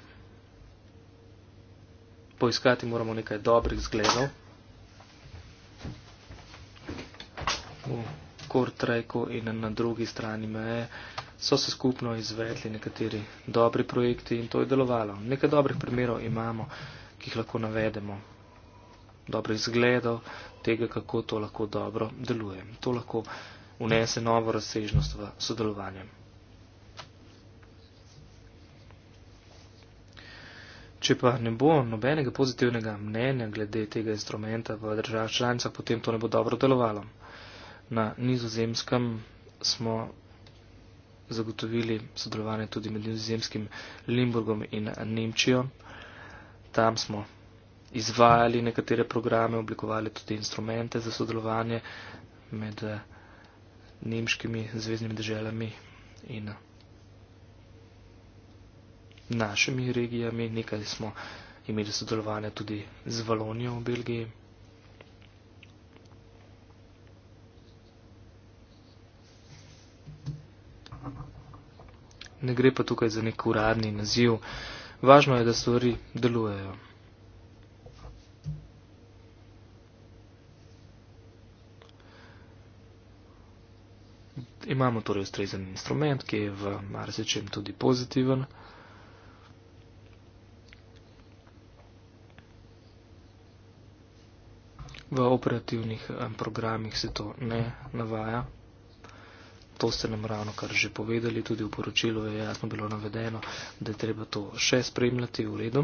Poiskati moramo nekaj dobrih zgledov. V Kortrejku in na drugi strani meje so se skupno izvedli nekateri dobri projekti in to je delovalo. Nekaj dobrih primerov imamo, ki jih lahko navedemo, dobrih zgledov tega, kako to lahko dobro deluje. To lahko unese novo razsežnost v sodelovanje. Če pa ne bo nobenega pozitivnega mnenja glede tega instrumenta v državah članicah, potem to ne bo dobro delovalo. Na nizozemskem smo zagotovili sodelovanje tudi med nizozemskim Limburgom in Nemčijo. Tam smo izvajali nekatere programe, oblikovali tudi instrumente za sodelovanje med eh, nemškimi zvezdnimi državami in našimi regijami. Nekaj smo imeli sodelovanje tudi z Valonijo v Belgiji. ne gre pa tukaj za nek uradni naziv. Važno je, da stvari delujejo. Imamo torej ustrezen instrument, ki je v marsičem tudi pozitiven. V operativnih eh, programih se to ne navaja posteljem ravno, kar že povedali, tudi v poročilu je jasno bilo navedeno, da je treba to še spremljati v redu.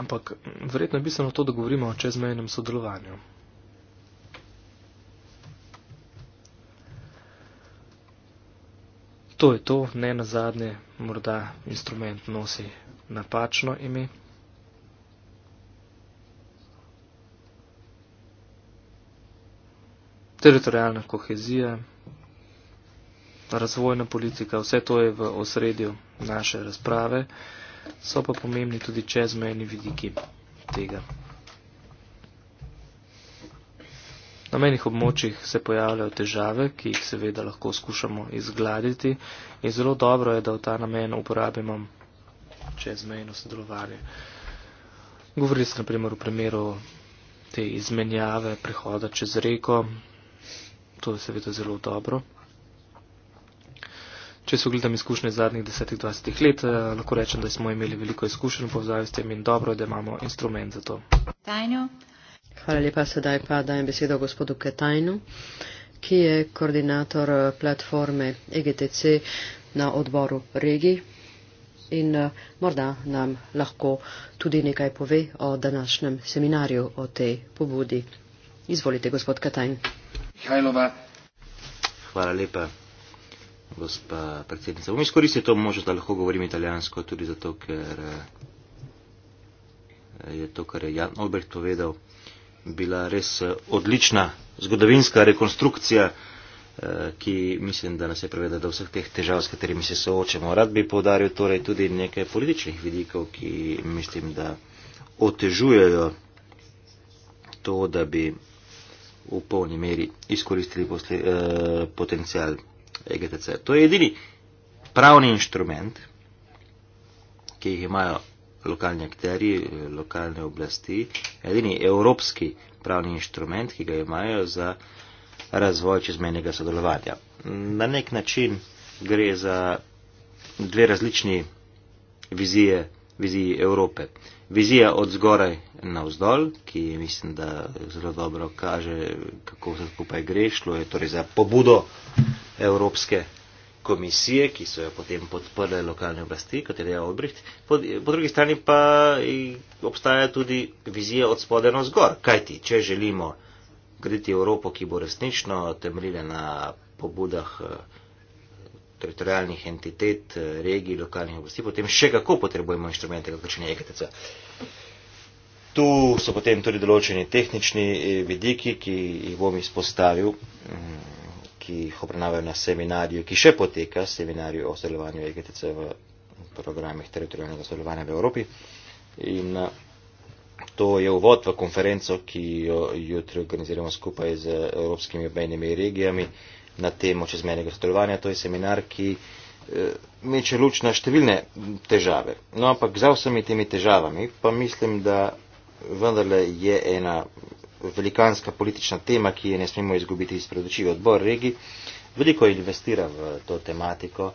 Ampak verjetno je bistveno to, da govorimo o čezmejnem sodelovanju. To je to, ne na zadnje, morda instrument nosi napačno ime. teritorijalna kohezija, razvojna politika, vse to je v osredju naše razprave, so pa pomembni tudi čezmejni vidiki tega. Na menih območjih se pojavljajo težave, ki jih seveda lahko skušamo izgladiti in zelo dobro je, da v ta namen uporabimo čezmejno sodelovanje. Govorili se na primer o primeru te izmenjave, prehoda čez reko, to je seveda zelo dobro. Če se ogledam izkušnje zadnjih 10-20 let, eh, lahko rečem, da smo imeli veliko izkušenj v povzavi s tem in dobro je, da imamo instrument za to. Tajno. Hvala lepa, sedaj pa dajem besedo gospodu Ketajnu, ki je koordinator eh, platforme EGTC na odboru regij in eh, morda nam lahko tudi nekaj pove o današnjem seminarju o tej pobudi. Izvolite, gospod Katajn. Mihajlova. Hvala lepa, gospa predsednica. Bom izkoristil to možnost, da lahko govorim italijansko, tudi zato, ker eh, je to, kar je Jan Obert povedal, bila res eh, odlična zgodovinska rekonstrukcija, eh, ki mislim, da nas je preveda do vseh teh težav, s katerimi se soočamo. Rad bi povdaril torej tudi nekaj političnih vidikov, ki mislim, da otežujejo to, da bi u polni meri iskoristili posle, eh, e, potencijal EGTC. To je edini pravni inštrument, ki jih imajo lokalni akteri, lokalne oblasti, edini evropski pravni inštrument, ki ga imajo za razvoj čezmenjega sodelovanja. Na nek način gre za dve različni vizije viziji Evrope. Vizija od zgoraj navzdol, ki mislim, da zelo dobro kaže, kako vse skupaj gre, šlo je torej za pobudo Evropske komisije, ki so jo potem podprle lokalne oblasti, kot je dejal Obricht. Po, po drugi strani pa obstaja tudi vizija od spode navzgor. Kajti, če želimo graditi Evropo, ki bo resnično temeljila na pobudah eh, teritorijalnih entitet, eh, regij, lokalnih oblasti, potem še kako potrebujemo inštrumente, kot je EKTC. Tu so potem tudi določeni tehnični eh, vidiki, ki jih bom izpostavil, mm, ki jih obravnavajo na seminarju, ki še poteka, seminarju o sodelovanju EGTC v programih teritorijalnega sodelovanja v Evropi. In eh, to je uvod v konferenco, ki jo jutri organiziramo skupaj z evropskimi obmejnimi regijami, na temo čezmernega sodelovanja. To je seminar, ki eh, meče luč na številne težave. No, ampak za vsemi temi težavami pa mislim, da vendarle je ena velikanska politična tema, ki je ne smemo izgubiti iz predoči odbor regij. Veliko investira v to tematiko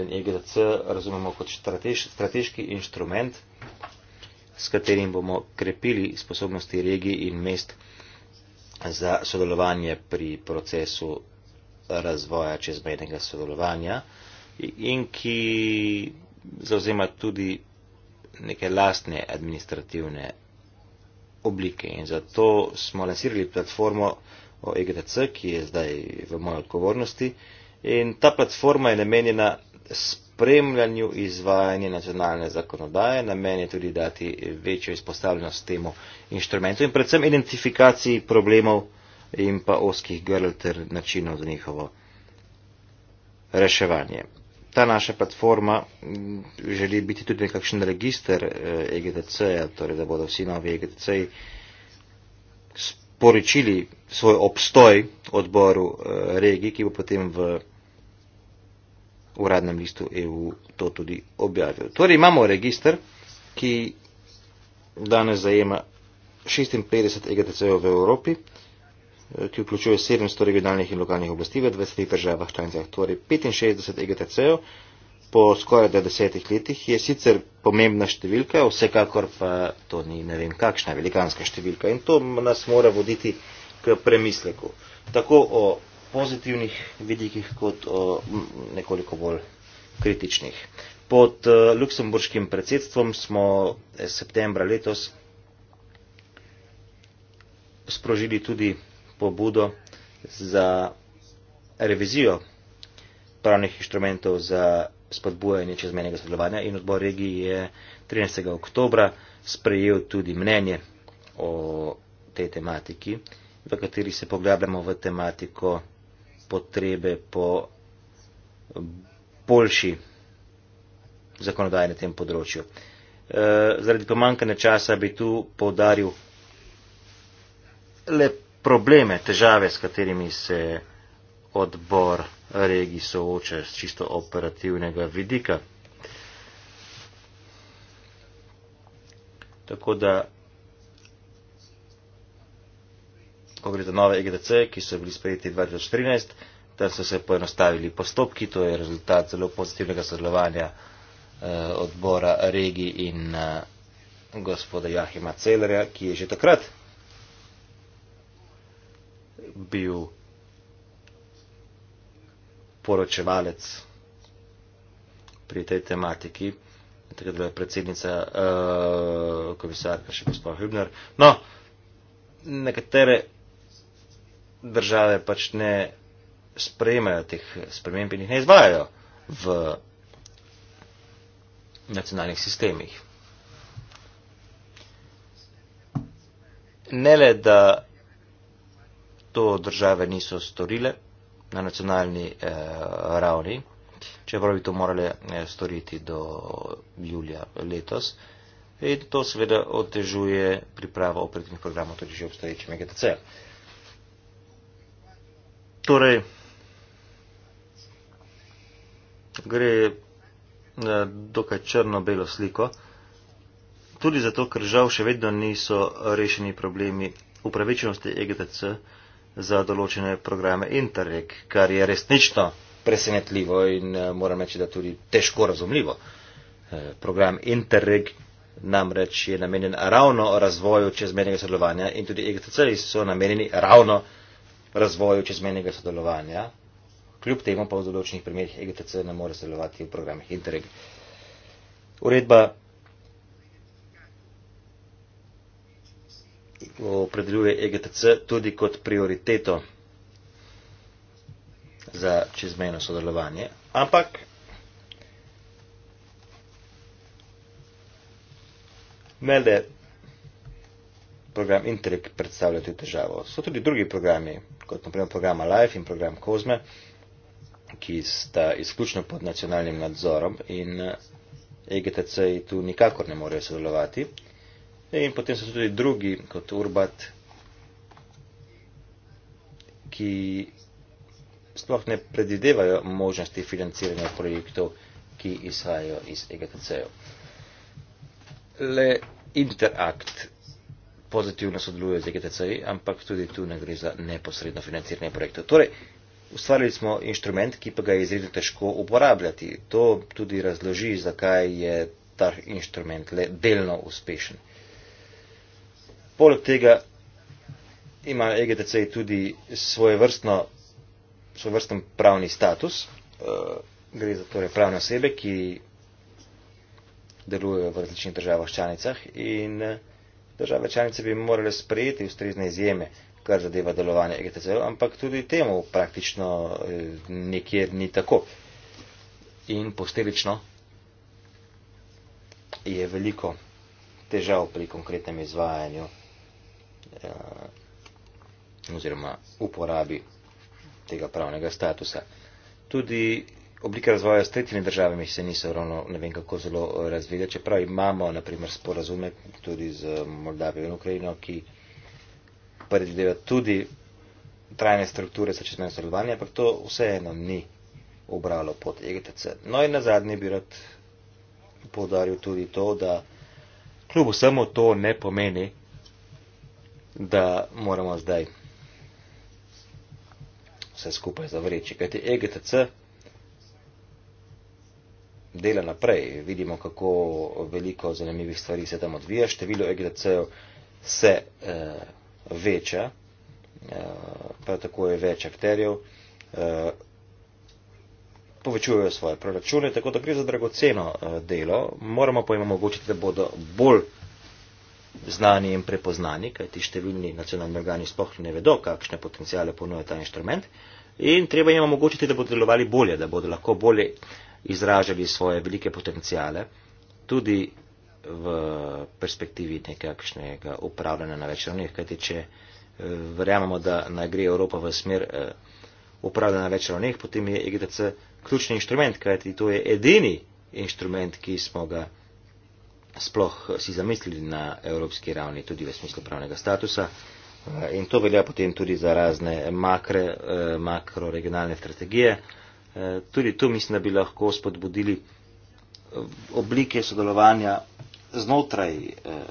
in EGDC razumemo kot strateš, strateški inštrument, s katerim bomo krepili sposobnosti regij in mest za sodelovanje pri procesu razvoja čezmejnega sodelovanja in ki zauzema tudi neke lastne administrativne oblike. In zato smo lansirali platformo o EGTC, ki je zdaj v moji odgovornosti. In ta platforma je namenjena spremljanju izvajanja nacionalne zakonodaje, namen je tudi dati večjo izpostavljenost temu inštrumentu in predvsem identifikaciji problemov, in pa oskih grl ter načinov za njihovo reševanje. Ta naša platforma mm, želi biti tudi nekakšen register EGTC-ja, eh, e torej da bodo vsi novi EGTC-ji poročili svoj obstoj odboru eh, regij, ki bo potem v uradnem listu EU to tudi objavil. Torej imamo register, ki danes zajema 56 EGTC-jev v Evropi ki vključuje 700 regionalnih in lokalnih oblasti v 20 državah članicah, torej 65 EGTC-ev po skoraj 90 letih je sicer pomembna številka, vsekakor pa to ni ne vem kakšna velikanska številka in to nas mora voditi k premisleku. Tako o pozitivnih vidikih kot o nekoliko bolj kritičnih. Pod eh, luksemburškim predsedstvom smo eh, septembra letos sprožili tudi pobudo za revizijo pravnih inštrumentov za spodbujanje čezmenega sodelovanja in odbor regiji je 13. oktobra sprejel tudi mnenje o tej tematiki, v kateri se poglabljamo v tematiko potrebe po boljši zakonodaji na tem področju. E, zaradi pomankanja časa bi tu podaril le probleme, težave, s katerimi se odbor regij sooča z čisto operativnega vidika. Tako da, ko gre za nove EGDC, ki so bili sprejeti 2014, tam so se poenostavili postopki, to je rezultat zelo pozitivnega sodelovanja eh, odbora regij in eh, gospoda Jahima Celerja, ki je že takrat bil poročevalec pri tej tematiki, tako da je predsednica uh, komisarka še gospod Hübner. No, nekatere države pač ne sprejemajo teh sprememb in jih ne izvajajo v nacionalnih sistemih. Ne le, da to države niso storile na nacionalni eh, ravni, čeprav bi to morali eh, storiti do julija letos. In to seveda otežuje pripravo operativnih programov tudi že obstoječe MGTC. Torej, gre na dokaj črno-belo sliko, tudi zato, ker žal še vedno niso rešeni problemi upravičenosti EGTC, za določene programe Interreg, kar je resnično presenetljivo in eh, moram reči, da tudi težko razumljivo. Eh, program Interreg namreč je namenjen ravno razvoju čezmenjega sodelovanja in tudi EGTC-ji so namenjeni ravno razvoju čezmenjega sodelovanja. Kljub temu pa v določenih primerjih EGTC ne more sodelovati v programih Interreg. Uredba opredeljuje EGTC tudi kot prioriteto za čezmejno sodelovanje, ampak ne le program Interreg predstavlja tudi težavo. So tudi drugi programi, kot naprimer program Alive in program Kozme, ki sta izključno pod nacionalnim nadzorom in EGTC tu nikakor ne morejo sodelovati. In potem so tudi drugi, kot Urbat, ki sploh ne predvidevajo možnosti financiranja projektov, ki izhajajo iz EGTC-ev. Le Interact pozitivno sodeluje z EGTC-ji, ampak tudi tu ne gre za neposredno financiranje projektov. Torej, ustvarili smo inštrument, ki pa ga je izredno težko uporabljati. To tudi razloži, zakaj je ta inštrument le delno uspešen. Poleg tega ima EGTC tudi svoj vrsten pravni status. Eh, gre za torej pravne osebe, ki delujejo v različnih državah članicah in eh, države članice bi morale sprejeti ustrezne izjeme, kar zadeva delovanje EGTC, ampak tudi temu praktično eh, nekjer ni tako. In posteljično je veliko težav pri konkretnem izvajanju. Eh, oziroma uporabi tega pravnega statusa. Tudi oblike razvoja s tretjimi državami se niso ravno ne vem kako zelo razvile, čeprav imamo naprimer sporazume tudi z Moldavijo in Ukrajino, ki predvideva tudi trajne strukture začetnega sodelovanja, ampak to vseeno ni obralo pot e EGTC. No in na zadnji bi rad poudaril tudi to, da kljub vsemu to ne pomeni, da moramo zdaj vse skupaj zavreči. Kajti EGTC dela naprej, vidimo, kako veliko zanimivih stvari se tam odvija, število EGTC-ov se uh, veča, uh, prav tako je več akterjev, uh, povečujejo svoje proračune, tako da gre za dragoceno uh, delo, moramo pa jim omogočiti, da bodo bolj znani in prepoznani, kajti številni nacionalni organi sploh ne vedo, kakšne potencijale ponuja ta inštrument. In treba jim omogočiti, da bodo delovali bolje, da bodo lahko bolje izražali svoje velike potencijale, tudi v perspektivi nekakšnega upravljanja na več ravneh. Kajti, če eh, verjamemo, da naj gre Evropa v smer eh, upravljanja na več ravneh, potem je EGDC ključni inštrument, kajti to je edini inštrument, ki smo ga sploh eh, si zamislili na evropski ravni, tudi v smislu pravnega statusa. Eh, in to velja potem tudi za razne makre, eh, makroregionalne strategije. Tudi tu mislim, da bi lahko spodbudili oblike sodelovanja znotraj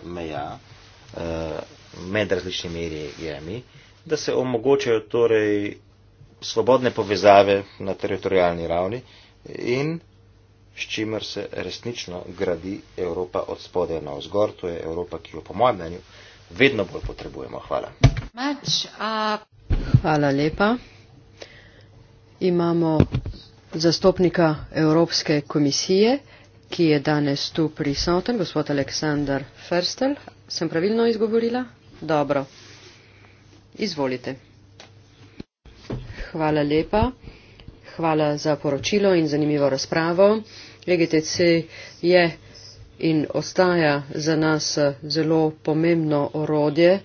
meja med različnimi regijami, da se omogočajo torej svobodne povezave na teritorijalni ravni in s čimer se resnično gradi Evropa od spode na vzgor. To je Evropa, ki jo po mojem mnenju vedno bolj potrebujemo. Hvala. Mač, a... Hvala lepa. Imamo zastopnika Evropske komisije, ki je danes tu prisoten, gospod Aleksandar Ferstel. Sem pravilno izgovorila? Dobro. Izvolite. Hvala lepa. Hvala za poročilo in zanimivo razpravo. LGTC je in ostaja za nas eh, zelo pomembno orodje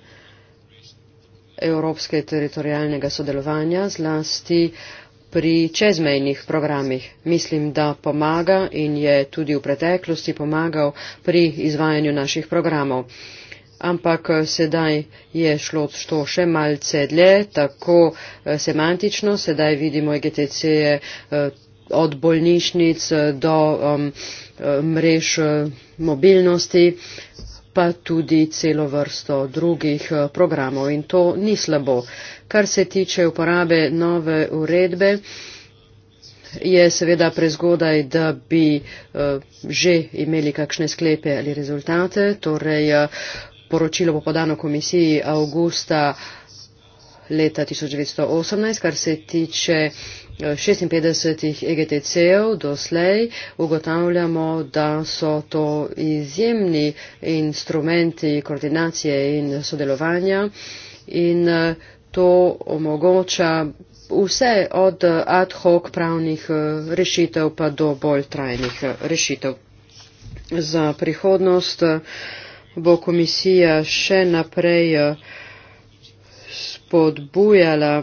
evropske teritorijalnega sodelovanja, zlasti pri čezmejnih programih. Mislim, da pomaga in je tudi v preteklosti pomagal pri izvajanju naših programov. Ampak eh, sedaj je šlo to še malce dlje, tako eh, semantično, sedaj vidimo EGTC-je od bolnišnic eh, do um, eh, mrež eh, mobilnosti, pa tudi celo vrsto drugih programov. In to ni slabo. Kar se tiče uporabe nove uredbe, je seveda prezgodaj, da bi uh, že imeli kakšne sklepe ali rezultate. Torej, poročilo bo podano komisiji avgusta leta 1918, kar se tiče 56 EGTC-ev doslej ugotavljamo, da so to izjemni instrumenti koordinacije in sodelovanja in eh, to omogoča vse od ad hoc pravnih eh, rešitev pa do bolj trajnih eh, rešitev. Za prihodnost bo komisija še naprej spodbujala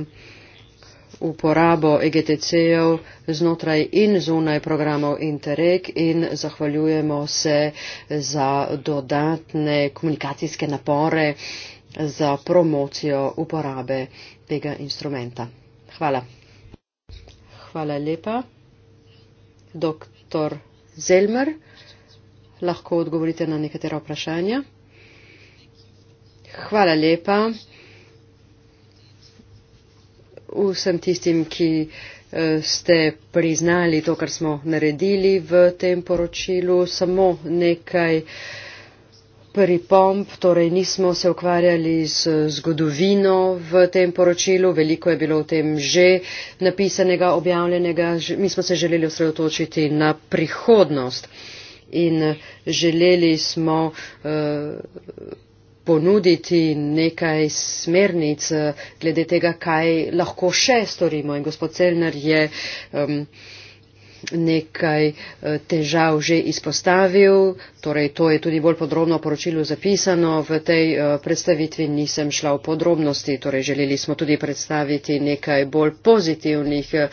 uporabo EGTC-jev znotraj in zunaj programov Interreg in zahvaljujemo se za dodatne komunikacijske napore za promocijo uporabe tega instrumenta. Hvala. Hvala lepa. Doktor Zelmer, lahko odgovorite na nekatera vprašanja. Hvala lepa vsem tistim, ki eh, ste priznali to, kar smo naredili v tem poročilu. Samo nekaj pripomp, torej nismo se ukvarjali z zgodovino v tem poročilu, veliko je bilo o tem že napisanega, objavljenega, mi smo se želeli osredotočiti na prihodnost. In eh, želeli smo uh, ponuditi nekaj smernic eh, glede tega, kaj lahko še storimo. In gospod Celner je um, nekaj eh, težav že izpostavil, torej to je tudi bolj podrobno poročilo zapisano, v tej eh, predstavitvi nisem šla v podrobnosti, torej želeli smo tudi predstaviti nekaj bolj pozitivnih eh,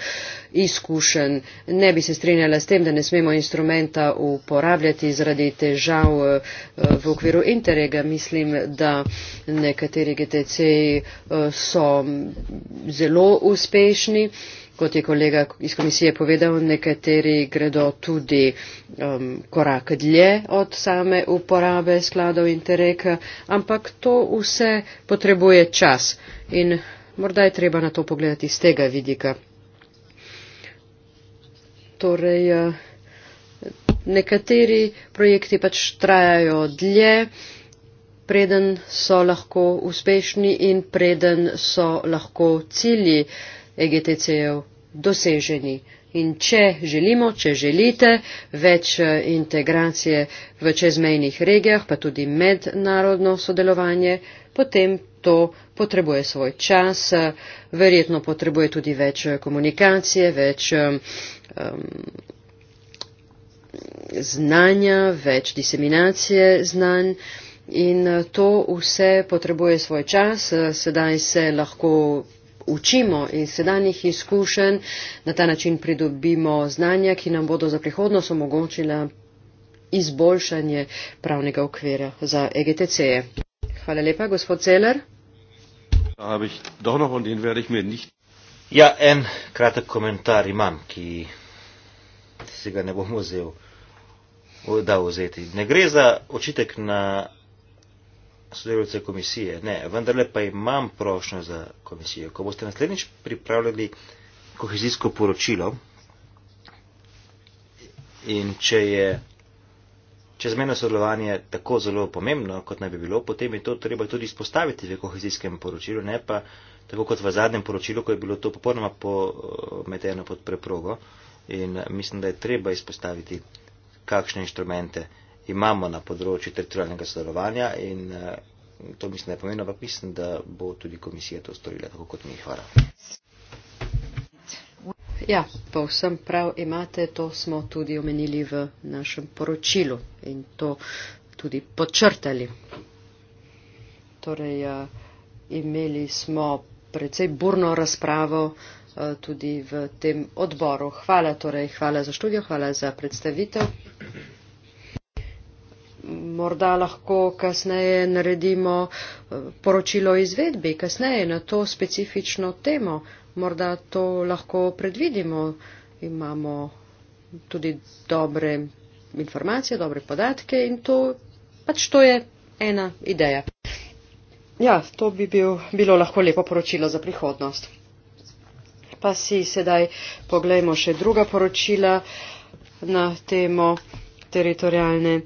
izkušenj. Ne bi se strinjala s tem, da ne smemo instrumenta uporabljati zaradi težav v okviru interega. Mislim, da nekateri GTC so zelo uspešni kot je kolega iz komisije povedal, nekateri gredo tudi um, korak dlje od same uporabe skladov Interreka, ampak to vse potrebuje čas in morda je treba na to pogledati iz tega vidika. Torej, eh, nekateri projekti pač trajajo dlje, preden so lahko uspešni in preden so lahko cilji. EGTC-jev doseženi. In če želimo, če želite več e, integracije v čezmejnih regijah, pa tudi mednarodno sodelovanje, potem to potrebuje svoj čas, e, verjetno potrebuje tudi več e, komunikacije, več um, znanja, več diseminacije znanj. In to vse potrebuje svoj čas, sedaj se lahko učimo iz sedanjih izkušenj, na ta način pridobimo znanja, ki nam bodo za prihodnost omogočila izboljšanje pravnega okvira za EGTC. -je. Hvala lepa, gospod Celer. Ja, en kratek komentar imam, ki se ga ne bom vzel, da vzeti. Ne gre za očitek na sodelavce komisije, ne, vendarle pa imam prošnjo za komisijo. Ko boste naslednjič pripravljali kohezijsko poročilo in če je čezmeno sodelovanje tako zelo pomembno, kot naj bi bilo, potem je to treba tudi izpostaviti v kohezijskem poročilu, ne pa tako kot v zadnjem poročilu, ko je bilo to popolnoma pometeno pod preprogo in mislim, da je treba izpostaviti, kakšne inštrumente imamo na področju teritorijalnega sodelovanja in eh, to mislim, da je pomembno, ampak mislim, da bo tudi komisija to storila, tako kot mi. Hvala. Ja, pa vsem prav imate, to smo tudi omenili v našem poročilu in to tudi počrtali. Torej, eh, imeli smo precej burno razpravo eh, tudi v tem odboru. Hvala torej, hvala za študijo, hvala za predstavitev morda lahko kasneje naredimo eh, poročilo o izvedbi, kasneje na to specifično temo. Morda to lahko predvidimo. Imamo tudi dobre informacije, dobre podatke in to pač to je ena ideja. Ja, to bi bil, bilo lahko lepo poročilo za prihodnost. Pa si sedaj pogledamo še druga poročila na temo teritorijalne uh,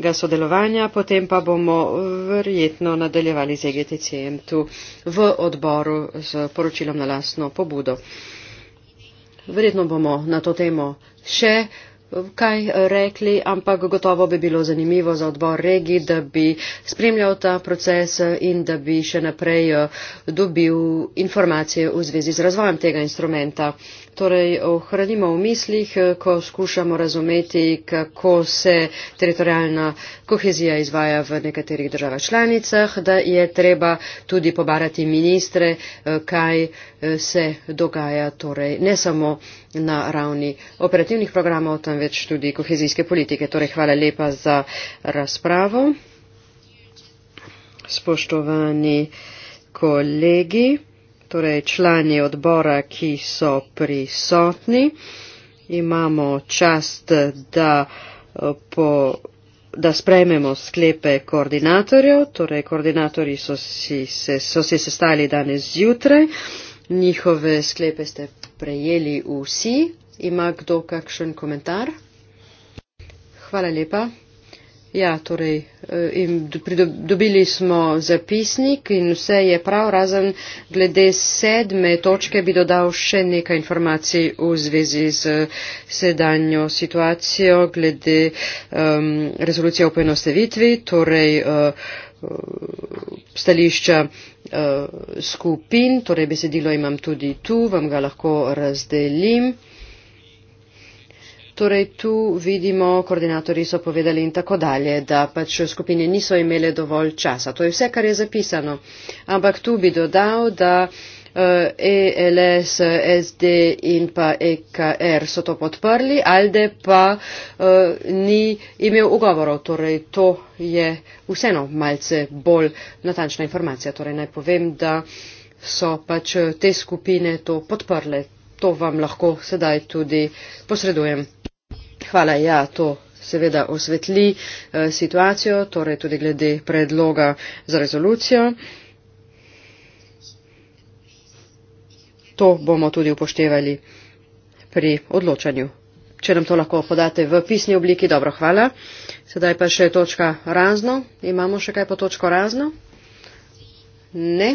našega sodelovanja, potem pa bomo verjetno nadaljevali z EGTCM tu v odboru z poročilom na lastno pobudo. Verjetno bomo na to temo še kaj rekli, ampak gotovo bi bilo zanimivo za odbor regij, da bi spremljal ta proces in da bi še naprej eh, dobil informacije v zvezi z razvojem tega instrumenta. Torej, ohranimo v mislih, eh, ko skušamo razumeti, kako se teritorijalna kohezija izvaja v nekaterih državah članicah, da je treba tudi pobarati ministre, eh, kaj se dogaja, torej ne samo na ravni operativnih programov, tam temveč tudi kohezijske politike. Torej, hvala lepa za razpravo. Spoštovani kolegi, torej člani odbora, ki so prisotni, imamo čast, da, po, da sprejmemo sklepe koordinatorjev. Torej, koordinatorji so si, se, so si sestali danes zjutraj. Njihove sklepe ste prejeli vsi, ima kdo kakšen komentar? Hvala lepa. Ja, torej, eh, in dobili smo zapisnik in vse je prav, razen glede sedme točke bi dodal še nekaj informacij v zvezi z sedanjo situacijo glede um, ehm, rezolucije o poenostavitvi, torej uh, stališča uh, skupin, torej besedilo imam tudi tu, vam ga lahko razdelim. Torej, tu vidimo, koordinatorji so povedali in tako dalje, da pač skupine niso imele dovolj časa. To je vse, kar je zapisano. Ampak tu bi dodal, da ELS, eh, e SD in pa EKR so to podprli, ALDE pa uh, ni imel ugovorov. Torej, to je vseeno malce bolj natančna informacija. Torej, naj povem, da so pač te skupine to podprle. To vam lahko sedaj tudi posredujem hvala, ja, to seveda osvetli eh, situacijo, torej tudi glede predloga za rezolucijo. To bomo tudi upoštevali pri odločanju. Če nam to lahko podate v pisni obliki, dobro, hvala. Sedaj pa še točka razno. Imamo še kaj po točko razno? Ne.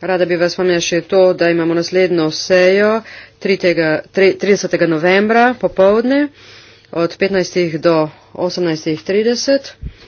Rada bi vas spomnila še to, da imamo naslednjo sejo. 30. novembra popovdne od 15. do 18.30.